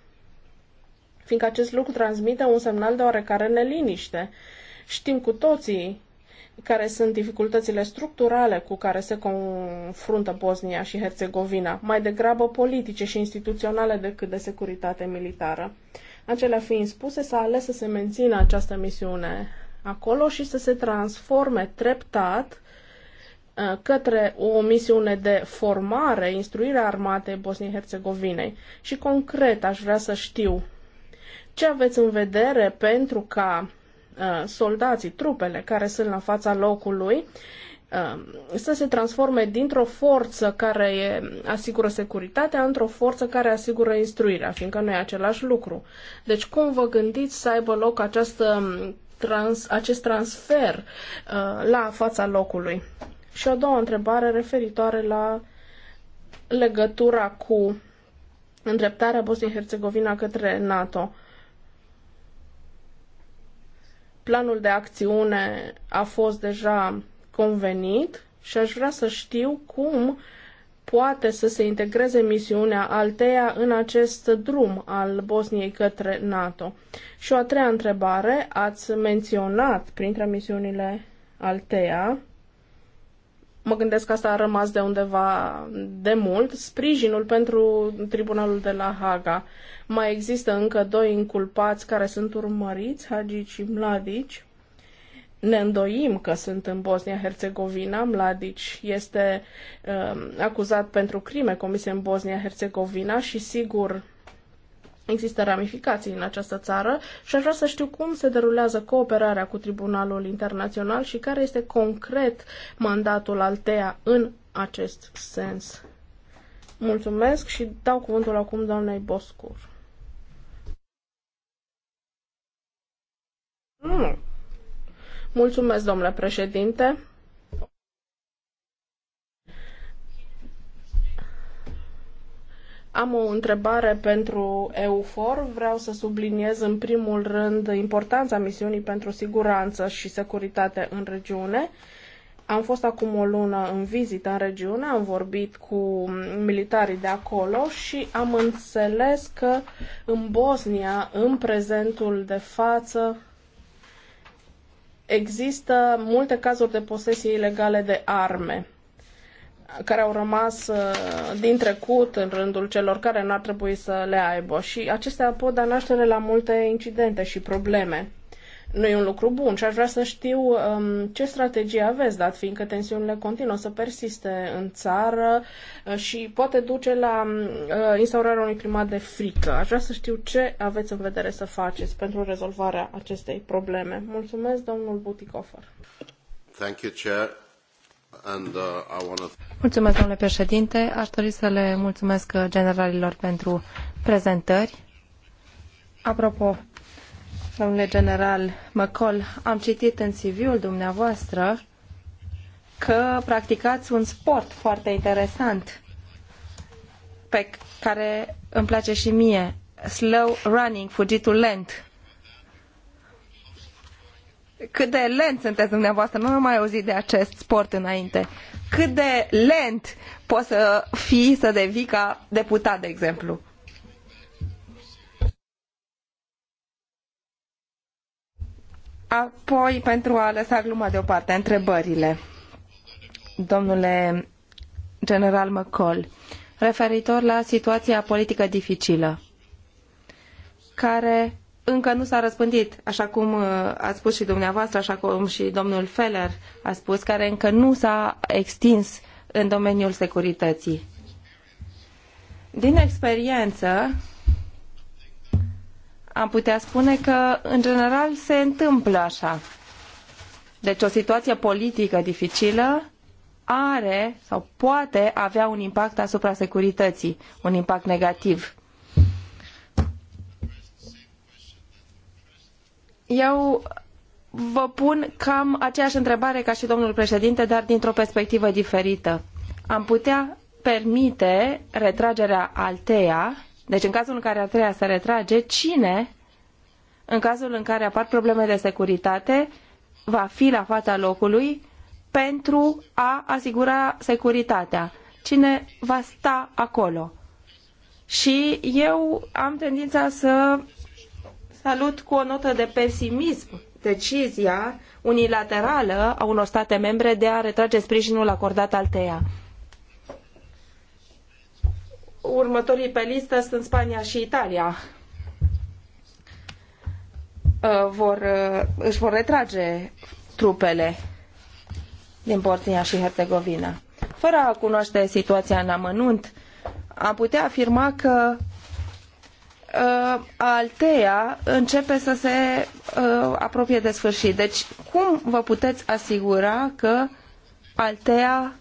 fiindcă acest lucru transmite un semnal de oarecare neliniște. Știm cu toții care sunt dificultățile structurale cu care se confruntă Bosnia și Herțegovina, mai degrabă politice și instituționale decât de securitate militară. Acelea fiind spuse, s-a ales să se mențină această misiune acolo și să se transforme treptat uh, către o misiune de formare, instruire armate Bosniei-Herzegovinei. Și concret aș vrea să știu ce aveți în vedere pentru ca uh, soldații, trupele care sunt la fața locului, uh, să se transforme dintr-o forță care asigură securitatea într-o forță care asigură instruirea, fiindcă nu e același lucru. Deci cum vă gândiți să aibă loc această um, trans, acest transfer uh, la fața locului? Și o doua întrebare referitoare la legătura cu îndreptarea Bosniei-Herzegovina către NATO. Planul de acțiune a fost deja convenit și aș vrea să știu cum poate să se integreze misiunea Altea în acest drum al Bosniei către NATO. Și o a treia întrebare, ați menționat printre misiunile Altea mă gândesc că asta a rămas de undeva de mult, sprijinul pentru tribunalul de la Haga. Mai există încă doi inculpați care sunt urmăriți, Hagi și Mladici. Ne îndoim că sunt în Bosnia-Herzegovina. Mladici este uh, acuzat pentru crime comise în Bosnia-Herzegovina și sigur Există ramificații în această țară și aș vrea să știu cum se derulează cooperarea cu Tribunalul Internațional și care este concret mandatul Altea în acest sens. Mulțumesc și dau cuvântul acum doamnei Boscur. Mulțumesc, domnule președinte. Am o întrebare pentru EUFOR. Vreau să subliniez în primul rând importanța misiunii pentru siguranță și securitate în regiune. Am fost acum o lună în vizită în regiune, am vorbit cu militarii de acolo și am înțeles că în Bosnia, în prezentul de față, există multe cazuri de posesie ilegale de arme care au rămas uh, din trecut în rândul celor care nu ar trebui să le aibă și acestea pot da naștere la multe incidente și probleme. Nu e un lucru bun și aș vrea să știu um, ce strategie aveți, dat fiindcă tensiunile continuă să persiste în țară uh, și poate duce la um, uh, instaurarea unui climat de frică. Aș vrea să știu ce aveți în vedere să faceți pentru rezolvarea acestei probleme. Mulțumesc, domnul Buticofer. Thank you, Chair. Uh, mulțumesc, domnule președinte. Aș dori să le mulțumesc generalilor pentru prezentări. Apropo, domnule general McCall, am citit în CV-ul dumneavoastră că practicați un sport foarte interesant pe care îmi place și mie, slow running, fugitul lent cât de lent sunteți dumneavoastră. Nu am mai auzit de acest sport înainte. Cât de lent poți să fii, să devii ca deputat, de exemplu. Apoi, pentru a lăsa gluma deoparte, întrebările. Domnule general McCall, referitor la situația politică dificilă, care încă nu s-a răspândit, așa cum uh, a spus și dumneavoastră, așa cum și domnul Feller a spus, care încă nu s-a extins în domeniul securității. Din experiență, am putea spune că, în general, se întâmplă așa. Deci o situație politică dificilă are sau poate avea un impact asupra securității, un impact negativ. Eu vă pun cam aceeași întrebare ca și domnul președinte, dar dintr-o perspectivă diferită. Am putea permite retragerea Altea, deci în cazul în care Altea se retrage, cine, în cazul în care apar probleme de securitate, va fi la fața locului pentru a asigura securitatea? Cine va sta acolo? Și eu am tendința să salut cu o notă de pesimism decizia unilaterală a unor state membre de a retrage sprijinul acordat alteia. Următorii pe listă sunt Spania și Italia. Uh, vor, uh, își vor retrage trupele din Bosnia și Herțegovina. Fără a cunoaște situația în amănunt, am putea afirma că Uh, Altea începe să se uh, apropie de sfârșit. Deci, cum vă puteți asigura că Altea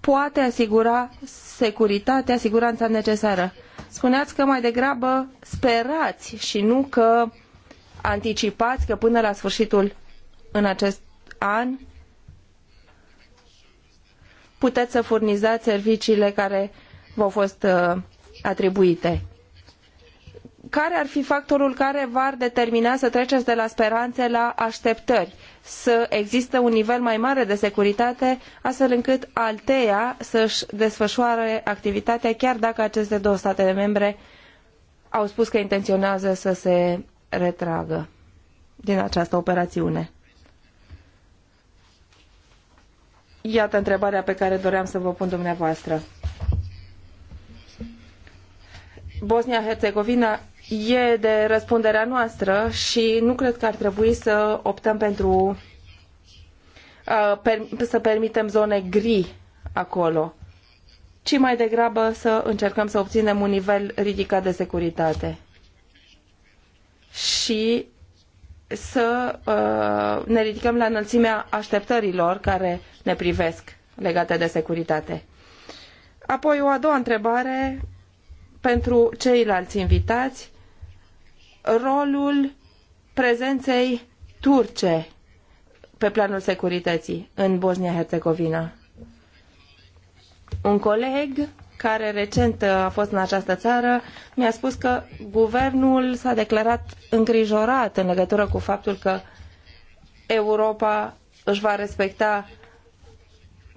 poate asigura securitatea, siguranța necesară? Spuneați că mai degrabă sperați și nu că anticipați că până la sfârșitul în acest an puteți să furnizați serviciile care v-au fost uh, atribuite care ar fi factorul care v-ar determina să treceți de la speranțe la așteptări? Să existe un nivel mai mare de securitate, astfel încât Altea să-și desfășoare activitatea, chiar dacă aceste două state membre au spus că intenționează să se retragă din această operațiune. Iată întrebarea pe care doream să vă pun dumneavoastră. Bosnia-Herzegovina e de răspunderea noastră și nu cred că ar trebui să optăm pentru uh, să permitem zone gri acolo, ci mai degrabă să încercăm să obținem un nivel ridicat de securitate și să uh, ne ridicăm la înălțimea așteptărilor care ne privesc legate de securitate. Apoi o a doua întrebare pentru ceilalți invitați rolul prezenței turce pe planul securității în Bosnia-Herzegovina. Un coleg care recent a fost în această țară mi-a spus că guvernul s-a declarat îngrijorat în legătură cu faptul că Europa își va respecta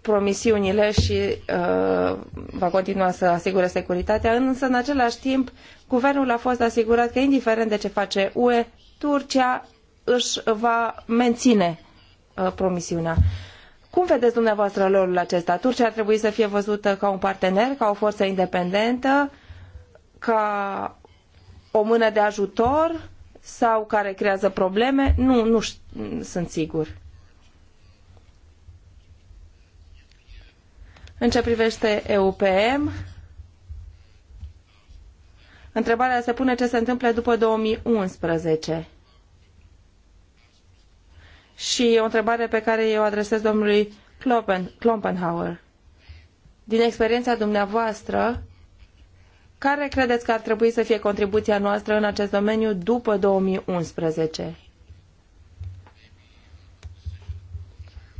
promisiunile și uh, va continua să asigure securitatea, însă în același timp guvernul a fost asigurat că indiferent de ce face UE, Turcia își va menține uh, promisiunea. Cum vedeți dumneavoastră rolul acesta? Turcia ar trebui să fie văzută ca un partener, ca o forță independentă, ca o mână de ajutor sau care creează probleme? Nu, nu sunt sigur. În ce privește EUPM, întrebarea se pune ce se întâmplă după 2011. Și o întrebare pe care eu o adresez domnului Klompenhauer. Din experiența dumneavoastră, care credeți că ar trebui să fie contribuția noastră în acest domeniu după 2011?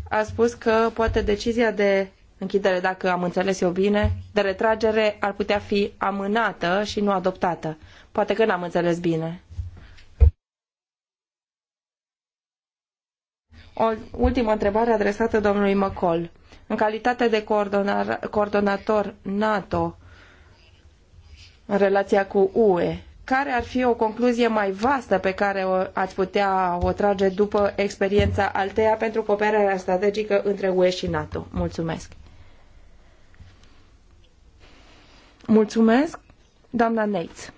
A spus că poate decizia de închidere, dacă am înțeles eu bine, de retragere ar putea fi amânată și nu adoptată. Poate că n-am înțeles bine. O ultimă întrebare adresată domnului McCall. În calitate de coordonator NATO în relația cu UE, care ar fi o concluzie mai vastă pe care o, ați putea o trage după experiența Altea pentru cooperarea strategică între UE și NATO? Mulțumesc! Mulțumesc, doamna Neitz.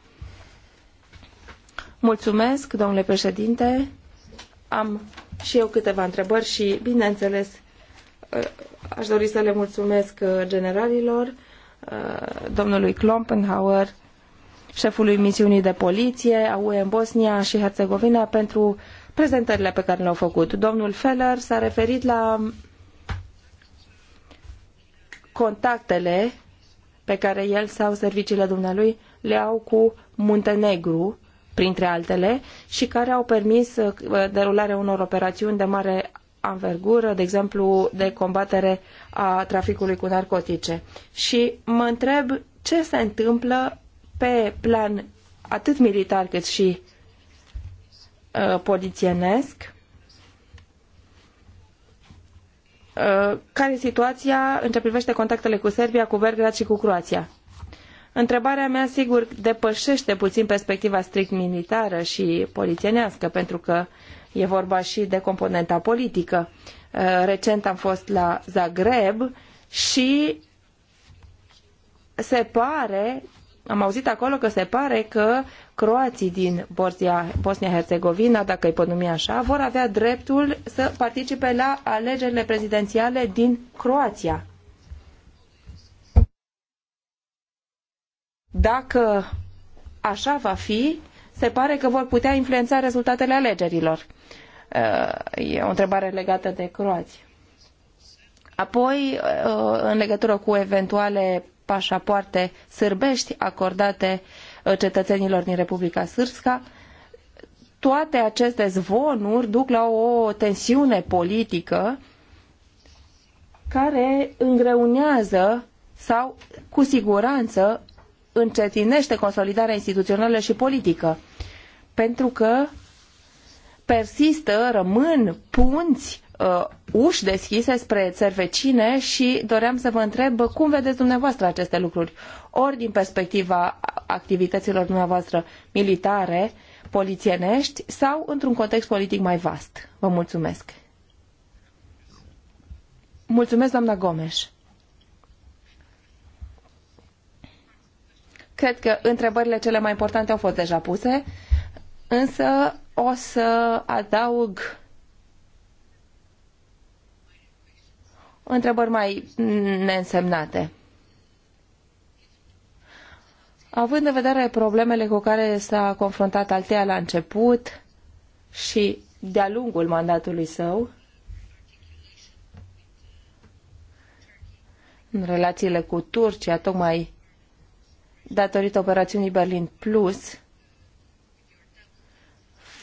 Mulțumesc, domnule președinte. Am și eu câteva întrebări și, bineînțeles, uh, aș dori să le mulțumesc uh, generalilor, uh, domnului Klompenhauer, șefului misiunii de poliție a UE în Bosnia și Herțegovina pentru prezentările pe care le-au făcut. Domnul Feller s-a referit la contactele pe care el sau serviciile dumnealui le au cu Muntenegru, printre altele, și care au permis uh, derularea unor operațiuni de mare anvergură, de exemplu, de combatere a traficului cu narcotice. Și mă întreb ce se întâmplă pe plan atât militar cât și uh, polițienesc Uh, care e situația în ce privește contactele cu Serbia, cu Belgrad și cu Croația? Întrebarea mea, sigur, depășește puțin perspectiva strict militară și polițienească, pentru că e vorba și de componenta politică. Uh, recent am fost la Zagreb și se pare, am auzit acolo că se pare că croații din Bosnia-Herzegovina, dacă îi pot numi așa, vor avea dreptul să participe la alegerile prezidențiale din Croația. Dacă așa va fi, se pare că vor putea influența rezultatele alegerilor. Uh, e o întrebare legată de croați. Apoi, uh, în legătură cu eventuale pașapoarte sârbești acordate uh, Uh, cetățenilor din Republica Sârska. Toate aceste zvonuri duc la o tensiune politică care îngreunează sau, cu siguranță, încetinește consolidarea instituțională și politică. Pentru că persistă, rămân punți Uh, uși deschise spre țări vecine și doream să vă întreb cum vedeți dumneavoastră aceste lucruri, ori din perspectiva activităților dumneavoastră militare, polițienești sau într-un context politic mai vast. Vă mulțumesc. Mulțumesc, doamna Gomes. Cred că întrebările cele mai importante au fost deja puse, însă o să adaug întrebări mai neînsemnate. Având în vedere problemele cu care s-a confruntat Altea la început și de-a lungul mandatului său, în relațiile cu Turcia, tocmai datorită operațiunii Berlin Plus,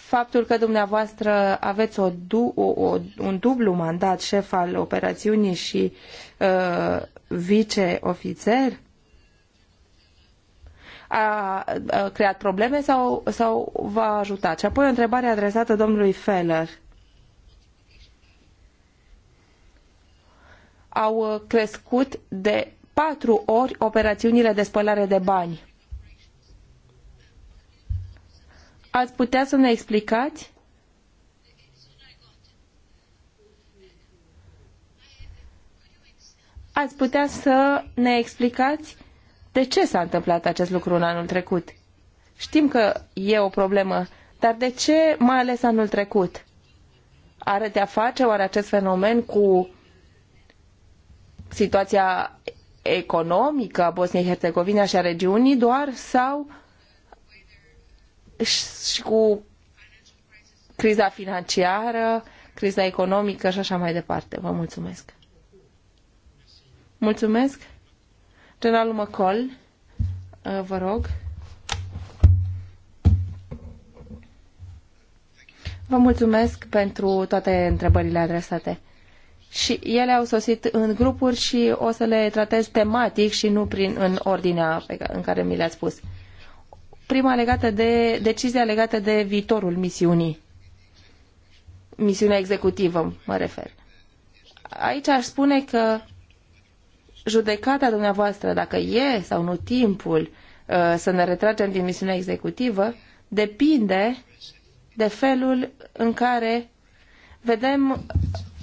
faptul că dumneavoastră aveți o, o, un dublu mandat șef al operațiunii și uh, viceofițer? A, a creat probleme sau, sau v-a ajutat? Și apoi o întrebare adresată domnului Feller. Au uh, crescut de patru ori operațiunile de spălare de bani Ați putea să ne explicați? Ați putea să ne explicați de ce s-a întâmplat acest lucru în anul trecut? Știm că e o problemă, dar de ce mai ales anul trecut? Are de-a face oare acest fenomen cu situația economică a Bosniei-Herzegovina și a regiunii doar sau și cu criza financiară, criza economică și așa mai departe. Vă mulțumesc. Mulțumesc. Generalul Măcol, uh, vă rog. Vă mulțumesc pentru toate întrebările adresate. Și ele au sosit în grupuri și o să le tratez tematic și nu prin, în ordinea pe, în care mi le-ați spus prima legată de decizia legată de viitorul misiunii. Misiunea executivă, mă refer. Aici aș spune că judecata dumneavoastră, dacă e sau nu timpul uh, să ne retragem din misiunea executivă, depinde de felul în care vedem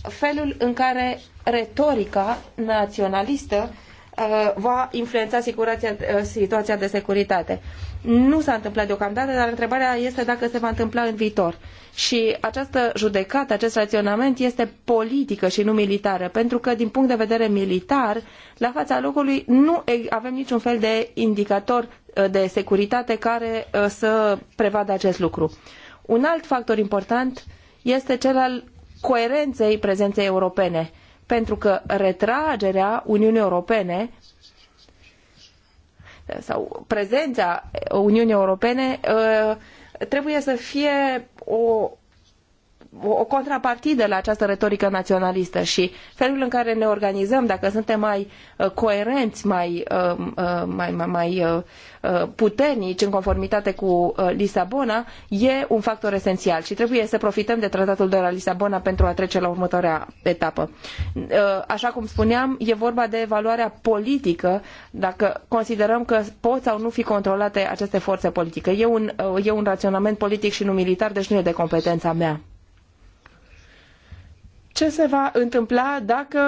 felul în care retorica naționalistă Uh, va influența uh, situația de securitate. Nu s-a întâmplat deocamdată, dar întrebarea este dacă se va întâmpla în viitor. Și această judecată, acest raționament este politică și nu militară, pentru că din punct de vedere militar, la fața locului nu avem niciun fel de indicator uh, de securitate care să prevadă acest lucru. Un alt factor important este cel al coerenței prezenței europene pentru că retragerea Uniunii Europene sau prezența Uniunii Europene uh, trebuie să fie o o contrapartidă la această retorică naționalistă și felul în care ne organizăm, dacă suntem mai uh, coerenți, uh, uh, mai, mai, mai, mai puternici în conformitate cu Lisabona, e un factor esențial și trebuie să profităm de tratatul de la Lisabona pentru a trece la următoarea etapă. Așa cum spuneam, e vorba de evaluarea politică, dacă considerăm că pot sau nu fi controlate aceste forțe politice. E un, e un raționament politic și nu militar, deci nu e de competența mea ce se va întâmpla dacă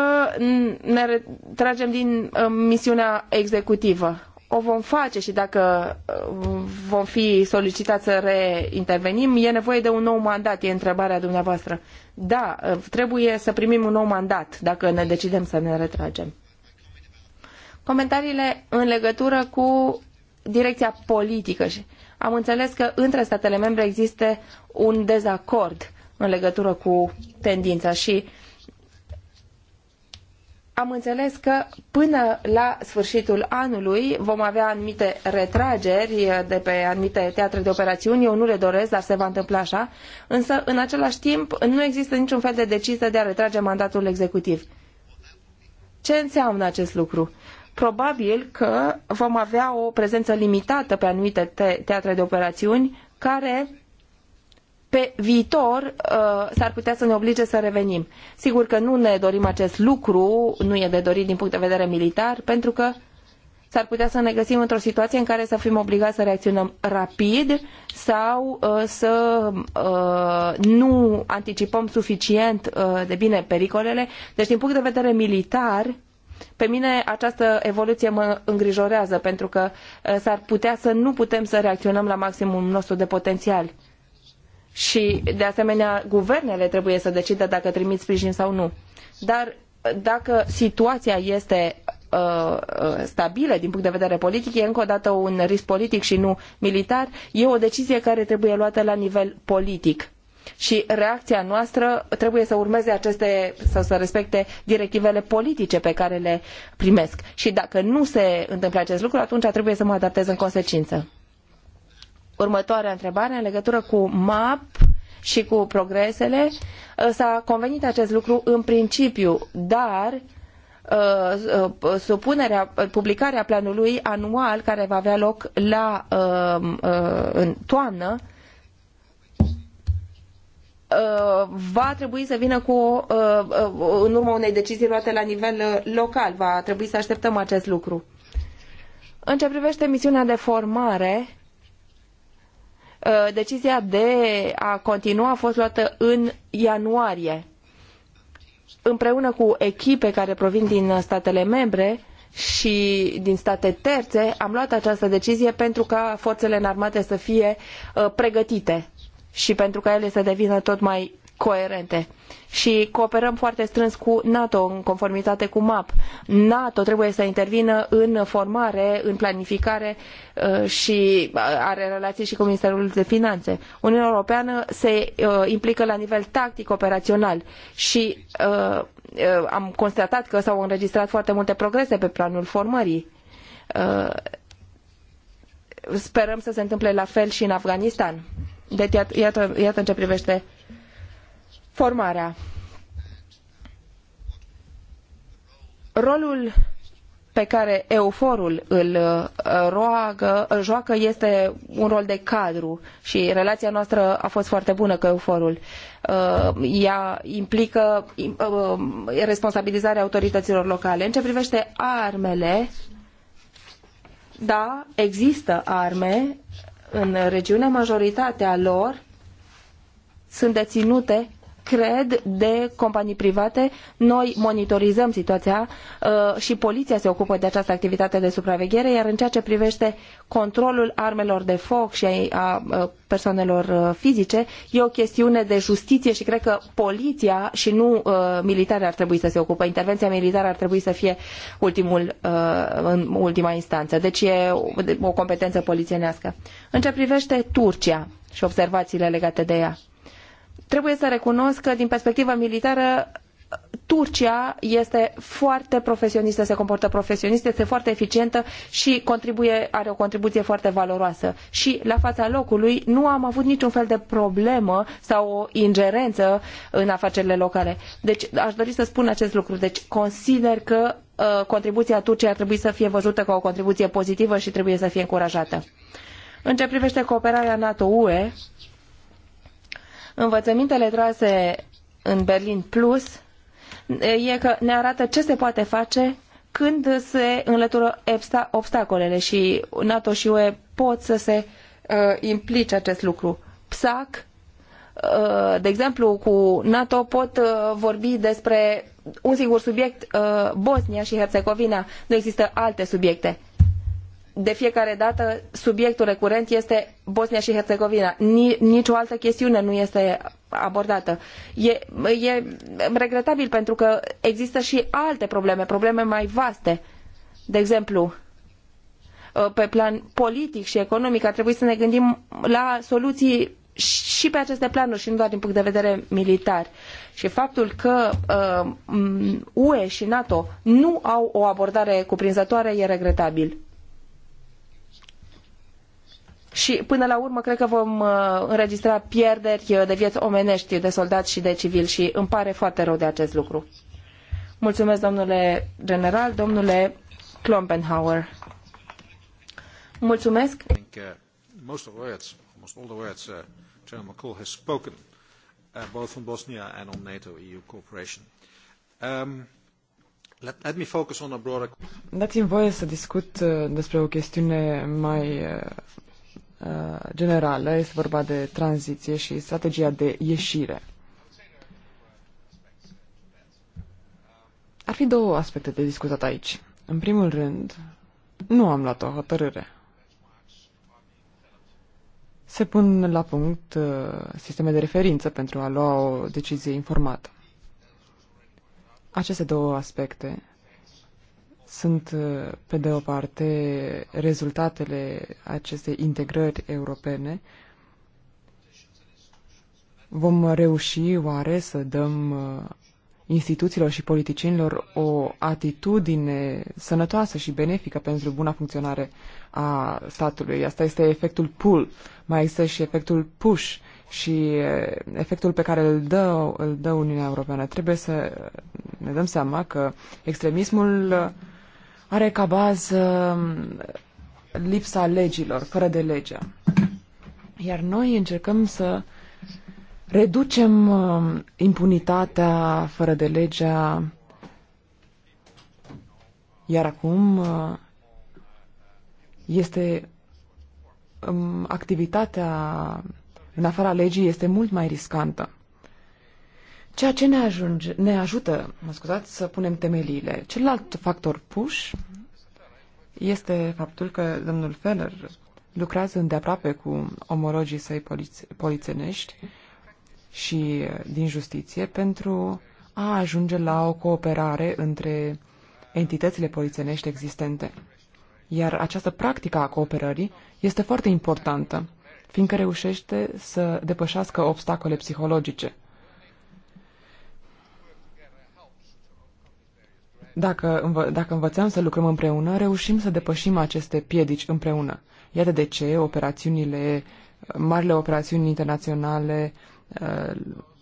ne retragem din uh, misiunea executivă. O vom face și dacă uh, vom fi solicitați să reintervenim, e nevoie de un nou mandat, e întrebarea dumneavoastră. Da, uh, trebuie să primim un nou mandat dacă ne decidem să ne retragem. Comentariile în legătură cu direcția politică. Am înțeles că între statele membre există un dezacord în legătură cu tendința și am înțeles că până la sfârșitul anului vom avea anumite retrageri de pe anumite teatre de operațiuni. Eu nu le doresc, dar se va întâmpla așa. Însă, în același timp, nu există niciun fel de decizie de a retrage mandatul executiv. Ce înseamnă acest lucru? Probabil că vom avea o prezență limitată pe anumite te teatre de operațiuni care pe viitor uh, s-ar putea să ne oblige să revenim. Sigur că nu ne dorim acest lucru, nu e de dorit din punct de vedere militar, pentru că s-ar putea să ne găsim într-o situație în care să fim obligați să reacționăm rapid sau uh, să uh, nu anticipăm suficient de bine pericolele. Deci, din punct de vedere militar, pe mine această evoluție mă îngrijorează pentru că s-ar putea să nu putem să reacționăm la maximum nostru de potențial și, de asemenea, guvernele trebuie să decidă dacă trimit sprijin sau nu. Dar dacă situația este uh, uh, stabilă din punct de vedere politic, e încă o dată un risc politic și nu militar, e o decizie care trebuie luată la nivel politic. Și reacția noastră trebuie să urmeze aceste, sau să respecte directivele politice pe care le primesc. Și dacă nu se întâmplă acest lucru, atunci trebuie să mă adaptez în consecință următoarea întrebare în legătură cu MAP și cu progresele. Uh, s-a convenit acest lucru în principiu, dar uh, uh, supunerea, publicarea planului anual care va avea loc la, în toamnă va trebui să vină cu în urma unei decizii luate la nivel local. Va trebui să așteptăm acest lucru. În ce privește misiunea de formare, Uh, decizia de a continua a fost luată în ianuarie împreună cu echipe care provin din statele membre și din state terțe, am luat această decizie pentru ca forțele înarmate să fie uh, pregătite și pentru ca ele să devină tot mai coerente și cooperăm foarte strâns cu NATO în conformitate cu MAP. NATO trebuie să intervină în formare, în planificare uh, și uh, are relații și cu Ministerul de Finanțe. Uniunea Europeană se uh, implică la nivel tactic operațional și am constatat că s-au înregistrat foarte multe progrese pe planul formării. Sperăm să se întâmple la fel și în Afganistan. Deci iată, iată în ce privește Formarea. Rolul pe care euforul îl uh, roagă, îl joacă este un rol de cadru și relația noastră a fost foarte bună cu euforul. Uh, ea implică uh, responsabilizarea autorităților locale. În ce privește armele, da, există arme în regiune, majoritatea lor sunt deținute cred de companii private. Noi monitorizăm situația uh, și poliția se ocupă de această activitate de supraveghere, iar în ceea ce privește controlul armelor de foc și a persoanelor uh, fizice, e o chestiune de justiție și cred că poliția și nu uh, militarii ar trebui să se ocupe. Intervenția militară ar trebui să fie ultimul, în ultima instanță. Deci e o competență polițienească. În ce privește Turcia și observațiile legate de ea. Trebuie să recunosc că, din perspectivă militară, Turcia este foarte profesionistă, se comportă profesionist, este foarte eficientă și contribuie, are o contribuție foarte valoroasă. Și la fața locului nu am avut niciun fel de problemă sau o ingerență în afacerile locale. Deci aș dori să spun acest lucru. Deci consider că uh, contribuția Turciei ar trebui să fie văzută ca o contribuție pozitivă și trebuie să fie încurajată. În ceea ce privește cooperarea NATO-UE, Învățămintele trase în Berlin Plus e că ne arată ce se poate face când se înlătură obstacolele și NATO și UE pot să se uh, implice acest lucru. PSAC, uh, de exemplu, cu NATO pot uh, vorbi despre un singur subiect, Bosnia și Herțegovina. Nu există alte subiecte de fiecare dată subiectul recurent este Bosnia și Herțegovina. Nici o altă chestiune nu este abordată. E, e regretabil pentru că există și alte probleme, probleme mai vaste. De exemplu, pe plan politic și economic ar trebui să ne gândim la soluții și pe aceste planuri și nu doar din punct de vedere militar. Și faptul că uh, UE și NATO nu au o abordare cuprinzătoare e regretabil și până la urmă cred că vom uh, înregistra pierderi uh, de vieți omenești, de soldați și de civili și îmi pare foarte rău de acest lucru. Mulțumesc, domnule general, domnule Klompenhauer. Mulțumesc. General uh, McCall has spoken uh, both on Bosnia and on NATO-EU cooperation. Um, let, let me focus on a broader... Dați-mi voie să discut uh, despre o chestiune mai uh, Uh, generală, este vorba de tranziție și strategia de ieșire. Ar fi două aspecte de discutat aici. În primul rând, nu am luat o hotărâre. Se pun la punct uh, sisteme de referință pentru a lua o decizie informată. Aceste două aspecte sunt, uh, pe de o parte, rezultatele acestei integrări europene. Vom reuși oare să dăm uh, instituțiilor și politicienilor o atitudine sănătoasă și benefică pentru buna funcționare a statului. Asta este efectul pull, mai există și efectul push și uh, efectul pe care îl dă, îl dă Uniunea Europeană. Trebuie să ne dăm seama că extremismul are ca bază um, lipsa legilor, fără de legea. Iar noi încercăm să reducem um, impunitatea fără de legea. Iar acum uh, este um, activitatea în afara legii este mult mai riscantă. Ceea ce ne, ajunge, ne ajută mă scuzați, să punem temeliile. Celălalt factor push este faptul că domnul Feller lucrează îndeaproape cu omologii săi poliț- polițenești și uh, din justiție pentru a ajunge la o cooperare între entitățile polițenești existente. Iar această practică a cooperării este foarte importantă, fiindcă reușește să depășească obstacole psihologice – Dacă, învă- dacă învățăm să lucrăm împreună, reușim să depășim aceste piedici împreună. Iată de ce operațiunile, marile operațiuni internaționale, uh,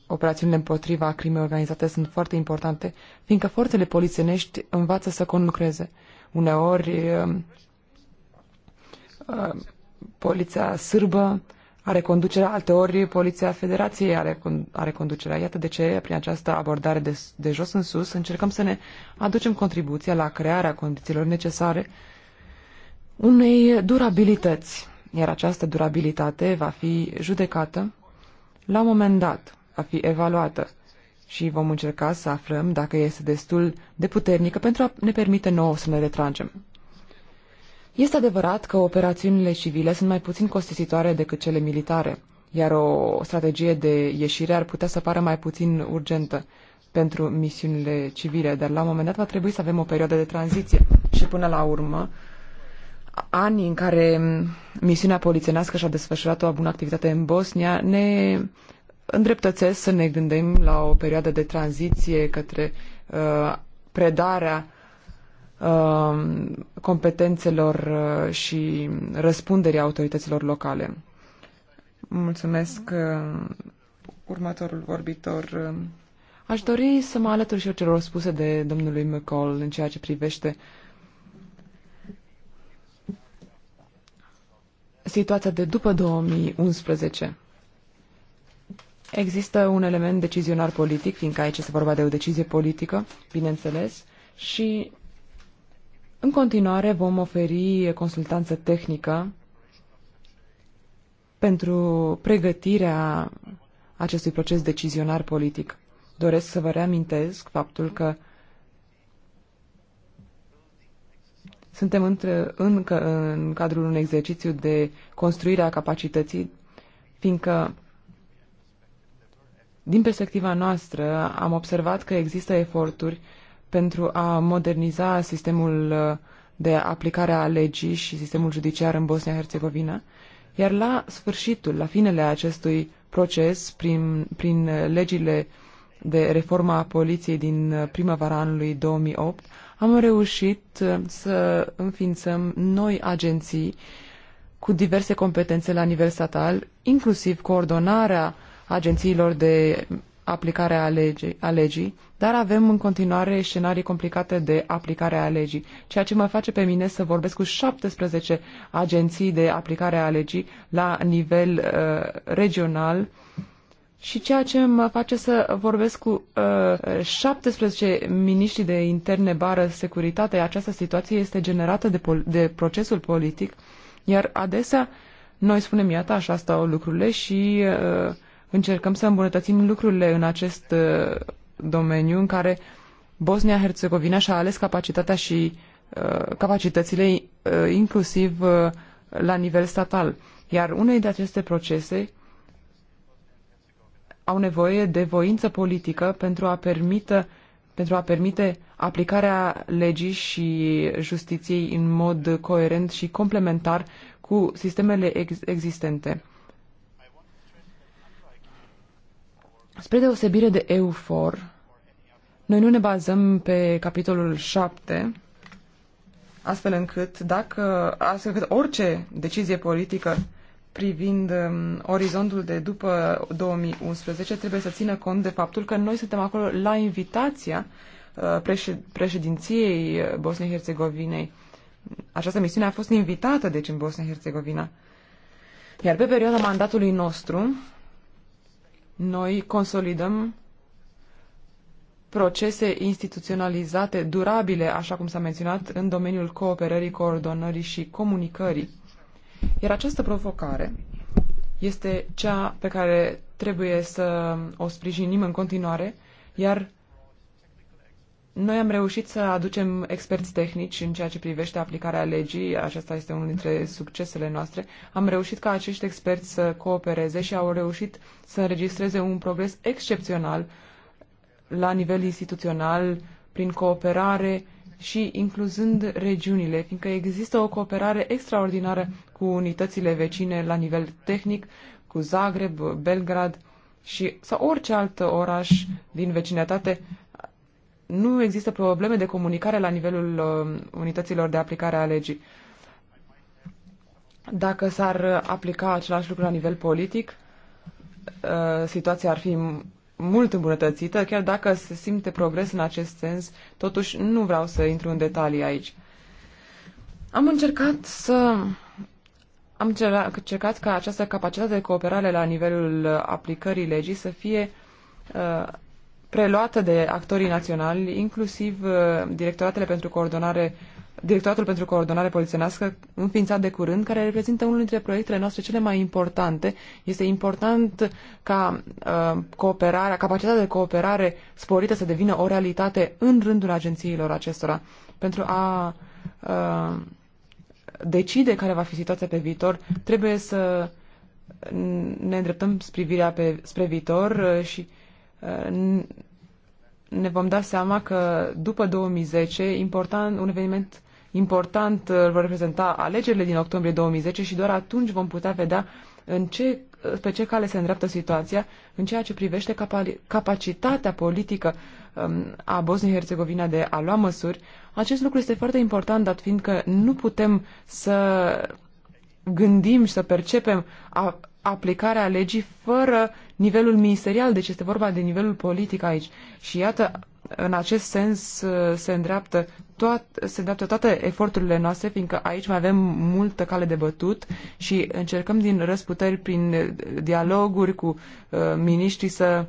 operațiunile împotriva crimei organizate sunt foarte importante, fiindcă forțele polițienești învață să conlucreze. Uneori, uh, uh, poliția sârbă are conducerea, alteori Poliția Federației are, are conducerea. Iată de ce, prin această abordare de, de jos în sus, încercăm să ne aducem contribuția la crearea condițiilor necesare unei durabilități. Iar această durabilitate va fi judecată la un moment dat, va fi evaluată și vom încerca să aflăm dacă este destul de puternică pentru a ne permite nouă să ne retragem. Este adevărat că operațiunile civile sunt mai puțin costisitoare decât cele militare, iar o strategie de ieșire ar putea să pară mai puțin urgentă pentru misiunile civile, dar la un moment dat va trebui să avem o perioadă de tranziție și până la urmă ani în care misiunea polițienească și-a desfășurat o bună activitate în Bosnia ne îndreptățesc să ne gândim la o perioadă de tranziție către uh, predarea Um, competențelor uh, și răspunderii autorităților locale. Mulțumesc uh, următorul vorbitor. Uh, aș dori să mă alătur și eu celor spuse de domnului McCall în ceea ce privește situația de după 2011. Există un element decizionar politic, fiindcă aici este vorba de o decizie politică, bineînțeles, și în continuare vom oferi consultanță tehnică pentru pregătirea acestui proces decizionar politic. Doresc să vă reamintesc faptul că suntem între, încă în cadrul unui exercițiu de construire a capacității, fiindcă din perspectiva noastră am observat că există eforturi uh, pentru a moderniza sistemul uh, de aplicare a legii și sistemul judiciar în Bosnia-Herzegovina, iar la sfârșitul, la finele acestui proces, prin, prin uh, legile de reformă a poliției din uh, primăvara anului 2008, am reușit să înființăm noi agenții cu diverse competențe la nivel statal, inclusiv coordonarea agențiilor de aplicare a legii, a legii, dar avem în continuare scenarii complicate de aplicare a legii, ceea ce mă face pe mine să vorbesc cu 17 agenții de aplicare a legii la nivel uh, regional și ceea ce mă face să vorbesc cu uh, 17 miniștri de interne bară securitate. Această situație este generată de, pol- de procesul politic, iar adesea noi spunem, iată, așa stau lucrurile și uh, încercăm să îmbunătățim lucrurile în acest uh, domeniu în care Bosnia-Herzegovina și-a ales capacitatea și uh, capacitățile uh, inclusiv la nivel statal. Iar unei de aceste procese au nevoie de voință politică pentru a permite, pentru a permite aplicarea legii și justiției în mod coerent și complementar cu sistemele ex- existente. Spre deosebire de EUFOR, noi nu ne bazăm pe capitolul 7, astfel încât dacă, astfel încât orice decizie politică privind um, orizontul de după 2011 trebuie să țină cont de faptul că noi suntem acolo la invitația uh, președ, președinției uh, bosnei herzegovinei Această misiune a fost invitată, deci, în Bosnia-Herzegovina. Iar pe perioada mandatului nostru, noi consolidăm procese instituționalizate durabile, așa cum s-a menționat, în domeniul cooperării, coordonării și comunicării. Iar această provocare este cea pe care trebuie să o sprijinim în continuare, iar noi am reușit să aducem experți tehnici în ceea ce privește aplicarea legii, acesta este unul dintre succesele noastre. Am reușit ca acești experți să coopereze și au reușit să înregistreze un progres excepțional la nivel instituțional, prin cooperare și incluzând regiunile, fiindcă există o cooperare extraordinară cu unitățile vecine la nivel tehnic, cu Zagreb, Belgrad și sau orice alt oraș din vecinătate nu există probleme de comunicare la nivelul uh, unităților de aplicare a legii. Dacă s-ar aplica același lucru la nivel politic, uh, situația ar fi mult îmbunătățită, chiar dacă se simte progres în acest sens, totuși nu vreau să intru în detalii aici. Am încercat să am încercat ca această capacitate de cooperare la nivelul uh, aplicării legii să fie preluată de actorii naționali, inclusiv uh, directoratele pentru coordonare Directoratul pentru Coordonare Poliționească, înființat de curând, care reprezintă unul dintre proiectele noastre cele mai importante. Este important ca uh, cooperarea, capacitatea de cooperare sporită să devină o realitate în rândul agențiilor acestora, pentru a uh, decide care va fi situația pe viitor, trebuie să ne îndreptăm privirea pe, spre viitor uh, și uh, ne vom da seama că după 2010, important, un eveniment important uh, îl vor reprezenta alegerile din octombrie 2010 și doar atunci vom putea vedea în ce, uh, pe ce cale se îndreaptă situația în ceea ce privește capa, capacitatea politică um, a Bosnia-Herzegovina de a lua măsuri. Acest lucru este foarte important, dat fiindcă nu putem să gândim și să percepem a, aplicarea legii fără nivelul ministerial, deci este vorba de nivelul politic aici. Și iată, în acest sens uh, se îndreaptă, toat, se îndreaptă toate eforturile noastre, fiindcă aici mai avem multă cale de bătut și încercăm din răsputeri, prin dialoguri cu uh, miniștrii să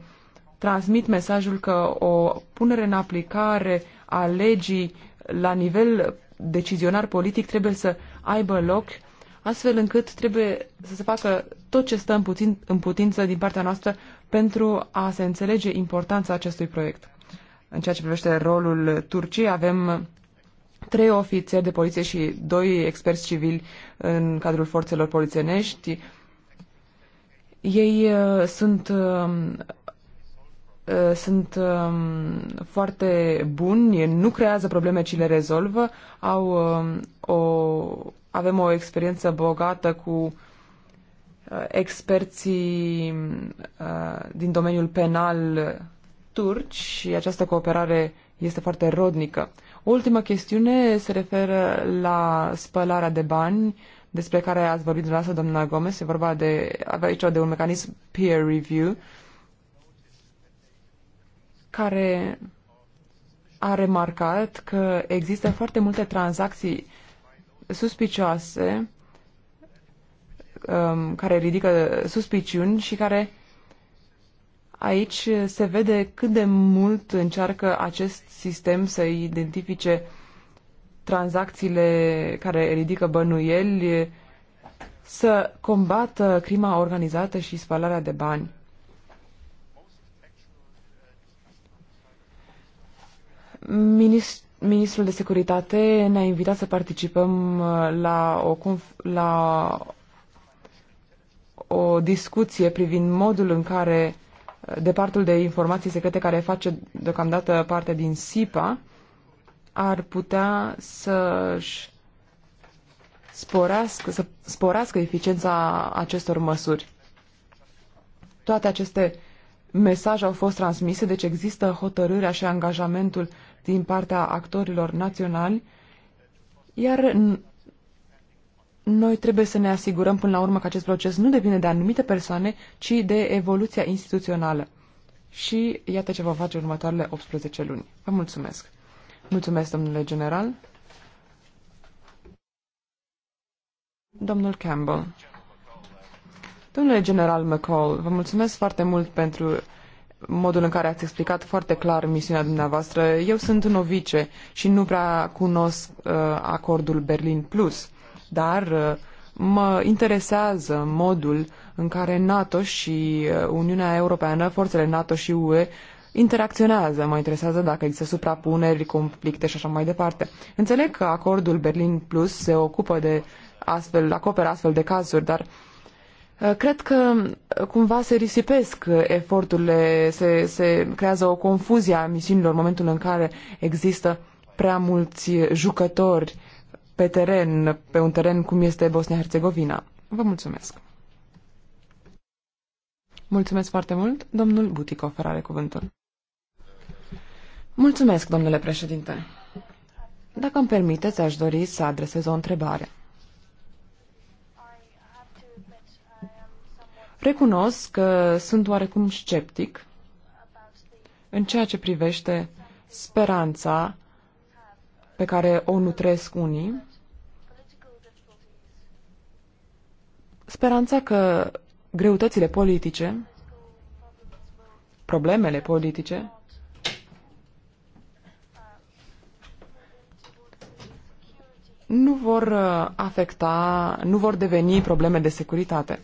transmit mesajul că o punere în aplicare a legii la nivel decizionar politic trebuie să aibă loc, astfel încât trebuie să se facă tot ce stă în, puțin, în putință din partea noastră pentru a se înțelege importanța acestui proiect. În ceea ce privește rolul Turciei, avem trei ofițeri de poliție și doi experți civili în cadrul forțelor polițienești. Ei uh, sunt um, uh, sunt um, foarte buni, nu creează probleme, ci le rezolvă. Au, um, o, avem o experiență bogată cu Uh, experții uh, din domeniul penal turci și această cooperare este foarte rodnică. O ultimă chestiune se referă la spălarea de bani despre care ați vorbit dumneavoastră, doamna Gomez. E vorba de, avea aici de un mecanism peer review care a remarcat că există foarte multe tranzacții suspicioase um, care ridică suspiciuni și care aici se vede cât de mult încearcă acest sistem să identifice tranzacțiile care ridică bănuieli, să combată crima organizată și spălarea de bani. Ministrul de Securitate ne-a invitat să participăm uh, la o, la o discuție privind modul în care uh, departul de informații secrete care face deocamdată parte din SIPA ar putea să-și sporească, să sporească eficiența acestor măsuri. Toate aceste mesaje au fost transmise, deci există hotărârea și angajamentul din partea actorilor naționali, iar noi trebuie să ne asigurăm până la urmă că acest proces nu depinde de anumite persoane, ci de evoluția instituțională. Și iată ce va face următoarele 18 luni. Vă mulțumesc. Mulțumesc, domnule general. Domnul Campbell. Domnule general McCall, vă mulțumesc foarte mult pentru modul în care ați explicat foarte clar misiunea dumneavoastră. Eu sunt novice și nu prea cunosc uh, acordul Berlin Plus dar uh, mă interesează modul în care NATO și uh, Uniunea Europeană, forțele NATO și UE, interacționează. Mă interesează dacă există suprapuneri, conflicte și așa mai departe. Înțeleg că acordul Berlin Plus se ocupă de astfel, acoperă astfel de cazuri, dar uh, cred că cumva se risipesc eforturile, se, se creează o confuzie a misiunilor în momentul în care există prea mulți jucători pe teren, pe un teren cum este Bosnia-Herzegovina. Vă mulțumesc! Mulțumesc foarte mult. Domnul Buticofer are cuvântul. Mulțumesc, domnule președinte. Dacă îmi permiteți, aș dori să adresez o întrebare. Recunosc că sunt oarecum sceptic în ceea ce privește speranța pe care o nutresc unii, speranța că greutățile politice, problemele politice, nu vor uh, afecta, nu vor deveni probleme de securitate.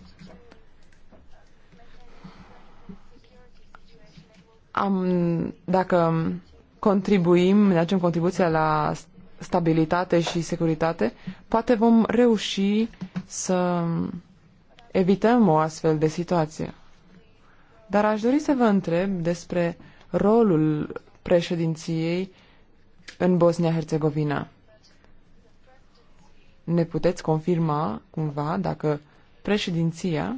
Am, dacă contribuim, ne aducem contribuția la stabilitate și securitate, poate vom reuși să evităm o astfel de situație. Dar aș dori să vă întreb despre rolul președinției în Bosnia-Herzegovina. Ne puteți confirma cumva dacă președinția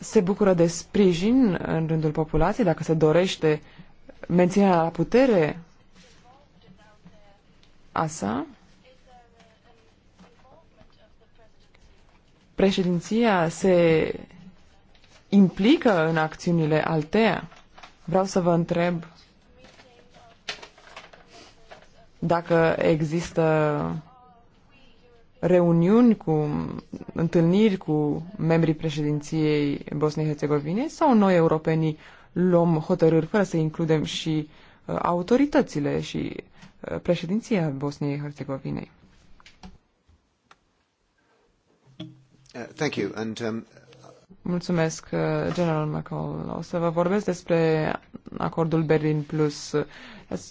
se bucură de sprijin în rândul populației, dacă se dorește menținerea la putere a sa, președinția se implică în acțiunile Altea. Vreau să vă întreb dacă există reuniuni cu întâlniri cu membrii președinției bosniei herzegovine sau noi, europenii, luăm hotărâri fără să includem și uh, autoritățile și uh, președinția Bosniei-Herzegovinei? Uh, thank you. And, um... Mulțumesc, uh, General McCall. O să vă vorbesc despre acordul Berlin Plus.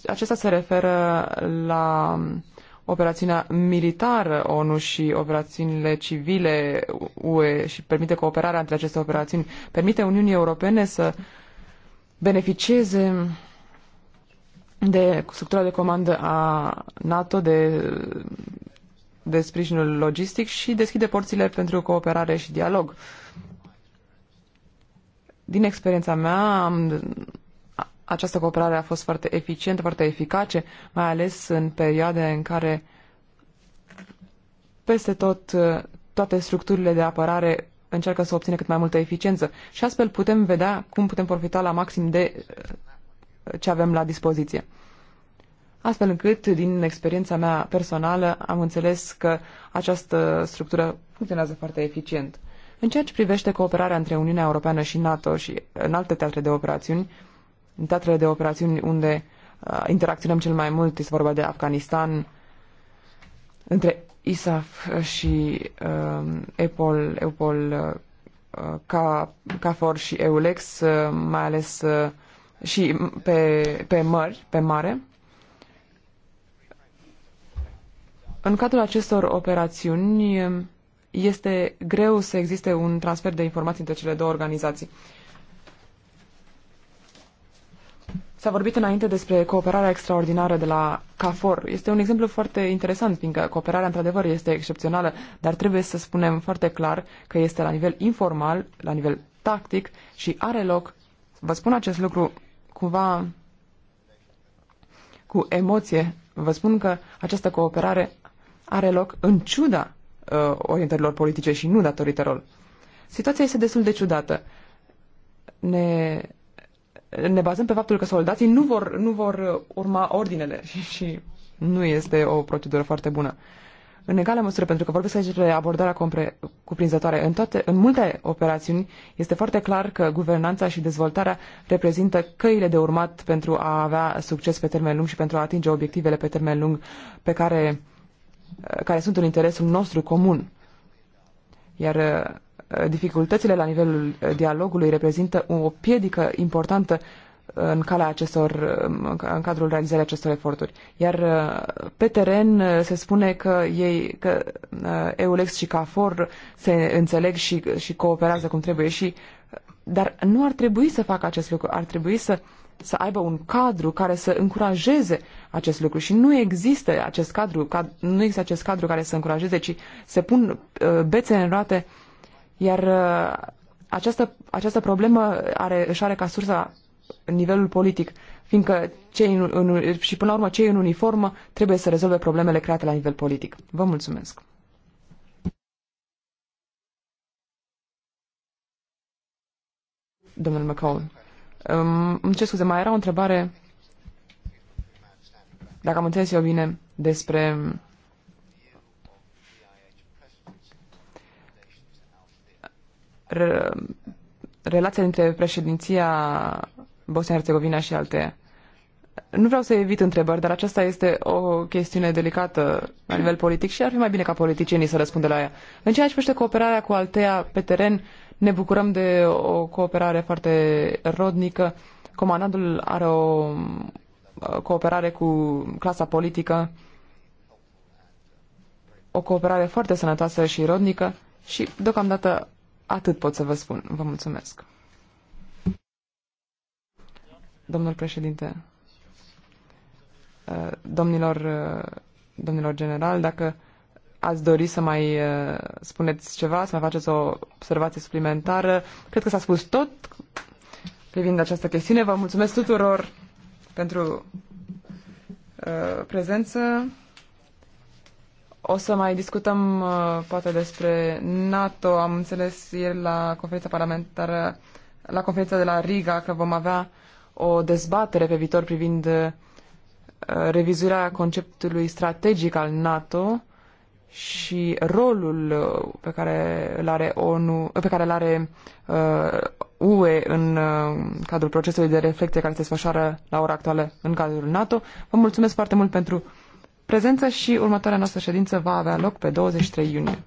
Acesta se referă la operațiunea militară ONU și operațiunile civile UE și permite cooperarea între aceste operațiuni, permite Uniunii Europene să beneficieze de structura de comandă a NATO, de, de sprijinul logistic și deschide porțile pentru cooperare și dialog. Din experiența mea am această cooperare a fost foarte eficientă, foarte eficace, mai ales în perioade în care peste tot uh, toate structurile de apărare încearcă să obțină cât mai multă eficiență și astfel putem vedea cum putem profita la maxim de uh, ce avem la dispoziție. Astfel încât, din experiența mea personală, am înțeles că această structură funcționează foarte eficient. În ceea ce privește cooperarea între Uniunea Europeană și NATO și uh, în alte teatre de operațiuni, în teatrele de operațiuni unde uh, interacționăm cel mai mult, este vorba de Afganistan, între ISAF și um, uh, EPOL, EUPOL, uh, ca, CAFOR și EULEX, uh, mai ales uh, și pe, pe mări, pe mare. În cadrul acestor operațiuni um, este greu să existe un transfer de informații între cele două organizații. Uh, S-a vorbit înainte despre cooperarea extraordinară de la CAFOR. Este un exemplu foarte interesant, fiindcă cooperarea într-adevăr este excepțională, dar trebuie să spunem foarte clar că este la nivel informal, la nivel tactic și are loc, vă spun acest lucru cumva cu emoție, vă spun că această cooperare are loc în ciuda uh, orientărilor politice și nu datorită rol. Situația este destul de ciudată. Ne ne bazăm pe faptul că soldații nu vor, nu vor urma ordinele (laughs) și, și nu este o procedură foarte bună. În egală măsură, pentru că vorbesc aici despre abordarea compre, cuprinzătoare, în, toate, în multe operațiuni este foarte clar că guvernanța și dezvoltarea reprezintă căile de urmat pentru a avea succes pe termen lung și pentru a atinge obiectivele pe termen lung pe care, care sunt în interesul nostru comun. Iar Uh, dificultățile la nivelul uh, dialogului reprezintă o piedică importantă uh, în calea acestor, în cadrul realizării acestor eforturi. Iar pe teren se spune că ei, că EULEX și CAFOR se înțeleg și, și cooperează cum trebuie și dar nu ar trebui să facă acest lucru, ar trebui să, să aibă un cadru care să încurajeze acest lucru și nu există acest cadru, nu există acest cadru care să încurajeze, ci se pun bețe în roate uh, iar uh, această, această problemă are, își are ca sursa nivelul politic, fiindcă cei în, în, și până la urmă cei în uniformă trebuie să rezolve problemele create la nivel politic. Vă mulțumesc! Domnul McCown, um, îmi cer scuze, mai era o întrebare, dacă am înțeles eu bine, despre re, relația dintre președinția Bosnia-Herzegovina și alte. Nu vreau să evit întrebări, dar aceasta este o chestiune delicată la nivel politic și ar fi mai bine ca politicienii să răspundă la ea. În ceea ce privește cooperarea cu Altea pe teren, ne bucurăm de o cooperare foarte rodnică. Comandantul are o uh, cooperare cu clasa politică, o cooperare foarte sănătoasă și rodnică și deocamdată Atât pot să vă spun. Vă mulțumesc. Domnul președinte, uh, domnilor, uh, domnilor general, dacă ați dori să mai uh, spuneți ceva, să mai faceți o observație suplimentară, cred că s-a spus tot privind această chestiune. Vă mulțumesc tuturor pentru prezență. O să mai discutăm uh, poate despre NATO. Am înțeles ieri la conferința parlamentară, la conferința de la Riga, că vom avea o dezbatere pe viitor privind uh, revizuirea conceptului strategic al NATO și rolul uh, pe care îl are ONU, pe care îl are uh, UE în uh, cadrul procesului de reflecție care se desfășoară la ora actuală în cadrul NATO. Vă mulțumesc foarte mult pentru prezență și următoarea noastră ședință va avea loc pe 23 iunie.